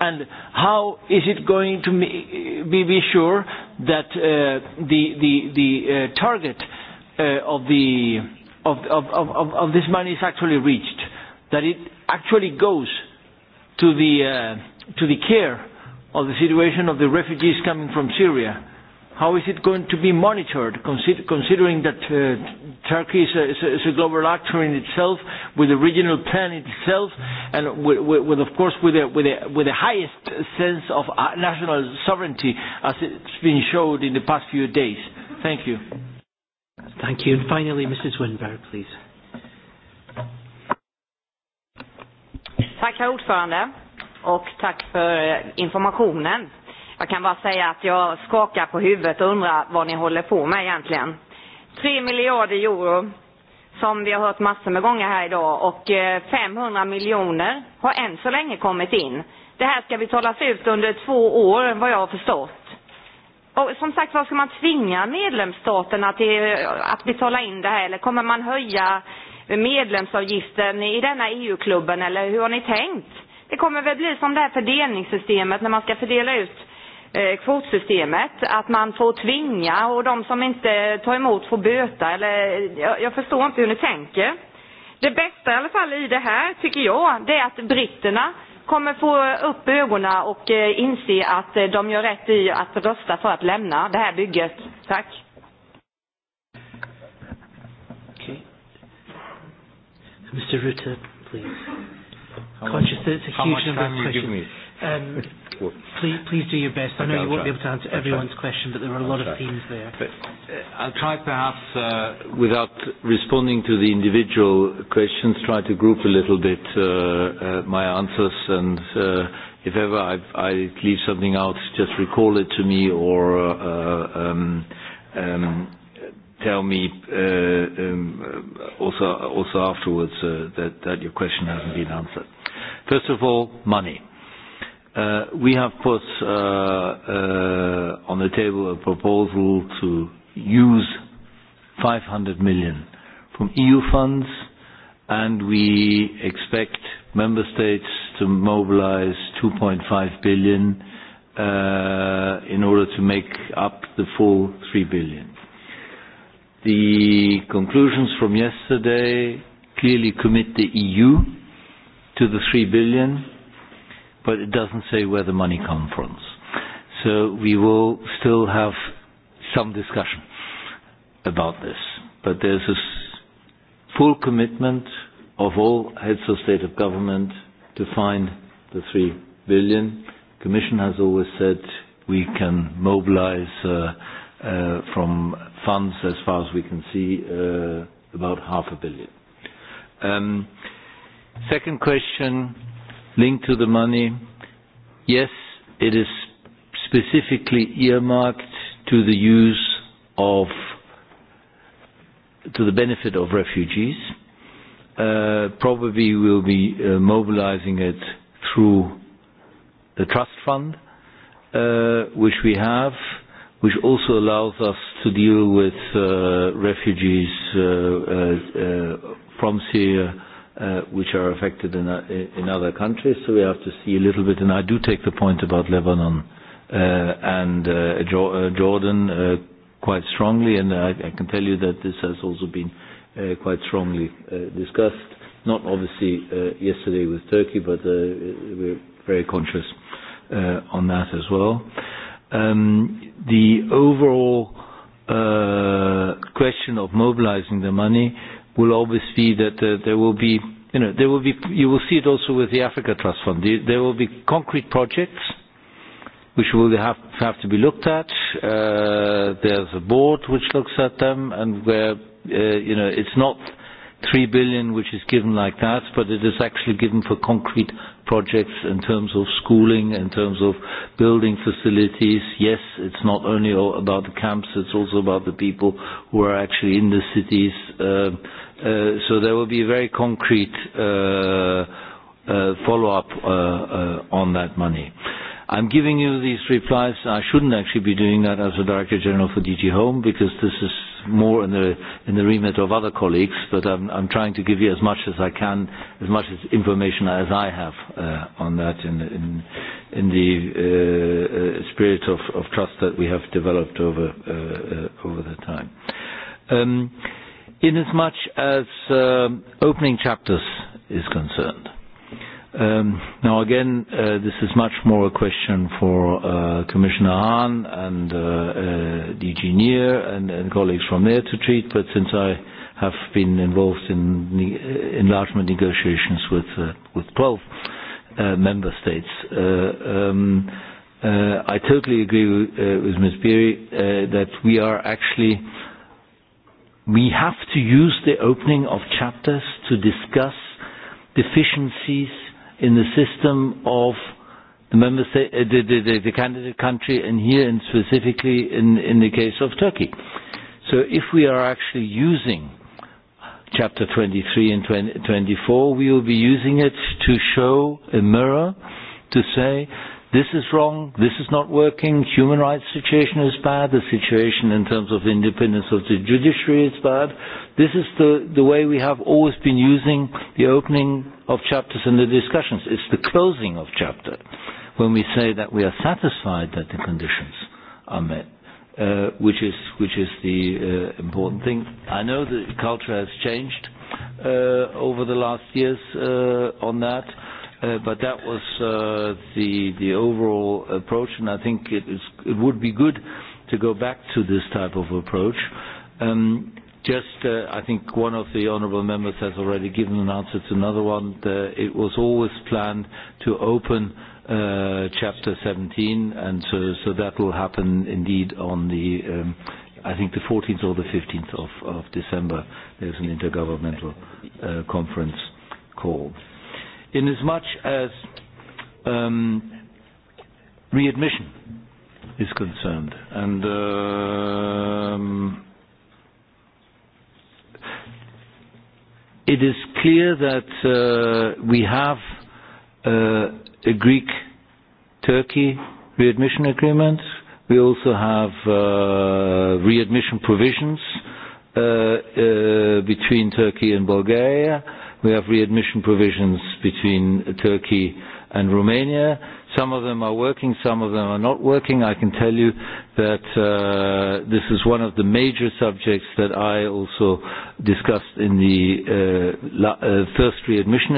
And how is it going to be, be sure that uh, the, the, the uh, target uh, of, the, of, of, of, of this money is actually reached? That it actually goes to the, uh, to the care of the situation of the refugees coming from Syria? How is it going to be monitored, consider, considering that uh, Turkey is a, is, a, is a global actor in itself, with a regional plan itself, and with, with, with of course, with the with, with highest sense of uh, national sovereignty, as it's been showed in the past few days? Thank you. Thank you. And finally, Mrs. Winberg, please. Tack, herr ordförande, och tack för eh, informationen. Jag kan bara säga att jag skakar på huvudet och undrar vad ni håller på med egentligen. 3 miljarder euro som vi har hört massor med gånger här idag och 500 eh, miljoner har än så länge kommit in. Det här ska betalas ut under två år vad jag har förstått. Och som sagt vad ska man tvinga medlemsstaterna till eh, att betala in det här eller kommer man höja medlemsavgiften i denna EU-klubben eller hur har ni tänkt? Det kommer väl bli som det här fördelningssystemet när man ska fördela ut Eh, kvotsystemet, att man får tvinga och de som inte tar emot får böta. Eller, jag, jag förstår inte hur ni tänker. Det bästa i alla fall i det här, tycker jag, det är att britterna kommer få upp ögonen och eh, inse att eh, de gör rätt i att rösta för att lämna det här bygget. Tack. Okay. Mr. Rutte, please. How Conscious much, that it's a huge number of questions. Um, please, please do your best. I know you won't be able to answer I'll everyone's try. question, but there are a lot I'll of try. themes there. But, uh, I'll try perhaps, uh, without responding to the individual questions, try to group a little bit uh, uh, my answers and uh, if ever I, I leave something out, just recall it to me or uh, uh um, um, tell me uh, um, uh, also, also afterwards uh, that, that your question hasn't been answered. First of all, money. Uh, we have put uh, uh, on the table a proposal to use 500 million from EU funds, and we expect member states to mobilize 2.5 billion uh, in order to make up the full 3 billion. The conclusions from yesterday clearly commit the EU to the 3 billion but it doesn't say where the money comes from. So we will still have some discussion about this. But there's a full commitment of all heads of state of government to find the three billion. The Commission has always said we can mobilize uh, uh, from funds as far as we can see uh, about half a billion. Um, second question linked to the money. Yes, it is specifically earmarked to the use of, to the benefit of refugees. Uh, probably we'll be uh, mobilizing it through the trust fund, uh, which we have, which also allows us to deal with uh, refugees uh, uh, uh, from Syria uh, which are affected in, uh, in other countries, so we have to see a little bit, and I do take the point about Lebanon uh, and uh, jo uh, Jordan uh, quite strongly, and I, I can tell you that this has also been uh, quite strongly uh, discussed, not obviously uh, yesterday with Turkey, but uh, we're very conscious uh, on that as well. Um, the overall uh, question of mobilizing the money, will always be that uh, there will be, you know, there will be, you will see it also with the Africa Trust Fund. There will be concrete projects which will have, have to be looked at. Uh, there's a board which looks at them and where, uh, you know, it's not 3 billion which is given like that, but it is actually given for concrete projects in terms of schooling, in terms of building facilities. Yes, it's not only about the camps, it's also about the people who are actually in the cities. Uh, uh, so there will be a very concrete uh, uh, follow-up uh, uh, on that money. I'm giving you these replies. I shouldn't actually be doing that as a Director General for DG Home because this is more in the, in the remit of other colleagues, but I'm, I'm trying to give you as much as I can, as much as information as I have uh, on that in, in, in the uh, uh, spirit of, of trust that we have developed over, uh, uh, over the time. Um, in as much as um, opening chapters is concerned, Um, now again, uh, this is much more a question for uh, Commissioner Hahn and uh, uh, the engineer and, and colleagues from there to treat, but since I have been involved in the uh, enlargement negotiations with, uh, with 12 uh, member states, uh, um, uh, I totally agree with, uh, with Ms. Beery uh, that we are actually we have to use the opening of chapters to discuss deficiencies in the system of the member state, uh, the, the, the, the candidate country, and here and specifically in, in the case of Turkey. So if we are actually using chapter 23 and 20, 24, we will be using it to show a mirror to say this is wrong, this is not working, human rights situation is bad, the situation in terms of independence of the judiciary is bad. This is the, the way we have always been using the opening of chapters in the discussions. It's the closing of chapter when we say that we are satisfied that the conditions are met. Uh, which is which is the uh, important thing. I know the culture has changed uh, over the last years uh, on that. Uh, Uh, but that was uh, the the overall approach, and I think it, is, it would be good to go back to this type of approach. Um, just, uh, I think one of the honourable members has already given an answer to another one. Uh, it was always planned to open uh, chapter 17, and so, so that will happen indeed on the, um, I think, the 14th or the 15th of, of December. There's an intergovernmental uh, conference called. In as much um, readmission is concerned. And um, it is clear that uh, we have uh, a Greek Turkey readmission agreement. We also have uh, readmission provisions uh, uh, between Turkey and Bulgaria. We have readmission provisions between Turkey and Romania. Some of them are working, some of them are not working. I can tell you that uh, this is one of the major subjects that I also discussed in the uh, la, uh, first readmission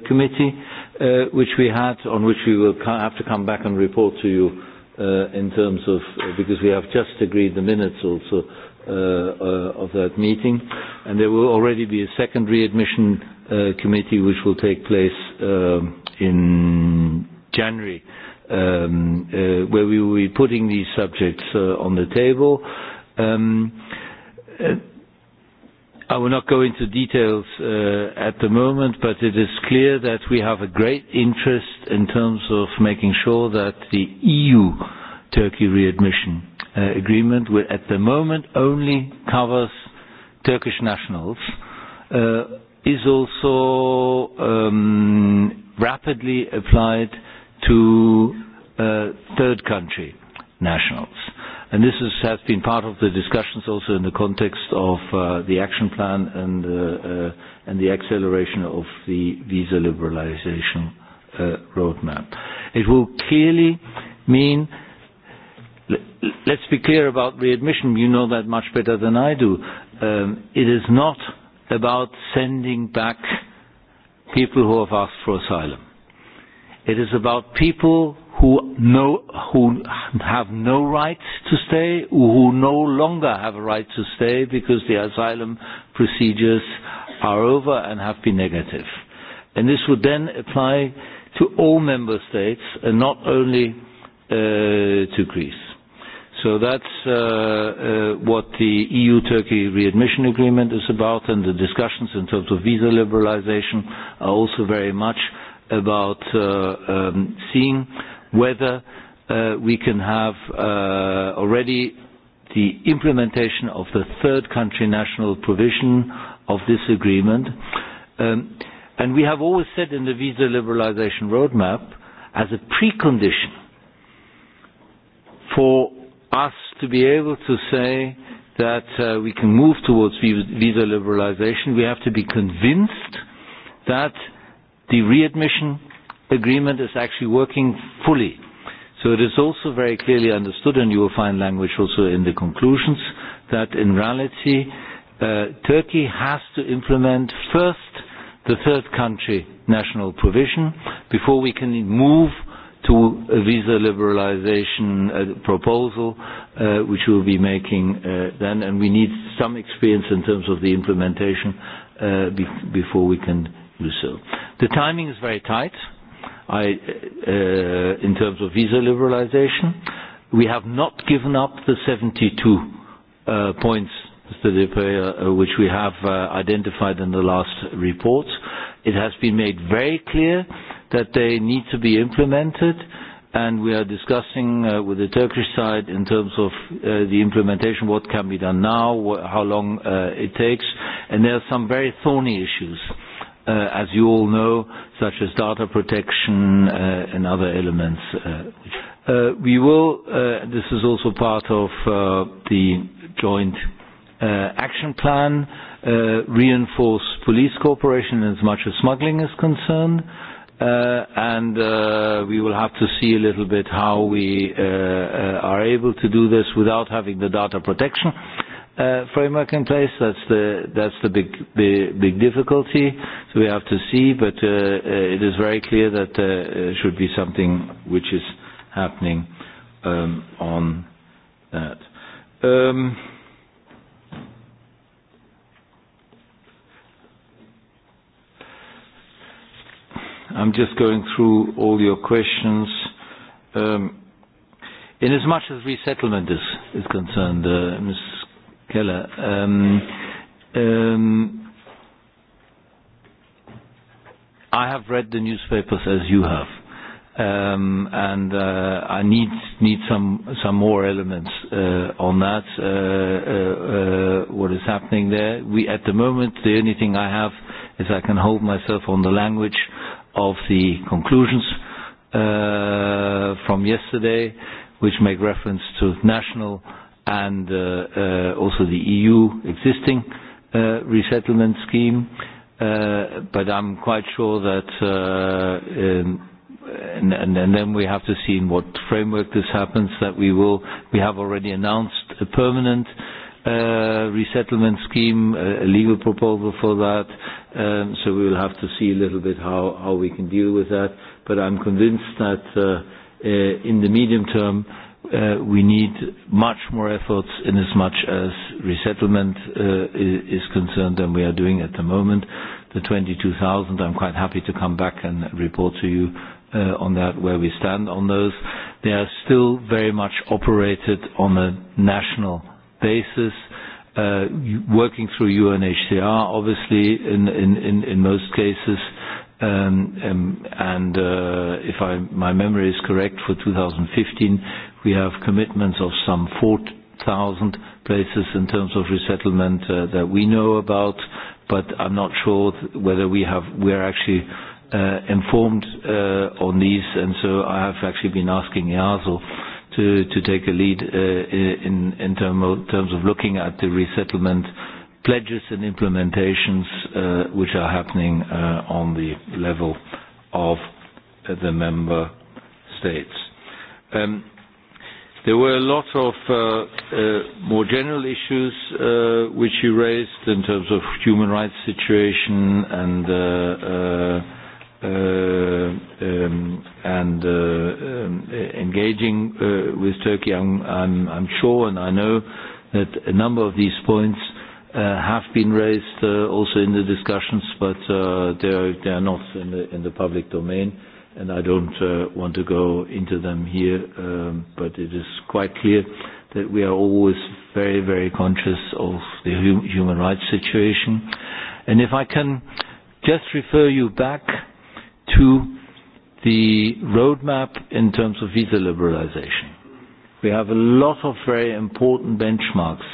uh, committee, uh, which we had, on which we will have to come back and report to you uh, in terms of, uh, because we have just agreed the minutes also uh, uh, of that meeting. And there will already be a second readmission uh, committee which will take place uh in January, um, uh, where we will be putting these subjects uh, on the table. Um, uh, I will not go into details uh, at the moment, but it is clear that we have a great interest in terms of making sure that the EU Turkey readmission uh, agreement, which at the moment only covers Turkish nationals, uh, is also um, rapidly applied to uh, third country nationals. And this is, has been part of the discussions also in the context of uh, the action plan and, uh, uh, and the acceleration of the visa liberalization uh, roadmap. It will clearly mean let's be clear about readmission. You know that much better than I do. Um, it is not about sending back people who have asked for asylum. It is about people who know who have no right to stay, who no longer have a right to stay because the asylum procedures are over and have been negative. And this would then apply to all member states and not only uh, to Greece. So that's uh, uh, what the EU-Turkey readmission agreement is about, and the discussions in terms of visa liberalization are also very much about uh, um, seeing whether uh, we can have uh, already the implementation of the third country national provision of this agreement. Um, and we have always said in the visa liberalization roadmap, as a precondition for us to be able to say that uh, we can move towards visa liberalization, we have to be convinced that the readmission agreement is actually working fully. So it is also very clearly understood, and you will find language also in the conclusions, that in reality, uh, Turkey has to implement first the third country national provision before we can move to a visa liberalization uh, proposal, uh, which we'll be making uh, then, and we need some experience in terms of the implementation uh, be before we can do so. The timing is very tight I, uh, uh in terms of visa liberalization. We have not given up the 72 uh, points, Mr. DePay uh, which we have uh, identified in the last report. It has been made very clear that they need to be implemented and we are discussing uh, with the Turkish side in terms of uh, the implementation, what can be done now, wh how long uh, it takes, and there are some very thorny issues, uh, as you all know, such as data protection uh, and other elements. Uh, uh, we will, uh, this is also part of uh, the joint uh, action plan, uh, reinforce police cooperation as much as smuggling is concerned, uh, Uh, and uh, we will have to see a little bit how we uh, uh, are able to do this without having the data protection uh, framework in place. That's the that's the big big, big difficulty. So we have to see, but uh, uh, it is very clear that uh, it uh, should be something which is happening um, on that. Um, I'm just going through all your questions. Um, in as much as resettlement is, is concerned, uh, Ms. Keller, um, um, I have read the newspapers as you have um, and uh, I need need some some more elements uh, on that. Uh, uh, uh, what is happening there? We at the moment the only thing I have is I can hold myself on the language of the conclusions uh, from yesterday, which make reference to national and uh, uh, also the EU existing uh, resettlement scheme. Uh, but I'm quite sure that, uh, in, um, and, and then we have to see in what framework this happens, that we will, we have already announced a permanent uh, uh, resettlement scheme, uh, a legal proposal for that. Um, so we will have to see a little bit how, how we can deal with that. But I'm convinced that uh, uh, in the medium term, uh, we need much more efforts in as much as resettlement uh, is, is concerned than we are doing at the moment. The 22,000, I'm quite happy to come back and report to you uh, on that, where we stand on those. They are still very much operated on a national basis uh, working through UNHCR, obviously, in, in, in, in most cases. Um, um, and uh, if I, my memory is correct, for 2015, we have commitments of some 4,000 places in terms of resettlement uh, that we know about, but I'm not sure th whether we have, we are actually uh, informed uh, on these, and so I have actually been asking EASO to, to take a lead uh, in, in term of, terms of looking at the resettlement pledges and implementations uh, which are happening uh, on the level of uh, the member states. Um, there were a lot of uh, uh, more general issues uh, which you raised in terms of human rights situation and uh, uh, uh, um, and uh, um, engaging uh, with Turkey. I'm, I'm, I'm sure and I know that a number of these points uh, have been raised uh, also in the discussions, but uh, they, are, they are not in the, in the public domain, and I don't uh, want to go into them here, um, but it is quite clear that we are always very, very conscious of the hum human rights situation. And if I can just refer you back to the roadmap in terms of visa liberalization. We have a lot of very important benchmarks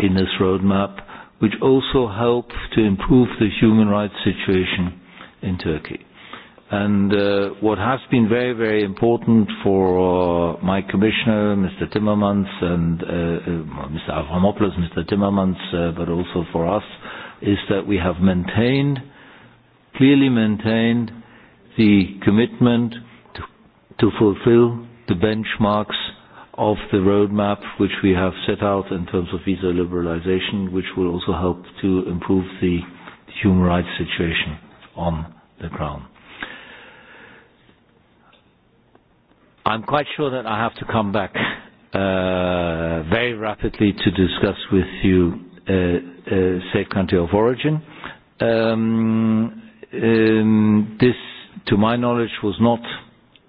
in this roadmap which also help to improve the human rights situation in Turkey. And uh, what has been very, very important for uh, my commissioner, Mr. Timmermans, and uh, uh Mr. Avramopoulos, Mr. Timmermans, uh, but also for us, is that we have maintained clearly maintained the commitment to, to fulfill the benchmarks of the roadmap which we have set out in terms of visa liberalization, which will also help to improve the human rights situation on the ground. I'm quite sure that I have to come back uh, very rapidly to discuss with you uh, uh, safe country of origin. Um, um, this, to my knowledge, was not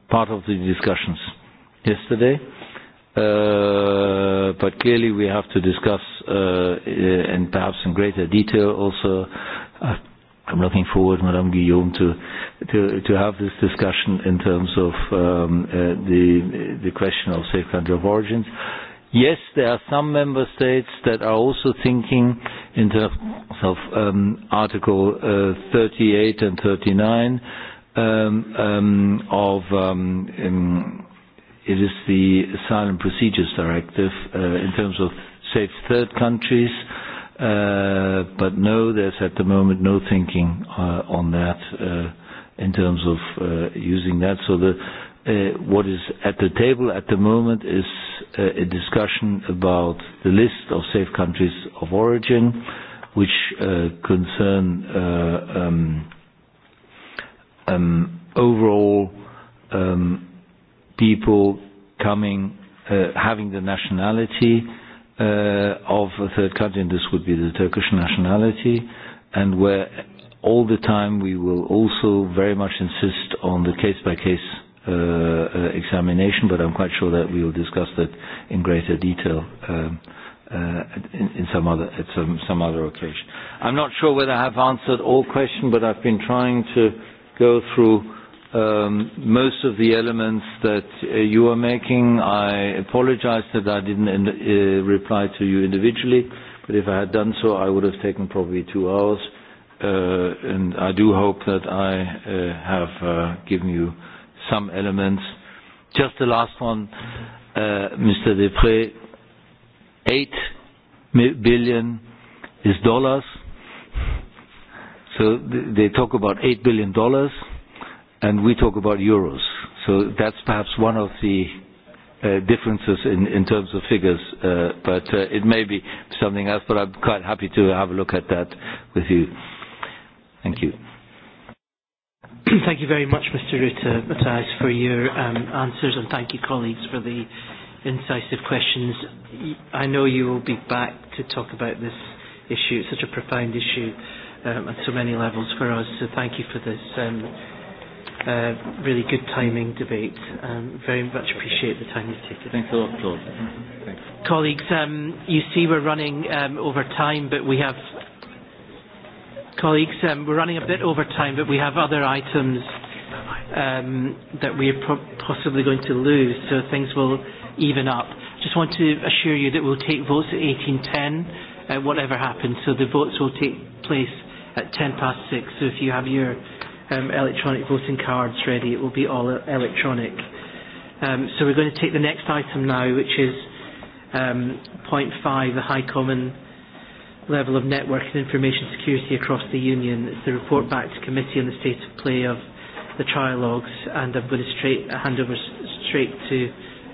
part of the discussions yesterday. Uh, but clearly we have to discuss uh, and perhaps in greater detail also. I'm looking forward, Madame Guillaume, to, to, to have this discussion in terms of um, uh, the, the question of safe country of origins. Uh, Yes, there are some member states that are also thinking in terms of um, Article uh, 38 and 39 um, um, of um, um, it is the Asylum Procedures Directive uh, in terms of safe third countries, uh, but no, there's at the moment no thinking uh, on that uh, in terms of uh, using that. So the uh, what is at the table at the moment is uh, a discussion about the list of safe countries of origin, which uh, concern uh, um, um, overall um, people coming, uh, having the nationality uh, of a third country, and this would be the Turkish nationality, and where all the time we will also very much insist on the case-by-case case by case uh, uh, examination, but I'm quite sure that we will discuss that in greater detail um, uh, in, in some other, at some, some other occasion. I'm not sure whether I have answered all questions, but I've been trying to go through um, most of the elements that uh, you are making. I apologize that I didn't in, uh, reply to you individually, but if I had done so, I would have taken probably two hours. Uh, and I do hope that I uh, have uh, given you some elements. Just the last one, uh, Mr. Deprez, 8 billion is dollars. So th they talk about 8 billion dollars and we talk about euros. So that's perhaps one of the uh, differences in, in terms of figures, uh, but uh, it may be something else, but I'm quite happy to have a look at that with you. Thank you. thank you very much, Mr. Ruta Matthias, for your um, answers, and thank you, colleagues, for the incisive questions. I know you will be back to talk about this issue. It's such a profound issue um, on so many levels for us, so thank you for this um, uh, really good timing debate. Um, very much appreciate the time you've taken. Thanks a lot, Claude. Colleagues, um, you see we're running um, over time, but we have Colleagues, um, we're running a bit over time, but we have other items um, that we're pro possibly going to lose, so things will even up. Just want to assure you that we'll take votes at 18.10, uh, whatever happens, so the votes will take place at 10 past 6, so if you have your um, electronic voting cards ready, it will be all e-, electronic. Um, so we're going to take the next item now, which is um, point five, the High Common level of network and information security across the Union. It's the report back to committee on the state of play of the trilogues and I'm going to straight, hand over straight to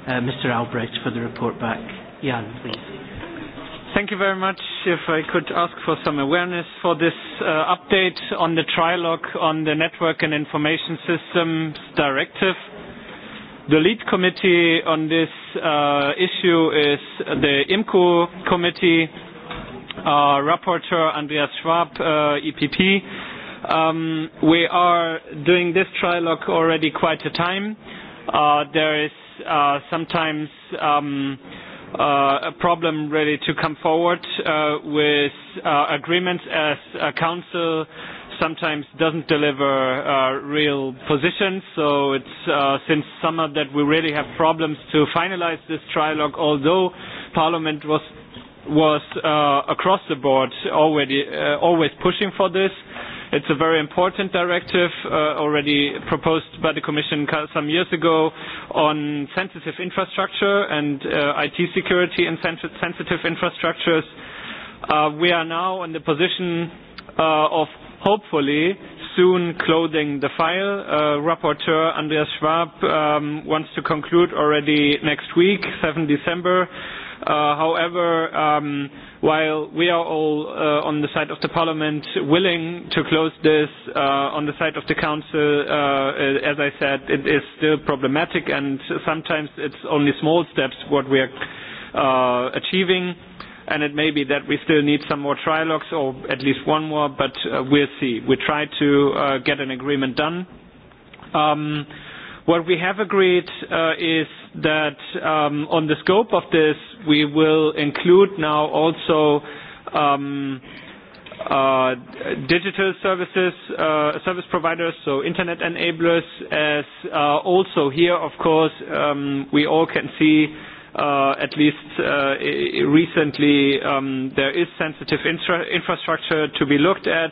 uh, Mr. Albrecht for the report back. Jan, please. Thank you very much. If I could ask for some awareness for this uh, update on the trilogue on the Network and Information Systems Directive. The lead committee on this uh, issue is the IMCO committee uh, Rapporteur Andreas Schwab, uh, EPP. Um, we are doing this trilogue already quite a time. Uh, there is uh, sometimes um, uh, a problem really to come forward uh, with uh, agreements as a council sometimes doesn't deliver uh, real positions. So it's uh, since summer that we really have problems to finalize this trilogue, although Parliament was was uh, across the board already uh, always pushing for this. It's a very important directive uh, already proposed by the Commission some years ago on sensitive infrastructure and uh, IT security and sensitive infrastructures. Uh, we are now in the position uh, of hopefully soon closing the file. Uh, Rapporteur Andreas Schwab um, wants to conclude already next week, 7 December Uh, however, um, while we are all uh, on the side of the Parliament willing to close this, uh, on the side of the Council, uh, as I said, it is still problematic and sometimes it's only small steps what we are uh, achieving and it may be that we still need some more trilogues or at least one more, but uh, we'll see. We try to uh, get an agreement done. Um, What we have agreed uh, is that um, on the scope of this, we will include now also um, uh, digital services, uh, service providers, so internet enablers, as uh, also here, of course, um, we all can see uh, at least uh, recently um, there is sensitive infra infrastructure to be looked at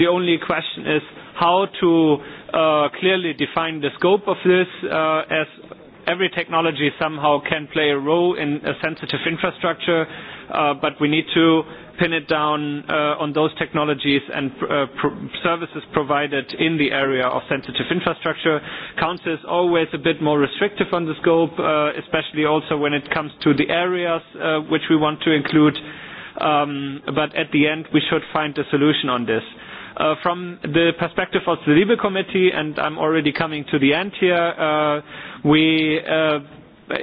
The only question is how to uh, clearly define the scope of this uh, as every technology somehow can play a role in a sensitive infrastructure, uh, but we need to pin it down uh, on those technologies and uh, pro services provided in the area of sensitive infrastructure. Council is always a bit more restrictive on the scope, uh, especially also when it comes to the areas uh, which we want to include. Um, but at the end, we should find a solution on this. Uh, from the perspective of the Liebe Committee, and I'm already coming to the end here, uh, we uh,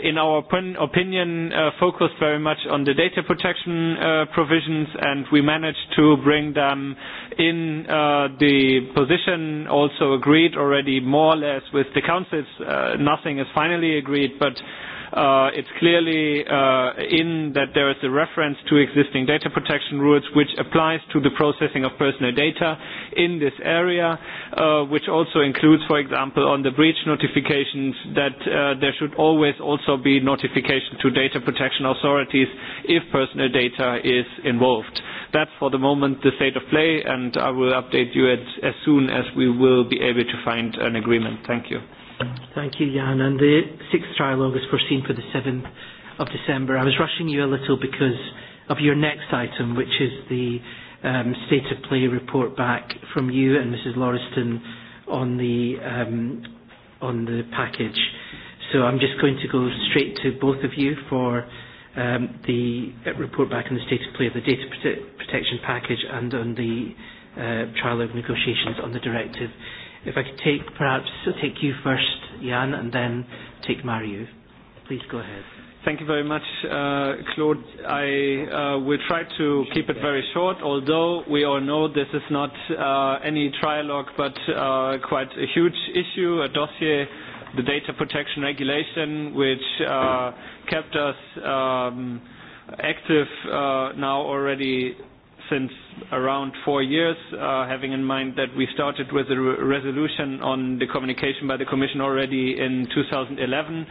in our opinion, uh, focused very much on the data protection uh, provisions, and we managed to bring them in uh, the position also agreed already more or less with the councils. Uh, nothing is finally agreed, but Uh, it's clearly uh, in that there is a reference to existing data protection rules which applies to the processing of personal data in this area, uh, which also includes, for example, on the breach notifications that uh, there should always also be notification to data protection authorities if personal data is involved. That's for the moment the state of play, and I will update you at, as soon as we will be able to find an agreement. Thank you. Thank you, Jan. And the sixth trialogue is foreseen for the 7th of December. I was rushing you a little because of your next item, which is the um, state of play report back from you and Mrs. Lauriston on the um, on the package. So I'm just going to go straight to both of you for um, the report back on the state of play of the data prote protection package and on the uh, trial of negotiations on the directive if I could take perhaps take you first, Jan, and then take Mario. Please go ahead. Thank you very much, uh, Claude. I uh, will try to keep it very short, although we all know this is not uh, any trialogue, but uh, quite a huge issue, a dossier, the data protection regulation, which uh, kept us um, active uh, now already since around four years, uh, having in mind that we started with a re resolution on the communication by the Commission already in 2011.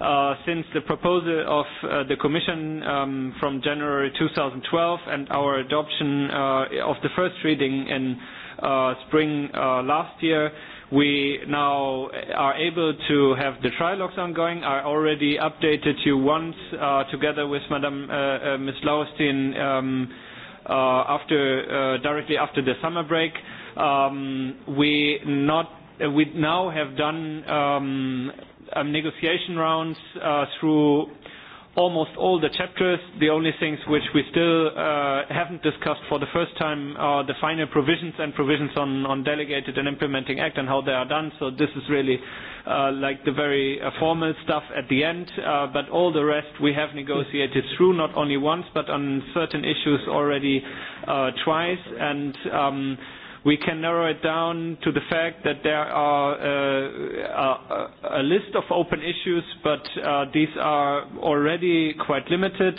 Uh, since the proposal of uh, the Commission um, from January 2012 and our adoption uh, of the first reading in uh, spring uh, last year, we now are able to have the trilogues ongoing. I already updated you once uh, together with Madam uh, uh, Ms. Laustein um, uh, after, uh, directly after the summer break. Um, we, not, uh, we now have done um, um, negotiation rounds uh, through almost all the chapters. The only things which we still uh, haven't discussed for the first time are the final provisions and provisions on, on delegated and implementing act and how they are done. So this is really uh, like the very uh, formal stuff at the end. Uh, but all the rest we have negotiated through not only once but on certain issues already uh, twice. And um, we can narrow it down to the fact that there are uh, a, a list of open issues, but uh, these are already quite limited.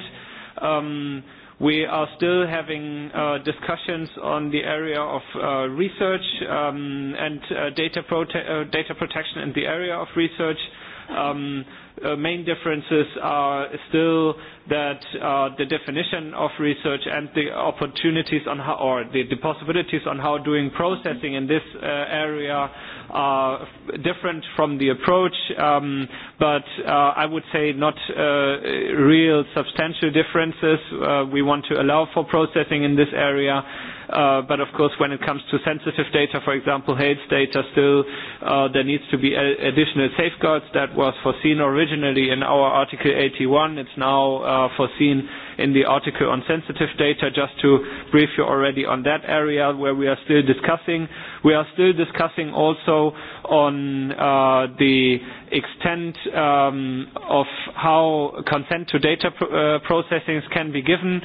Um, we are still having uh, discussions on the area of uh, research um, and uh, data, prote uh, data protection in the area of research. Um, uh, main differences are still that uh, the definition of research and the opportunities on how, or the, the possibilities on how doing processing in this uh, area are different from the approach, um, but uh, I would say not uh, real substantial differences. Uh, we want to allow for processing in this area. Uh, but of course, when it comes to sensitive data, for example, AIDS data, still uh, there needs to be a additional safeguards that was foreseen originally originally in our Article 81. It's now uh, foreseen in the article on sensitive data, just to brief you already on that area where we are still discussing. We are still discussing also on uh, the extent um, of how consent to data pr uh, processing can be given.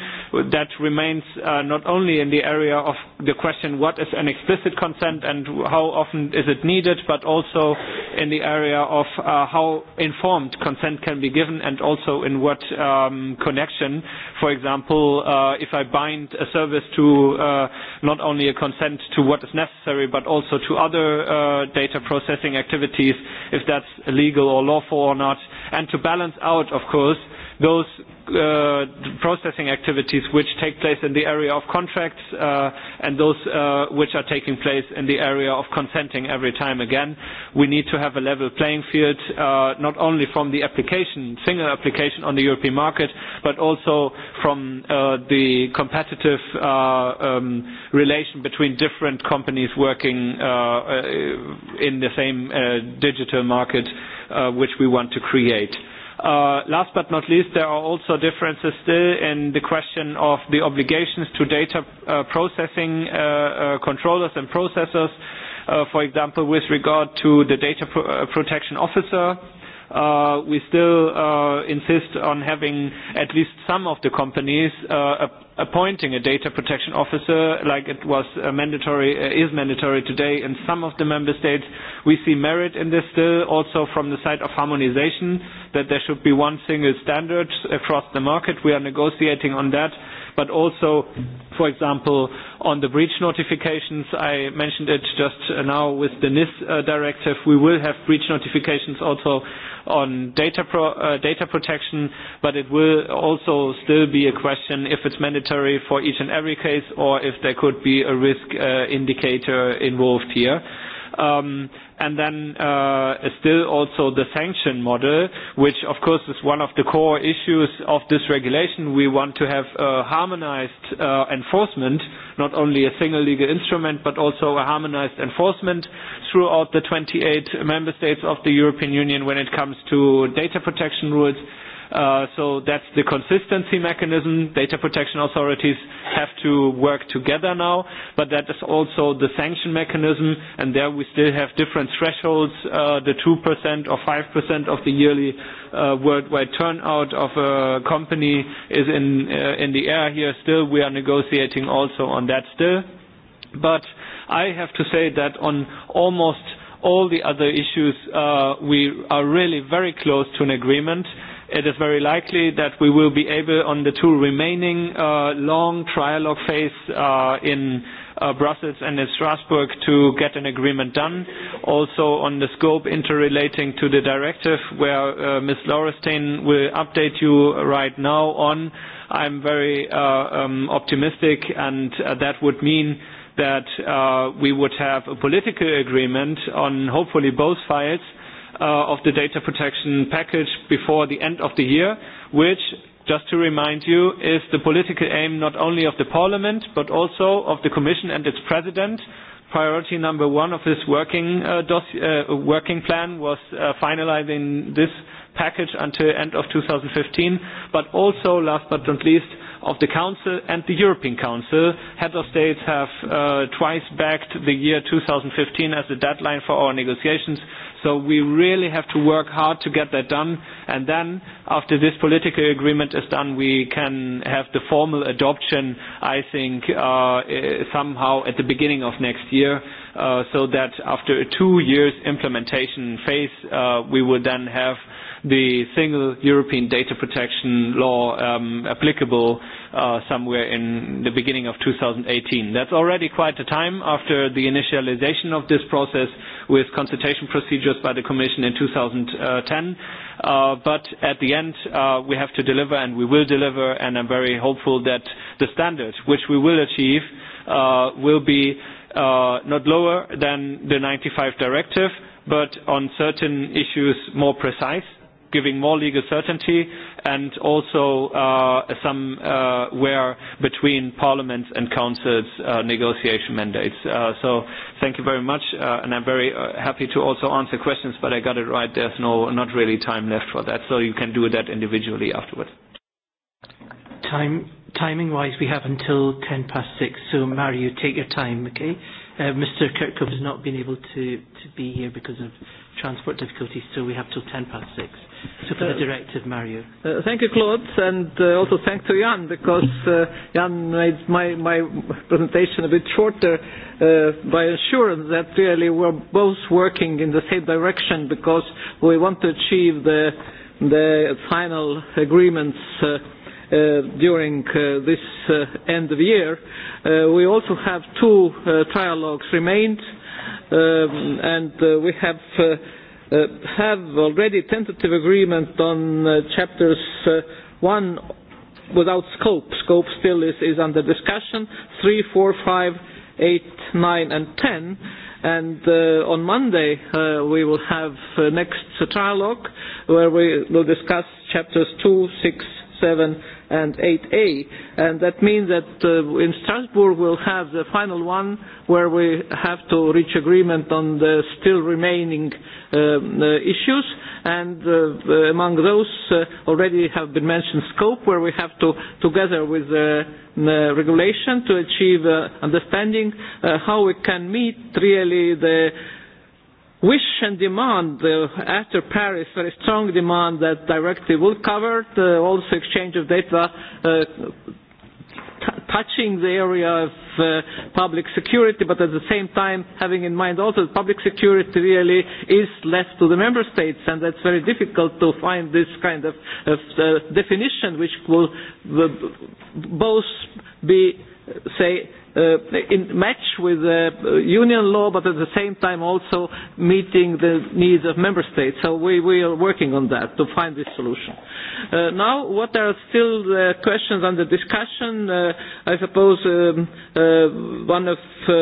That remains uh, not only in the area of the question what is an explicit consent and how often is it needed, but also in the area of uh, how informed consent can be given and also in what um, connection For example, uh, if I bind a service to uh, not only a consent to what is necessary, but also to other uh, data processing activities, if that's legal or lawful or not, and to balance out, of course, uh, those uh, processing activities which take place in the area of contracts uh, and those uh, which are taking place in the area of consenting every time again. We need to have a level playing field, uh, not only from the application, single application on the European market, but also from uh, the competitive uh, um, relation between different companies working uh, uh in the same uh, digital market uh, which we want to create. Uh, last but not least, there are also differences still in the question of the obligations to data uh, processing uh, uh, controllers and processors, uh, for example, with regard to the data pro uh, protection officer uh, we still uh, insist on having at least some of the companies uh, appointing a data protection officer like it was uh, mandatory uh, is mandatory today in some of the member states we see merit in this still also from the side of harmonization that there should be one single standard across the market we are negotiating on that but also, for example, on the breach notifications, I mentioned it just now with the NIS uh, directive, we will have breach notifications also on data, pro, uh, data protection, but it will also still be a question if it's mandatory for each and every case or if there could be a risk uh, indicator involved here. Um, and then uh, still also the sanction model, which of course is one of the core issues of this regulation. We want to have a harmonized uh, enforcement, not only a single legal instrument, but also a harmonized enforcement throughout the 28 member states of the European Union when it comes to data protection rules Uh, so that's the consistency mechanism. Data protection authorities have to work together now, but that is also the sanction mechanism, and there we still have different thresholds, uh, the 2% or 5% of the yearly uh, worldwide turnout of a company is in, uh, in the air here still. We are negotiating also on that still. But I have to say that on almost all the other issues, uh, we are really very close to an agreement it is very likely that we will be able on the two remaining uh, long trialogue phase uh, in uh, Brussels and in Strasbourg to get an agreement done. Also on the scope interrelating to the directive where uh, Ms. Laurestein will update you right now on. I'm very uh, um, optimistic and uh, that would mean that uh, we would have a political agreement on hopefully both files uh, of the data protection package before the end of the year, which, just to remind you, is the political aim not only of the Parliament but also of the Commission and its President. Priority number one of his working, uh, uh, working plan was uh, finalizing this package until end of 2015, but also, last but not least, of the Council and the European Council. Head of states have uh, twice backed the year 2015 as a deadline for our negotiations So we really have to work hard to get that done. And then after this political agreement is done, we can have the formal adoption, I think, uh, eh, somehow at the beginning of next year. Uh, so that after a two years implementation phase, uh, we will then have the single European data protection law um, applicable uh, somewhere in the beginning of 2018. That's already quite a time after the initialization of this process with consultation procedures by the Commission in 2010. Uh, uh, but at the end, uh, we have to deliver and we will deliver, and I'm very hopeful that the standard which we will achieve uh, will be uh, not lower than the 95 directive, but on certain issues more precise giving more legal certainty and also uh, some uh, where between parliaments and councils uh, negotiation mandates. Uh, so thank you very much uh, and I'm very uh, happy to also answer questions but I got it right there's no not really time left for that so you can do that individually afterwards. Time, timing wise we have until 10 past 6 so Mario take your time okay. Uh, Mr. Kirkhoff has not been able to, to be here because of transport difficulties, so we have till 10 past 6 for the directive, Mario. Uh, uh, thank you, Claude, and uh, also thanks to Jan, because uh, Jan made my, my presentation a bit shorter uh, by assurance that really we're both working in the same direction because we want to achieve the, the final agreements uh, uh, during uh, this uh, end of year. Uh, we also have two uh, trialogues remained, um, and uh, we have uh, uh, have already tentative agreement on uh, chapters uh, 1 without scope. Scope still is, is under discussion. 3, 4, 5, 8, 9 and 10. And uh, on Monday uh, we will have uh, next uh, trialogue where we will discuss chapters 2, 6, 7, and 8A. And that means that uh, in Strasbourg we'll have the final one where we have to reach agreement on the still remaining uh, uh, issues. And uh, uh, among those uh, already have been mentioned scope where we have to, together with the uh, regulation to achieve uh, understanding uh, how we can meet really the wish and demand uh, after Paris, very strong demand that directive will cover the, also exchange of data uh, touching the area of uh, public security, but at the same time having in mind also that public security really is left to the member states, and that's very difficult to find this kind of, of uh, definition which will, will uh, both be, say, uh, in match with uh, union law, but at the same time also meeting the needs of member states. So we, we are working on that to find this solution. Uh, now, what are still the questions under discussion? Uh, I suppose um, uh, one of uh,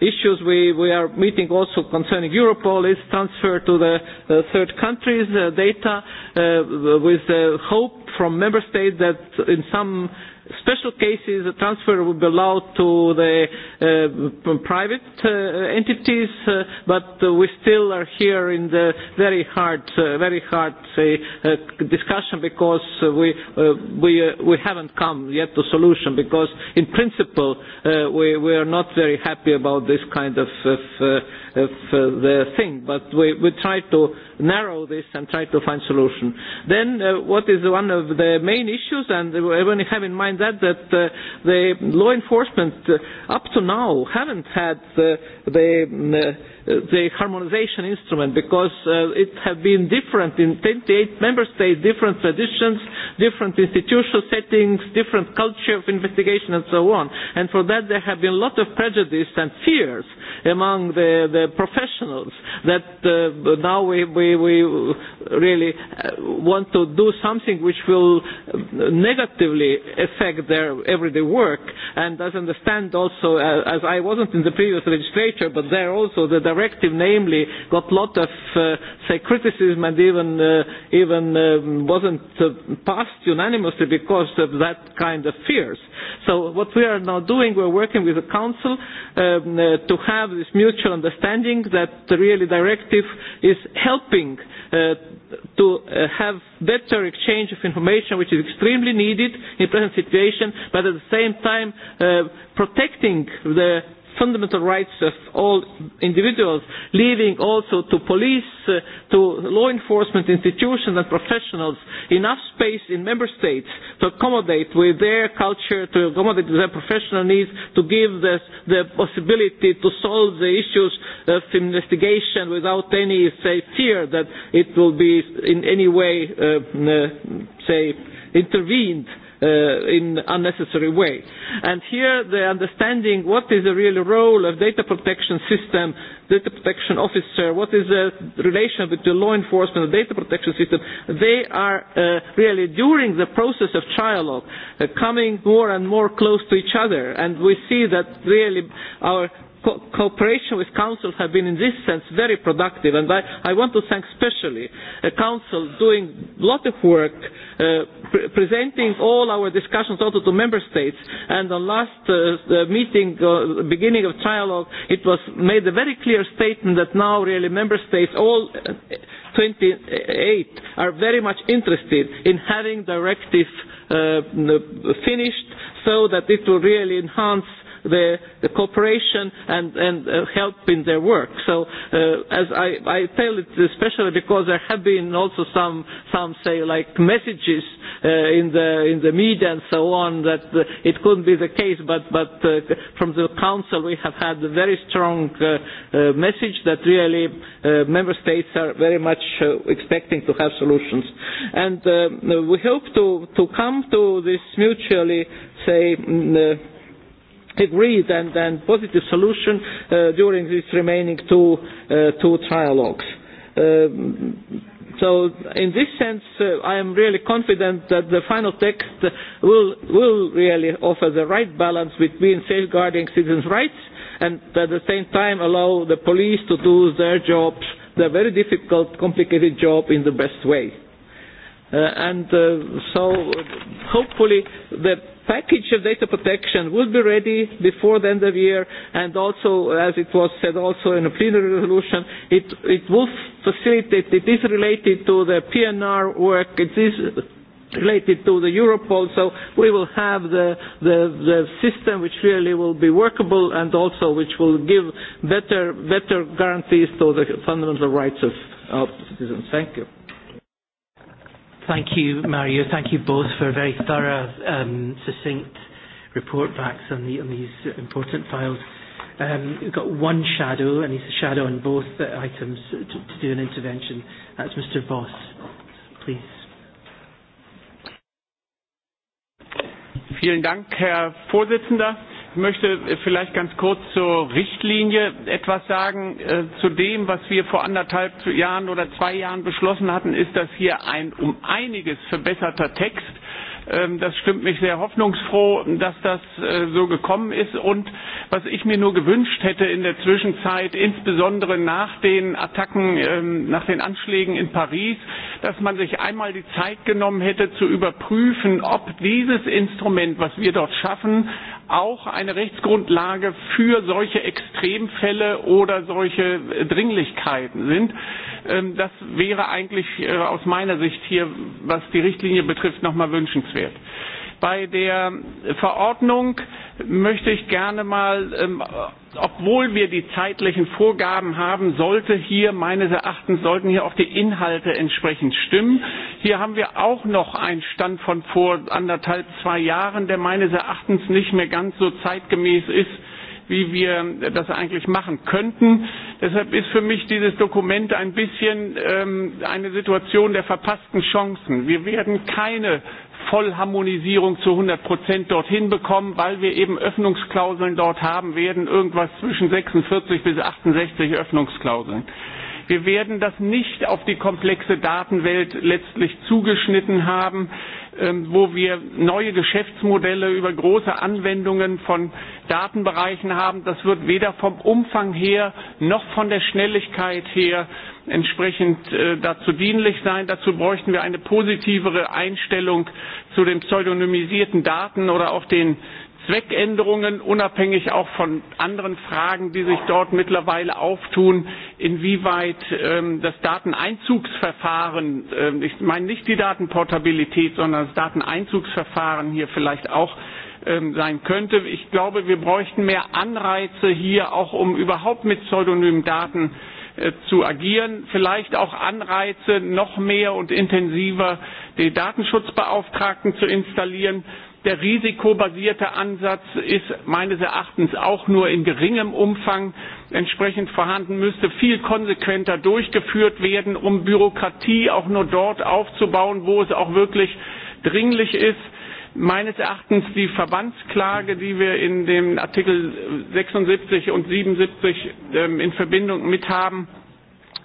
issues we, we are meeting also concerning Europol is transfer to the uh, third countries uh, data uh, with the hope from member states that in some special cases, the transfer will be allowed to the uh, private uh, entities, uh, but uh, we still are here in the very hard, uh, very hard say, uh, discussion because uh, we, uh, we, uh, we haven't come yet to solution because in principle uh, we, we are not very happy about this kind of, of, uh, of uh, the thing, but we, we try to narrow this and try to find solution. Then uh, what is one of the main issues and when you have in mind behind that that uh, the law enforcement uh, up to now haven't had the, uh, the uh, Uh, the harmonization instrument because uh, it have been different in 28 member states, different traditions, different institutional settings, different culture of investigation and so on. And for that there have been a lot of prejudice and fears among the, the professionals that uh, now we, we, we really uh, want to do something which will negatively affect their everyday work and as understand also uh, as I wasn't in the previous legislature but there also that there directive namely got a lot of, uh, say, criticism and even, uh, even um, wasn't uh, passed unanimously because of that kind of fears. So what we are now doing, we're working with the Council um, uh, to have this mutual understanding that the really directive is helping uh, to uh, have better exchange of information which is extremely needed in the present situation but at the same time uh, protecting the fundamental rights of all individuals, leaving also to police, uh, to law enforcement institutions and professionals enough space in member states to accommodate with their culture, to accommodate their professional needs, to give this the possibility to solve the issues of investigation without any, say, fear that it will be in any way, uh, uh, say, intervened uh, in unnecessary way. And here the understanding what is the real role of data protection system, data protection officer, what is the relation between law enforcement and data protection system, they are uh, really during the process of trialogue uh, coming more and more close to each other. And we see that really our co cooperation with Council have been in this sense very productive and I, I want to thank especially the uh, Council doing a lot of work uh, pre presenting all our discussions also to Member States and the last uh, meeting uh, beginning of trialogue it was made a very clear statement that now really Member States all uh, 28 are very much interested in having directive uh, finished so that it will really enhance the, the cooperation and, and uh, help in their work. So uh, as I, I tell it especially because there have been also some, some say like messages uh, in, the, in the media and so on that uh, it couldn't be the case but, but uh, from the council we have had a very strong uh, uh, message that really uh, member states are very much uh, expecting to have solutions. And uh, we hope to, to come to this mutually say mm, uh, agreed and, and positive solution uh, during these remaining two, uh, two trialogues. Um, so in this sense, uh, I am really confident that the final text will, will really offer the right balance between safeguarding citizens' rights and at the same time allow the police to do their jobs, their very difficult, complicated job in the best way. Uh, and uh, so hopefully the package of data protection will be ready before the end of the year and also, as it was said also in a plenary resolution, it, it will facilitate, it is related to the PNR work, it is related to the Europol, so we will have the, the, the system which really will be workable and also which will give better, better guarantees to the fundamental rights of, of citizens. Thank you. Thank you, Mario. Thank you both for a very thorough, um, succinct report backs on, the, on these important files. Um, we've got one shadow, and he's a shadow on both uh, items to, to do an intervention. That's Mr. Voss. Please. Vielen Dank, Herr Vorsitzender. Ich möchte äh, vielleicht ganz kurz zur Richtlinie etwas sagen. Äh, zu dem, was wir vor anderthalb Jahren oder zwei Jahren beschlossen hatten, ist das hier ein um einiges verbesserter Text. Ähm, das stimmt mich sehr hoffnungsfroh, dass das äh, so gekommen ist. Und was ich mir nur gewünscht hätte in der Zwischenzeit, insbesondere nach den Attacken, ähm, nach den Anschlägen in Paris, dass man sich einmal die Zeit genommen hätte, zu überprüfen, ob dieses Instrument, was wir dort schaffen, auch eine Rechtsgrundlage für solche Extremfälle oder solche Dringlichkeiten sind. Ähm, das wäre eigentlich äh, aus meiner Sicht hier, was die Richtlinie betrifft, nochmal wünschenswert. Bei der Verordnung möchte ich gerne mal, ähm, obwohl wir die zeitlichen Vorgaben haben, sollte hier meines Erachtens sollten hier auch die Inhalte entsprechend stimmen. Hier haben wir auch noch einen Stand von vor anderthalb, zwei Jahren, der meines Erachtens nicht mehr ganz so zeitgemäß ist, wie wir das eigentlich machen könnten. Deshalb ist für mich dieses Dokument ein bisschen ähm, eine Situation der verpassten Chancen. Wir werden keine Vollharmonisierung zu 100 Prozent dorthin bekommen, weil wir eben Öffnungsklauseln dort haben werden, irgendwas zwischen 46 bis 68 Öffnungsklauseln. Wir werden das nicht auf die komplexe Datenwelt letztlich zugeschnitten haben, ähm, wo wir neue Geschäftsmodelle über große Anwendungen von Datenbereichen haben. Das wird weder vom Umfang her noch von der Schnelligkeit her entsprechend äh, dazu dienlich sein. Dazu bräuchten wir eine positivere Einstellung zu den pseudonymisierten Daten oder auch den Zweckänderungen, unabhängig auch von anderen Fragen, die sich dort mittlerweile auftun, inwieweit ähm, das Dateneinzugsverfahren, äh, ich meine nicht die Datenportabilität, sondern das Dateneinzugsverfahren hier vielleicht auch ähm, sein könnte. Ich glaube, wir bräuchten mehr Anreize hier auch, um überhaupt mit pseudonymen Daten äh, Äh, zu agieren, vielleicht auch Anreize, noch mehr und intensiver die Datenschutzbeauftragten zu installieren. Der risikobasierte Ansatz ist meines Erachtens auch nur in geringem Umfang entsprechend vorhanden, müsste viel konsequenter durchgeführt werden, um Bürokratie auch nur dort aufzubauen, wo es auch wirklich dringlich ist meines Erachtens die Verbandsklage, die wir in dem Artikel 76 und 77 ähm, in Verbindung mit haben,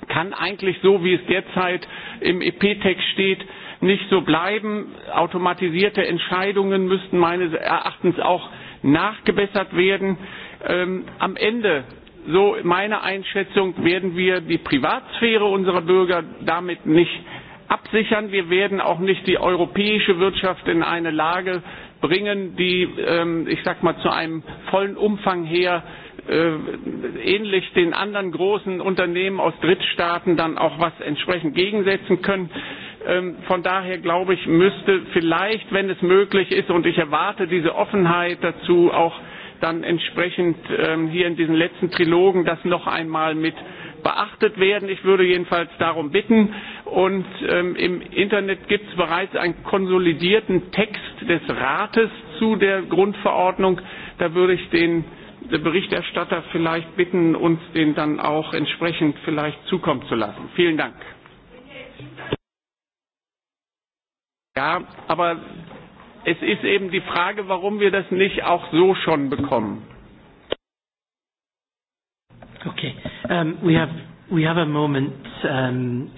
kann eigentlich so, wie es derzeit im EP-Text steht, nicht so bleiben. Automatisierte Entscheidungen müssten meines Erachtens auch nachgebessert werden. Ähm, am Ende so meine Einschätzung, werden wir die Privatsphäre unserer Bürger damit nicht absichern. Wir werden auch nicht die europäische Wirtschaft in eine Lage bringen, die, ähm, ich sag mal, zu einem vollen Umfang her äh, ähnlich den anderen großen Unternehmen aus Drittstaaten dann auch was entsprechend gegensetzen können. Ähm, von daher glaube ich, müsste vielleicht, wenn es möglich ist, und ich erwarte diese Offenheit dazu auch dann entsprechend ähm, hier in diesen letzten Trilogen das noch einmal mit beachtet werden. Ich würde jedenfalls darum bitten. Und ähm, im Internet gibt es bereits einen konsolidierten Text des Rates zu der Grundverordnung. Da würde ich den Berichterstatter vielleicht bitten, uns den dann auch entsprechend vielleicht zukommen zu lassen. Vielen Dank. Ja, aber es ist eben die Frage, warum wir das nicht auch so schon bekommen. Okay. Um, we have we have a moment. Um,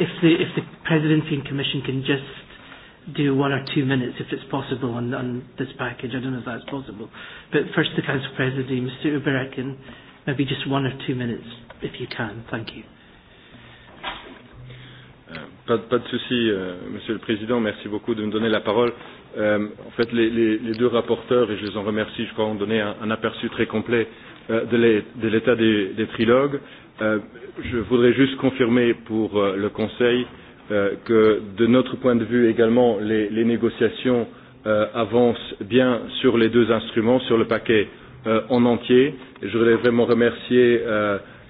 if the if the presidency and commission can just do one or two minutes, if it's possible, on, on this package. I don't know if that's possible. But first, the council presidency, Mr. Uberekin, maybe just one or two minutes, if you can. Thank you. Uh, pas, pas de souci, euh, Monsieur le Président. Merci beaucoup de me donner la parole. Euh, en fait, les, les, les deux rapporteurs, et je les en remercie, je crois, ont donné un, un aperçu très complet euh, Euh, de l'état des, des trilogues. Euh, je voudrais juste confirmer pour euh, le Conseil que, de notre point de vue également, les, les négociations avancent bien sur les deux instruments, sur le paquet en entier. Je voudrais vraiment remercier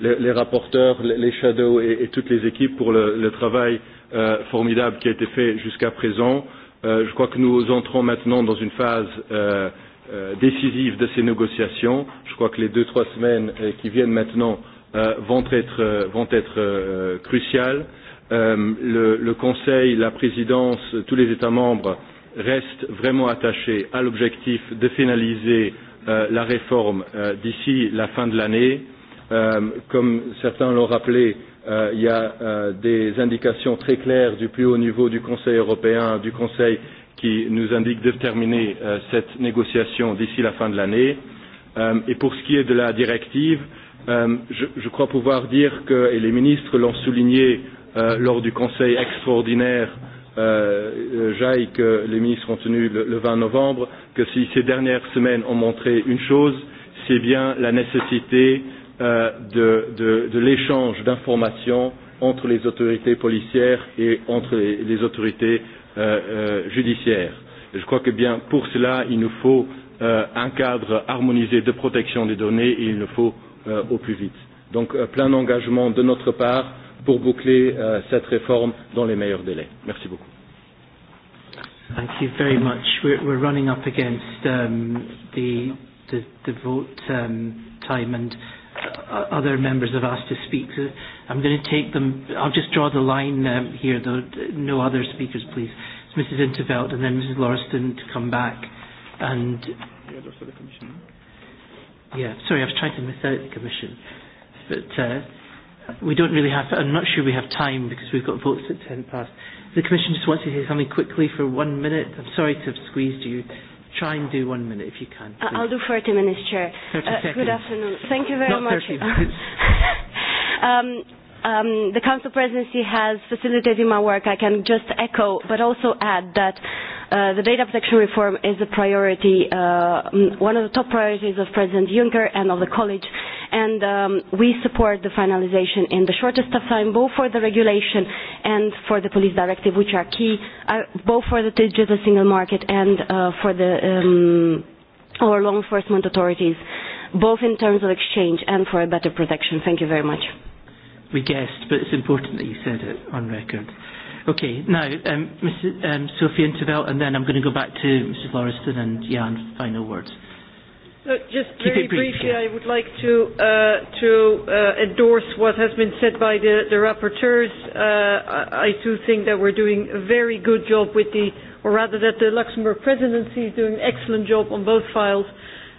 les, les rapporteurs, les shadows et, et toutes les équipes pour le, le travail euh, formidable qui a été fait jusqu'à présent. Euh, je crois que nous entrons maintenant dans une phase euh, Euh, décisive de ces négociations. Je crois que les deux trois semaines euh, qui viennent maintenant euh, vont être, euh, vont être euh, cruciales. Euh, le, le Conseil, la présidence, tous les États membres restent vraiment attachés à l'objectif de finaliser euh, la réforme euh, d'ici la fin de l'année. Euh, comme certains l'ont rappelé, euh, il y a euh, des indications très claires du plus haut niveau du Conseil européen, du Conseil qui nous indique de terminer euh, cette négociation d'ici la fin de l'année. Euh, et pour ce qui est de la directive, euh, je, je crois pouvoir dire que, et les ministres l'ont souligné euh, lors du Conseil extraordinaire euh, euh JAI que les ministres ont tenu le, le 20 novembre, que si ces dernières semaines ont montré une chose, c'est bien la nécessité euh, de, de, de l'échange d'informations entre les autorités policières et entre les, les autorités Euh, euh, judiciaire. Et je crois que bien pour cela, il nous faut euh, un cadre harmonisé de protection des données et il nous faut euh, au plus vite. Donc euh, plein d'engagement de notre part pour boucler euh, cette réforme dans les meilleurs délais. Merci beaucoup. Thank you very much. We're, we're running up against um, the, the, the vote um, time and uh, other members have asked to speak. So I'm going to take them. I'll just draw the line um, here, though. No other speakers, please. It's Mrs. Intervelt and then Mrs. Lauriston to come back. And yeah, sorry, I was trying to miss out the commission, but uh, we don't really have. I'm not sure we have time because we've got votes at ten past. The commission just wants to say something quickly for one minute. I'm sorry to have squeezed you try and do one minute if you can. Uh, please. I'll do 30 minutes, Chair. 30 uh, seconds. Good afternoon. Thank you very Not much. 30 minutes. um, um, the Council Presidency has facilitated my work. I can just echo, but also add that uh, the data protection reform is a priority, uh, mm, one of the top priorities of President Juncker and of the College, and um, we support the finalization in the shortest of time, both for the regulation and for the police directive, which are key, uh, both for the digital single market and uh, for the um, our law enforcement authorities, both in terms of exchange and for a better protection. Thank you very much we guessed, but it's important that you said it on record. Okay, now, um, Mrs. Um, Sophie Intervelt, and then I'm going to go back to Mrs. Lauriston and Jan, final words. No, uh, just very brief, briefly, yeah. I would like to uh, to uh, endorse what has been said by the, the rapporteurs. Uh, I, I too think that we're doing a very good job with the, or rather that the Luxembourg presidency is doing an excellent job on both files,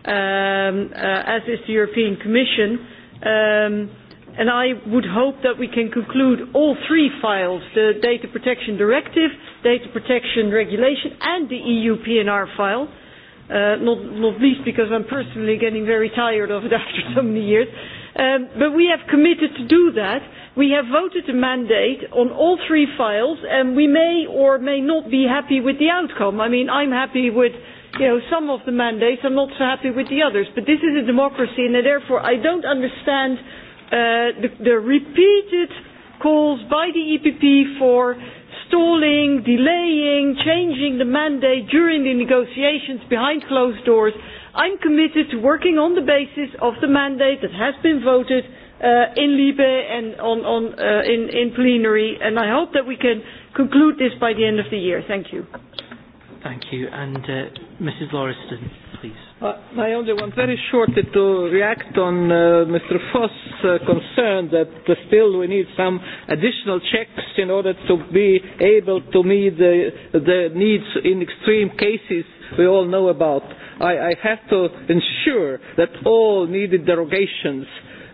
um, uh, as is the European Commission. Um, and I would hope that we can conclude all three files, the Data Protection Directive, Data Protection Regulation, and the EU PNR file, uh, not, not least because I'm personally getting very tired of it after so many years. Um, but we have committed to do that. We have voted a mandate on all three files, and we may or may not be happy with the outcome. I mean, I'm happy with you know, some of the mandates. I'm not so happy with the others. But this is a democracy, and therefore I don't understand uh, the, the repeated calls by the EPP for stalling, delaying, changing the mandate during the negotiations behind closed doors. I'm committed to working on the basis of the mandate that has been voted uh, in Libe and on, on, uh, in, in plenary, and I hope that we can conclude this by the end of the year. Thank you. Thank you. And uh, Mrs. Lauriston, please. I only want very shortly to react on uh, Mr. Foss' uh, concern that uh, still we need some additional checks in order to be able to meet the, the needs in extreme cases we all know about. I, I have to ensure that all needed derogations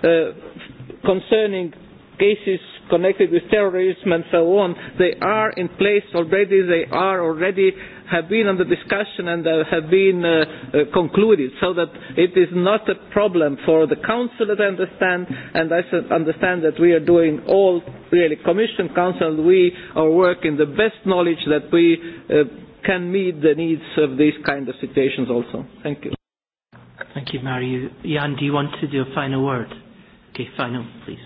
uh, concerning cases connected with terrorism and so on, they are in place already, they are already have been under discussion and uh, have been uh, uh, concluded so that it is not a problem for the Council, that I understand, and I understand that we are doing all, really, Commission, Council, we are working the best knowledge that we uh, can meet the needs of these kind of situations also. Thank you. Thank you, Mario. Jan, do you want to do a final word? Okay, final, please.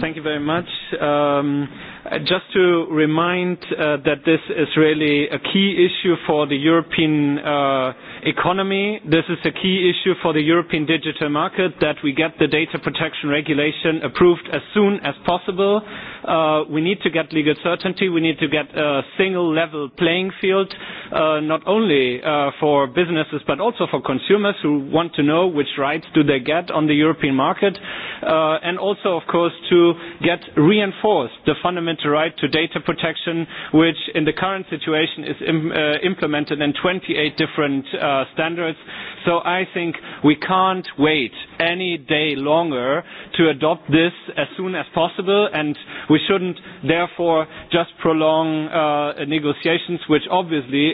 Thank you very much. Um, Uh, just to remind uh, that this is really a key issue for the European uh, Economy, this is a key issue for the European digital market that we get the data protection regulation approved as soon as possible. Uh, we need to get legal certainty. We need to get a single level playing field, uh, not only uh, for businesses but also for consumers who want to know which rights do they get on the European market. Uh, and also, of course, to get reinforced the fundamental right to data protection, which in the current situation is im uh, implemented in 28 different uh, uh, standards. So I think we can't wait any day longer to adopt this as soon as possible, and we shouldn't therefore just prolong uh, negotiations, which obviously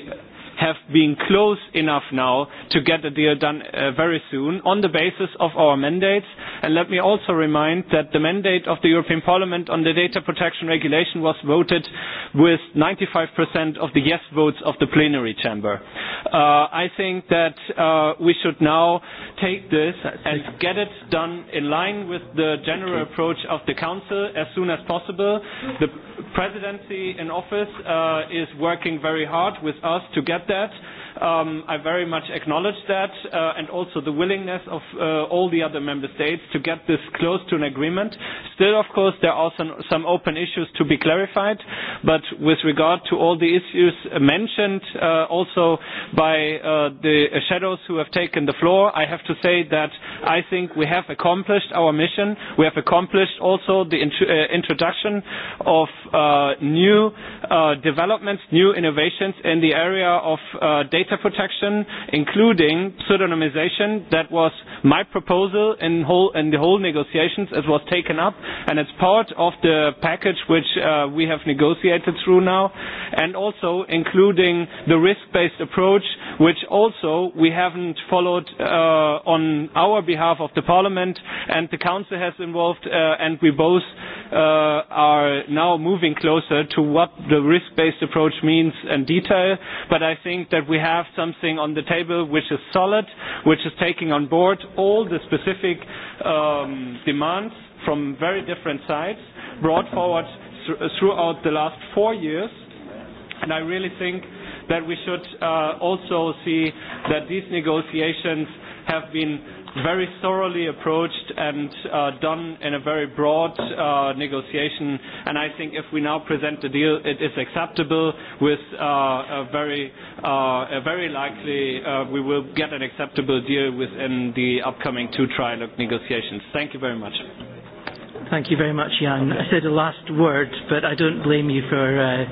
have been close enough now to get a deal done uh, very soon on the basis of our mandates. And let me also remind that the mandate of the European Parliament on the data protection regulation was voted with 95% of the yes votes of the plenary chamber. Uh, I think that uh, we should now take this and get it done in line with the general approach of the Council as soon as possible. The presidency in office uh, is working very hard with us to get that, Um, I very much acknowledge that uh, and also the willingness of uh, all the other member states to get this close to an agreement. Still, of course, there are some, some open issues to be clarified, but with regard to all the issues mentioned uh, also by uh, the shadows who have taken the floor, I have to say that I think we have accomplished our mission. We have accomplished also the int uh, introduction of uh, new uh, developments, new innovations in the area of uh, data data protection, including pseudonymization. That was my proposal in, whole, in the whole negotiations. It was taken up, and it's part of the package which uh, we have negotiated through now, and also including the risk-based approach, which also we haven't followed uh, on our behalf of the Parliament, and the Council has involved, uh, and we both uh, are now moving closer to what the risk-based approach means in detail, but I think that we have have something on the table which is solid, which is taking on board all the specific um, demands from very different sides, brought forward th throughout the last four years. And I really think that we should uh, also see that these negotiations have been very thoroughly approached and uh, done in a very broad uh, negotiation. And I think if we now present the deal, it is acceptable with uh, a very, uh, a very likely uh, we will get an acceptable deal within the upcoming two trilogue negotiations. Thank you very much. Thank you very much, Jan. I said a last word, but I don't blame you for, uh,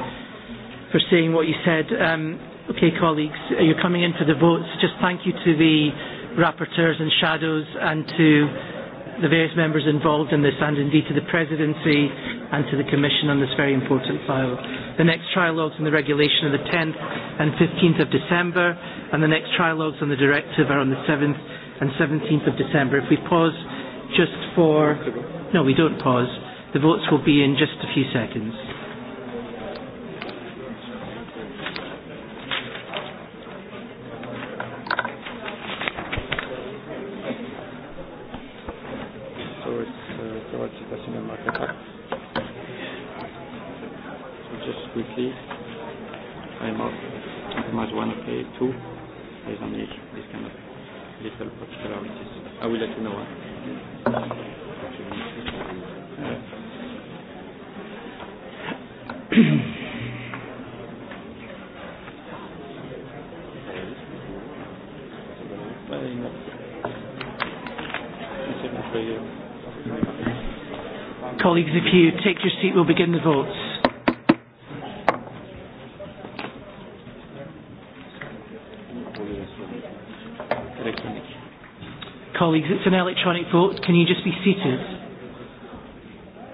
for saying what you said. Um, okay, colleagues, you're coming in for the votes. Just thank you to the rapporteurs and shadows and to the various members involved in this and indeed to the presidency and to the commission on this very important file. The next trilogues on the regulation are the 10th and 15th of December and the next trilogues on the directive are on the 7th and 17th of December. If we pause just for... No, we don't pause. The votes will be in just a few seconds. let you Colleagues, if you take your seat, we'll begin the votes. Colleagues, it's an electronic vote. Can you just be seated?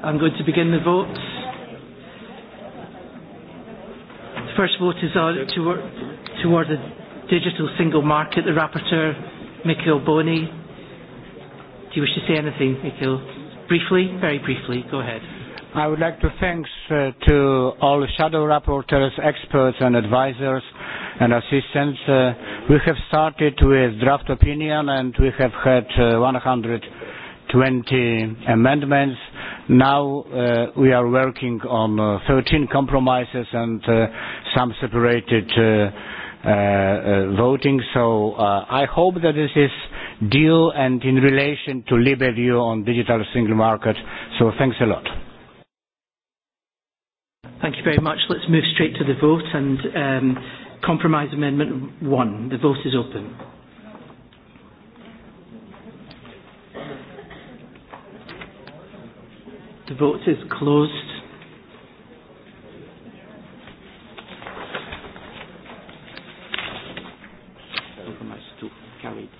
I'm going to begin the vote. The first vote is on toward, toward the digital single market. The rapporteur, Mikhail Boney. Do you wish to say anything, Mikhail? Briefly, very briefly, go ahead. I would like to thanks uh, to all shadow rapporteurs, experts and advisors and assistants. Uh, we have started with draft opinion and we have had uh, 120 amendments. Now uh, we are working on uh, 13 compromises and uh, some separated uh, uh, uh, voting. So uh, I hope that this is due and in relation to Liberty on digital single market. So thanks a lot. Thank you very much. Let's move straight to the vote and um, compromise amendment one. The vote is open. The vote is closed. Compromise two, carried.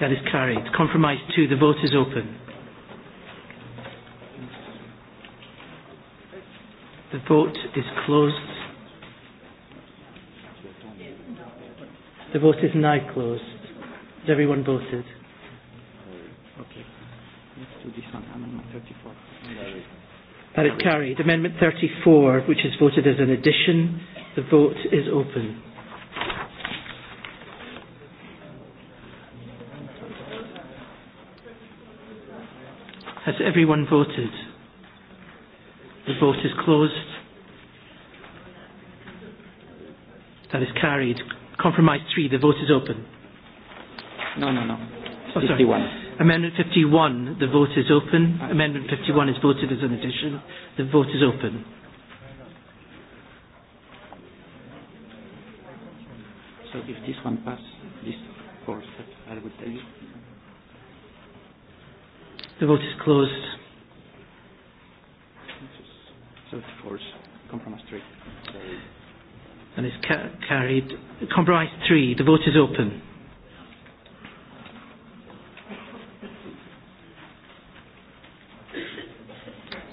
That is carried. Compromise two, the vote is open. The vote is closed. The vote is now closed. Has everyone voted? Okay. Amendment That is carried. Amendment 34, which is voted as an addition. The vote is open. Has everyone voted? The vote is closed. That is carried. Compromise three, The vote is open. No, no, no. Oh, 51. Sorry. Amendment 51. The vote is open. Amendment 51 is voted as an addition. The vote is open. So if this one passes, this course, I would tell you. The vote is closed and is ca carried. Compromise three, the vote is open.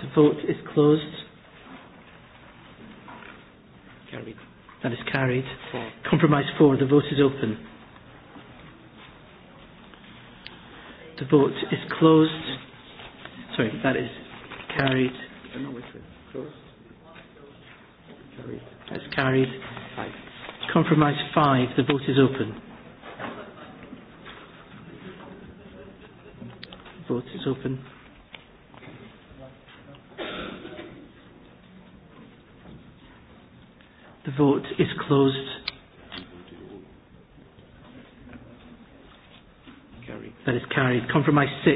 The vote is closed. Carried. That is carried. Four. Compromise four, the vote is open. The vote is closed. Sorry, that is carried. That's carried compromise 5. The vote is open. The vote is open. The vote is closed. That is carried. Compromise 6.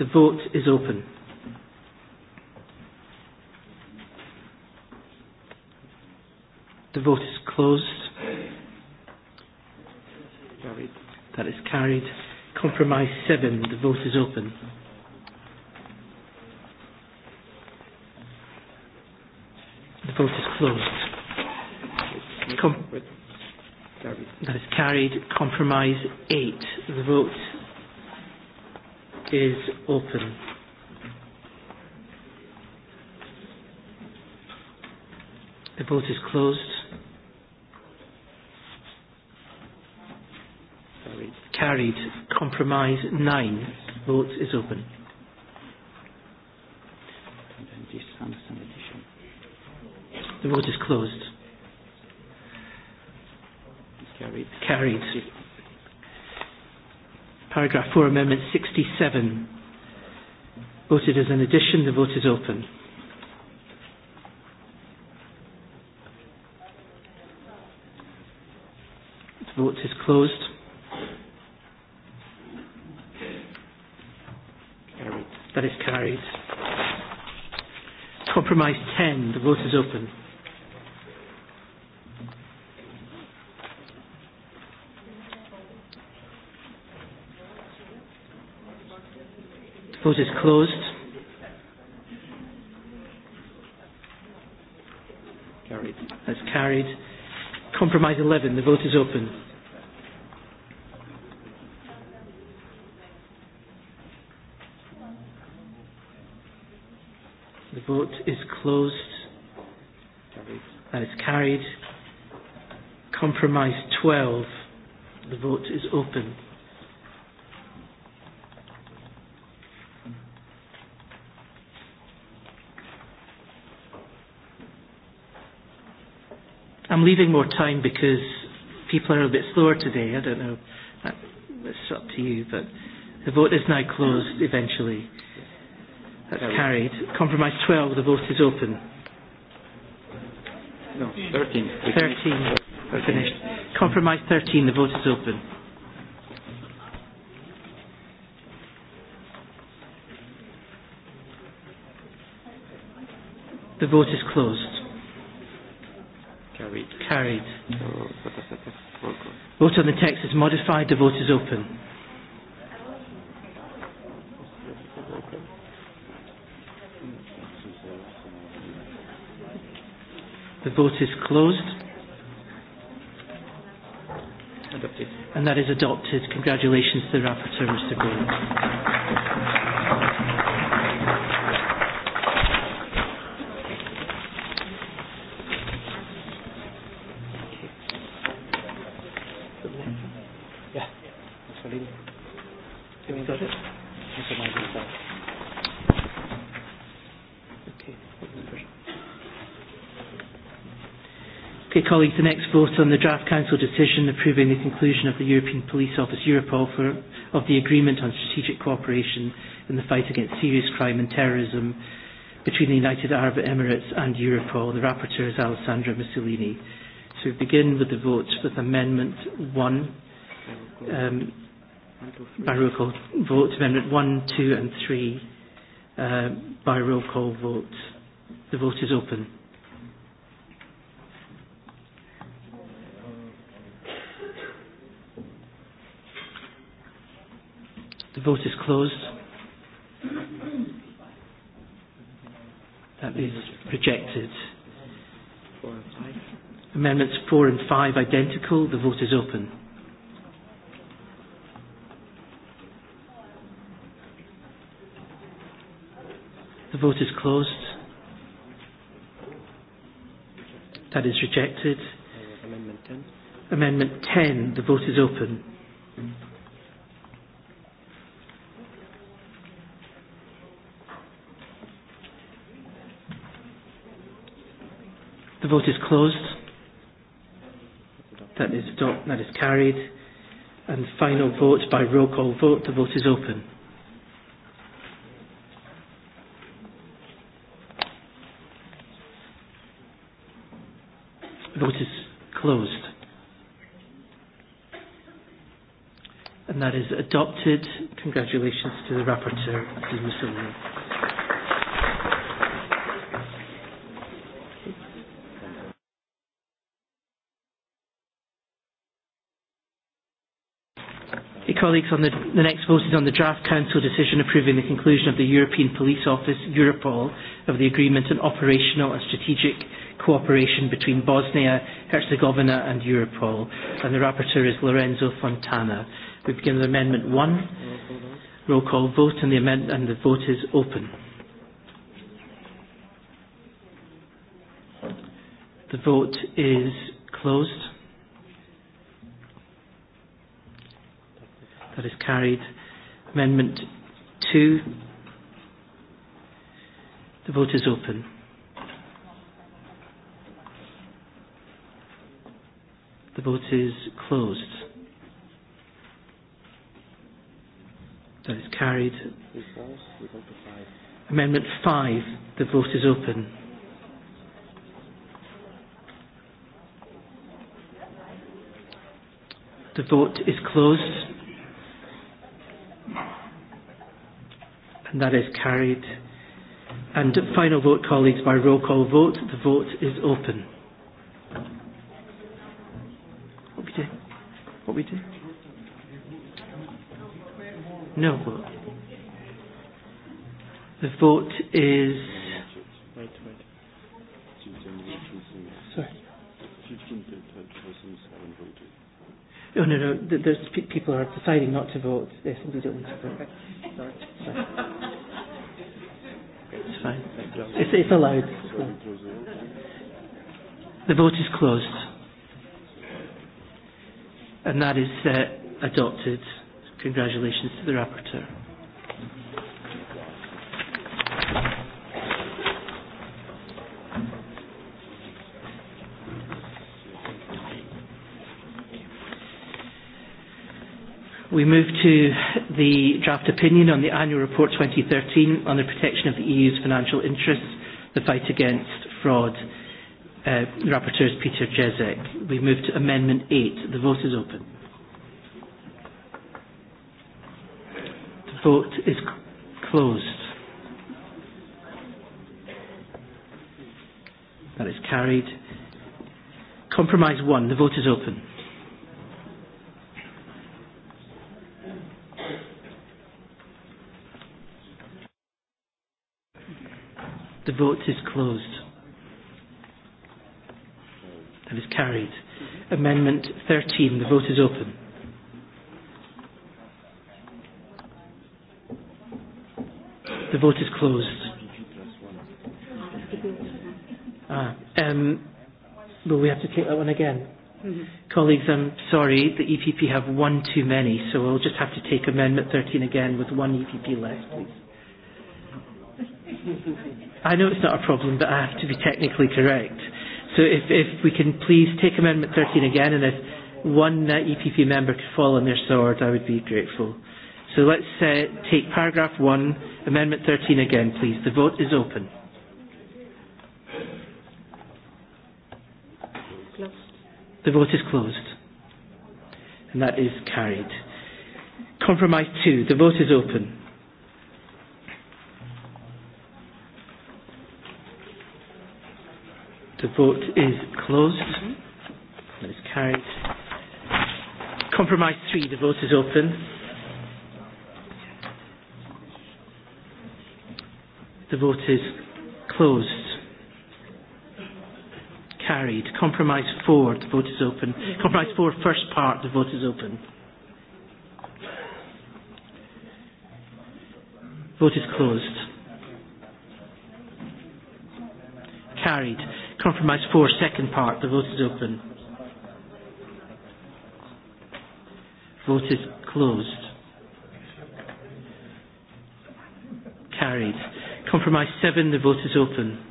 The vote is open. The vote is closed. carried. Compromise 7. The vote is open. The vote is closed. Com that is carried. Compromise 8. The vote is open. The vote is closed. Compromise 9. Vote is open. The vote is closed. Carried. Carried. Paragraph 4, Amendment 67. Voted as an addition. The vote is open. The vote is closed. Compromise 10, the vote is open. The vote is closed. Carried. That's carried. Compromise 11, the vote is open. closed. That is carried. Compromise 12. The vote is open. I'm leaving more time because people are a bit slower today. I don't know. It's up to you, but the vote is now closed eventually. That's carried. Compromise 12, the vote is open. No, 13. 13. We're finished. Compromise 13, the vote is open. The vote is closed. Carried. Carried. Vote on the text is modified. The vote is open. vote is closed. Adopted. And that is adopted. Congratulations to the rapporteur, Mr. Green. colleagues, the next vote on the draft Council decision approving the conclusion of the European Police Office Europol for, of the agreement on strategic cooperation in the fight against serious crime and terrorism between the United Arab Emirates and Europol. The rapporteur is Alessandra Mussolini. So we begin with the vote with Amendment 1. Um, by roll call vote, Amendment 1, 2 and 3 uh, by roll call vote. The vote is open. The vote is closed. That is rejected. Amendments 4 and 5 identical. The vote is open. The vote is closed. That is rejected. Amendment 10. Amendment 10. The vote is open. closed. That is, adopt, that is carried. And final vote by roll call vote. The vote is open. The vote is closed. And that is adopted. Congratulations to the rapporteur, Mr. Mussolini. The colleagues, on the, the next vote is on the draft Council decision approving the conclusion of the European Police Office, Europol, of the agreement on operational and strategic cooperation between Bosnia, Herzegovina and Europol. And the rapporteur is Lorenzo Fontana. We begin with Amendment 1. Roll call vote and the, amend and the vote is open. The vote is closed. That is carried. Amendment 2. The vote is open. The vote is closed. That is carried. Amendment 5. The vote is open. The vote is closed. That is carried. And final vote, colleagues, by roll call vote. The vote is open. What we do? What we do? No vote. The vote is. Sorry. Oh, no, no. There's people are deciding not to vote. Yes, and don't want to vote. Sorry. It's fine. It's, it's allowed. The vote is closed. And that is uh, adopted. Congratulations to the rapporteur. We move to the draft opinion on the annual report 2013 on the protection of the EU's financial interests, the fight against fraud. Uh, Rapporteur is Peter Jezek. We move to Amendment 8. The vote is open. The vote is closed. That is carried. Compromise 1. The vote is open. The vote is closed. That is carried. Amendment 13. The vote is open. The vote is closed. Ah, um, well, we have to take that one again. Mm-hmm. Colleagues, I'm sorry, the EPP have one too many, so I'll just have to take Amendment 13 again with one EPP left, please. I know it's not a problem, but I have to be technically correct. So if, if we can please take Amendment 13 again, and if one uh, e EPP member could fall on their sword, I would be grateful. So let's uh, take paragraph 1, Amendment 13 again, please. The vote is open. Closed. The vote is closed. And that is carried. Compromise 2. The vote is open. The vote is closed. Mm -hmm. It's carried. Compromise three, the vote is open. The vote is closed. Carried. Compromise four. the vote is open. Mm-hmm. Compromise four, first part, the vote is open. Vote is closed. Carried. Compromise four, second part. The vote is open. Vote is closed. Carried. Compromise seven, the vote is open.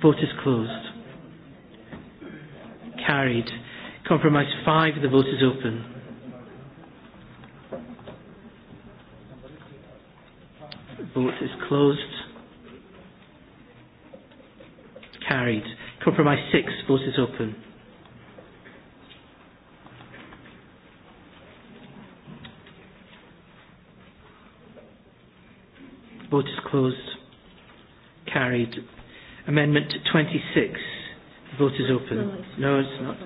Vote is closed. Carried. Compromise five, the vote is open. Vote is closed. Carried. Compromise 6. Vote is open. Vote is closed. Carried. Amendment 26. The vote is open. No, it's not.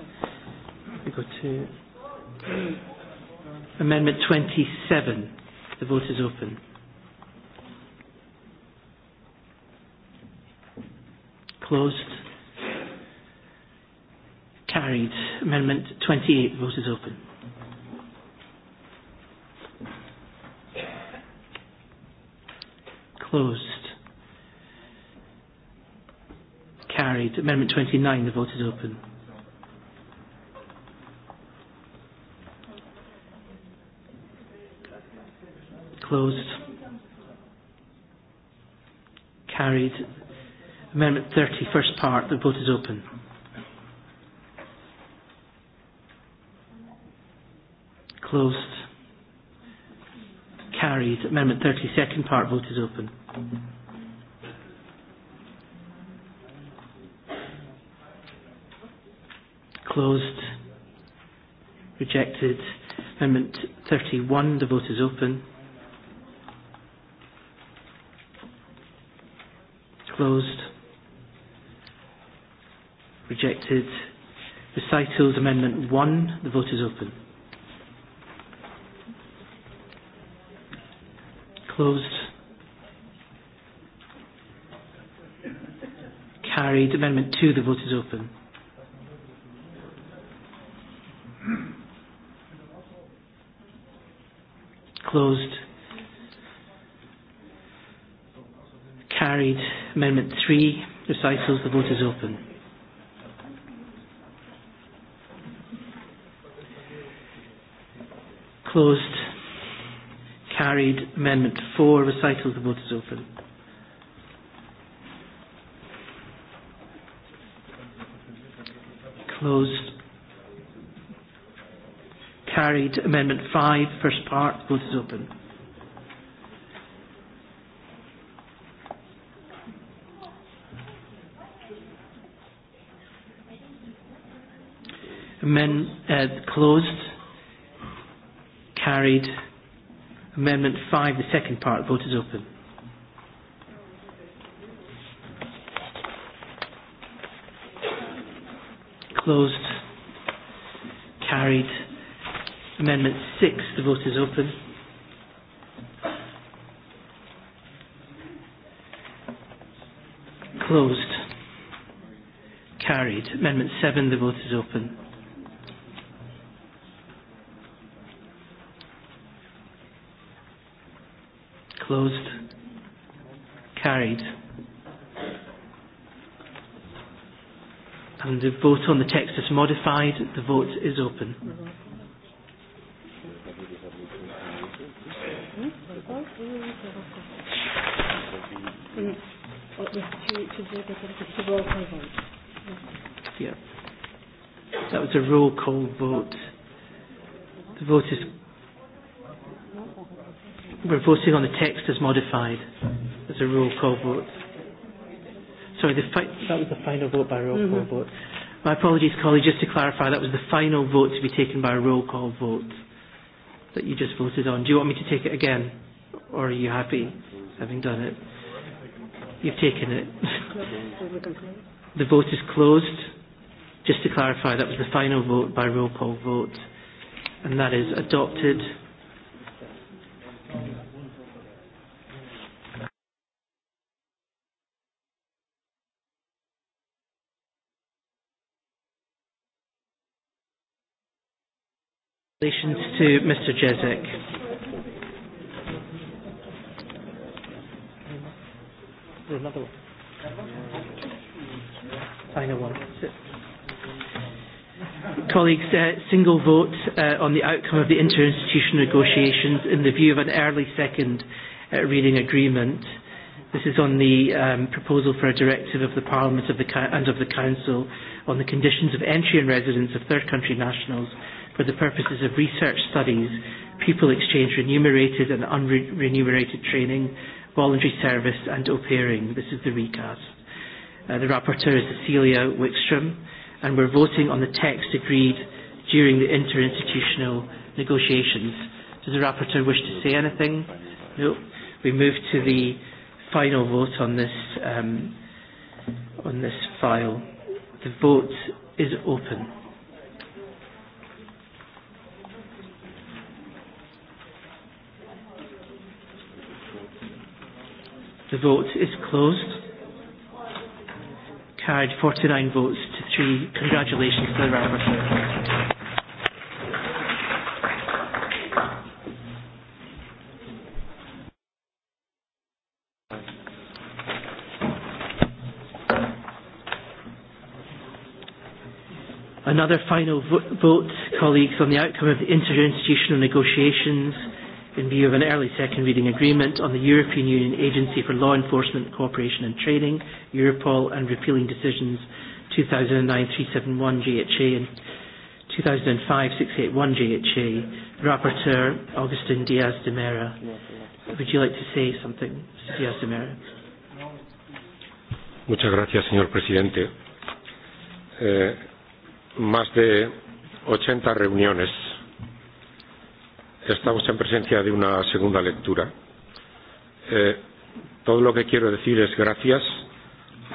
We go to Amendment 27. The vote is open. Closed. Carried. Amendment 28. Vote is open. Closed. Carried. Amendment 29. The vote is open. Closed. Carried. Amendment 30, first part. The vote is open. Closed. Carried. Amendment 30, second part. Vote is open. Closed. Rejected. Amendment 31, the vote is open. Closed. Rejected. Recitals Amendment 1. The vote is open. Closed. Carried. Amendment 2. The vote is open. Closed. Carried. Amendment 3. Recitals. The vote is open. Closed. Carried. Amendment 4. Recital. The vote is open. Closed. Carried. Amendment 5. First part. Vote is open. Amendment uh, closed carried. Amendment 5, the second part, the vote is open. Closed. Carried. Amendment 6, the vote is open. Closed. Carried. Amendment 7, the vote is open. Closed. Carried. And the vote on the text is modified. The vote is open. Yeah. That was a roll call vote. The vote is for voting on the text as modified. There's a roll call vote. Sorry, the fi that was the final vote by roll mm -hmm. call mm-hmm. vote. My apologies, colleagues, just to clarify, that was the final vote to be taken by a roll call vote that you just voted on. Do you want me to take it again? Or are you happy having done it? You've taken it. the vote is closed. Just to clarify, that was the final vote by roll call vote. And that is adopted. Congratulations to Mr. Jezek. another one. Final one. Colleagues, uh, single vote uh, on the outcome of the interinstitutional negotiations in the view of an early second uh, reading agreement. This is on the um, proposal for a directive of the Parliament of the, and of the Council on the conditions of entry and residence of third country nationals for the purposes of research studies, people exchange remunerated and unremunerated training, voluntary service and au pairing. This is the recast. Uh, the rapporteur is Cecilia Wickstrom and we're voting on the text agreed during the interinstitutional negotiations. Does the rapporteur wish to say anything? No. We move to the final vote on this um, on this file. The vote is open. The vote is closed. Carried 49 votes to 3. Congratulations to the rapporteur. Another final vo vote, colleagues, on the outcome of the interinstitutional negotiations in view of an early second reading agreement on the European Union Agency for Law Enforcement Cooperation and Training, Europol, and repealing decisions 2009-371 GHA and 2005-681 GHA. Rapporteur Augustin Diaz de Mera. Would you like to say something, Mr. Diaz de Mera? Muchas gracias, señor presidente. Eh, más de 80 reuniones estamos en presencia de una segunda lectura. Eh, todo lo que quiero decir es gracias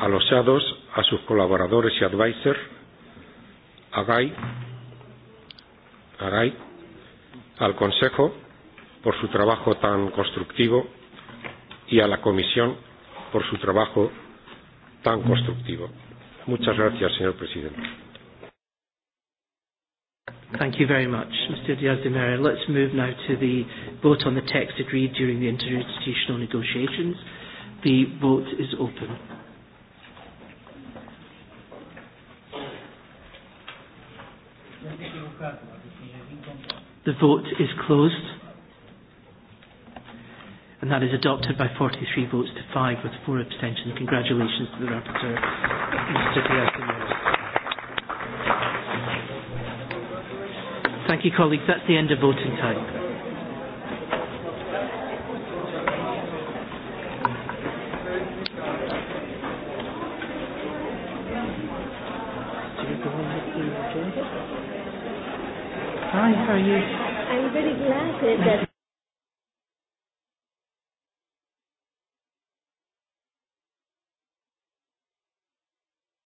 a los SADOS, a sus colaboradores y advisor, a GAI, a GAI, al Consejo por su trabajo tan constructivo y a la Comisión por su trabajo tan constructivo. Muchas gracias, señor presidente. Thank you very much, Mr. Diaz de Mera. Let's move now to the vote on the text agreed during the interinstitutional negotiations. The vote is open. The vote is closed. And that is adopted by 43 votes to 5 with 4 abstentions. Congratulations to the rapporteur, Mr. Diaz de Mera. Thank you, colleagues. That's the end of voting time. Hi, how are you? I'm very glad that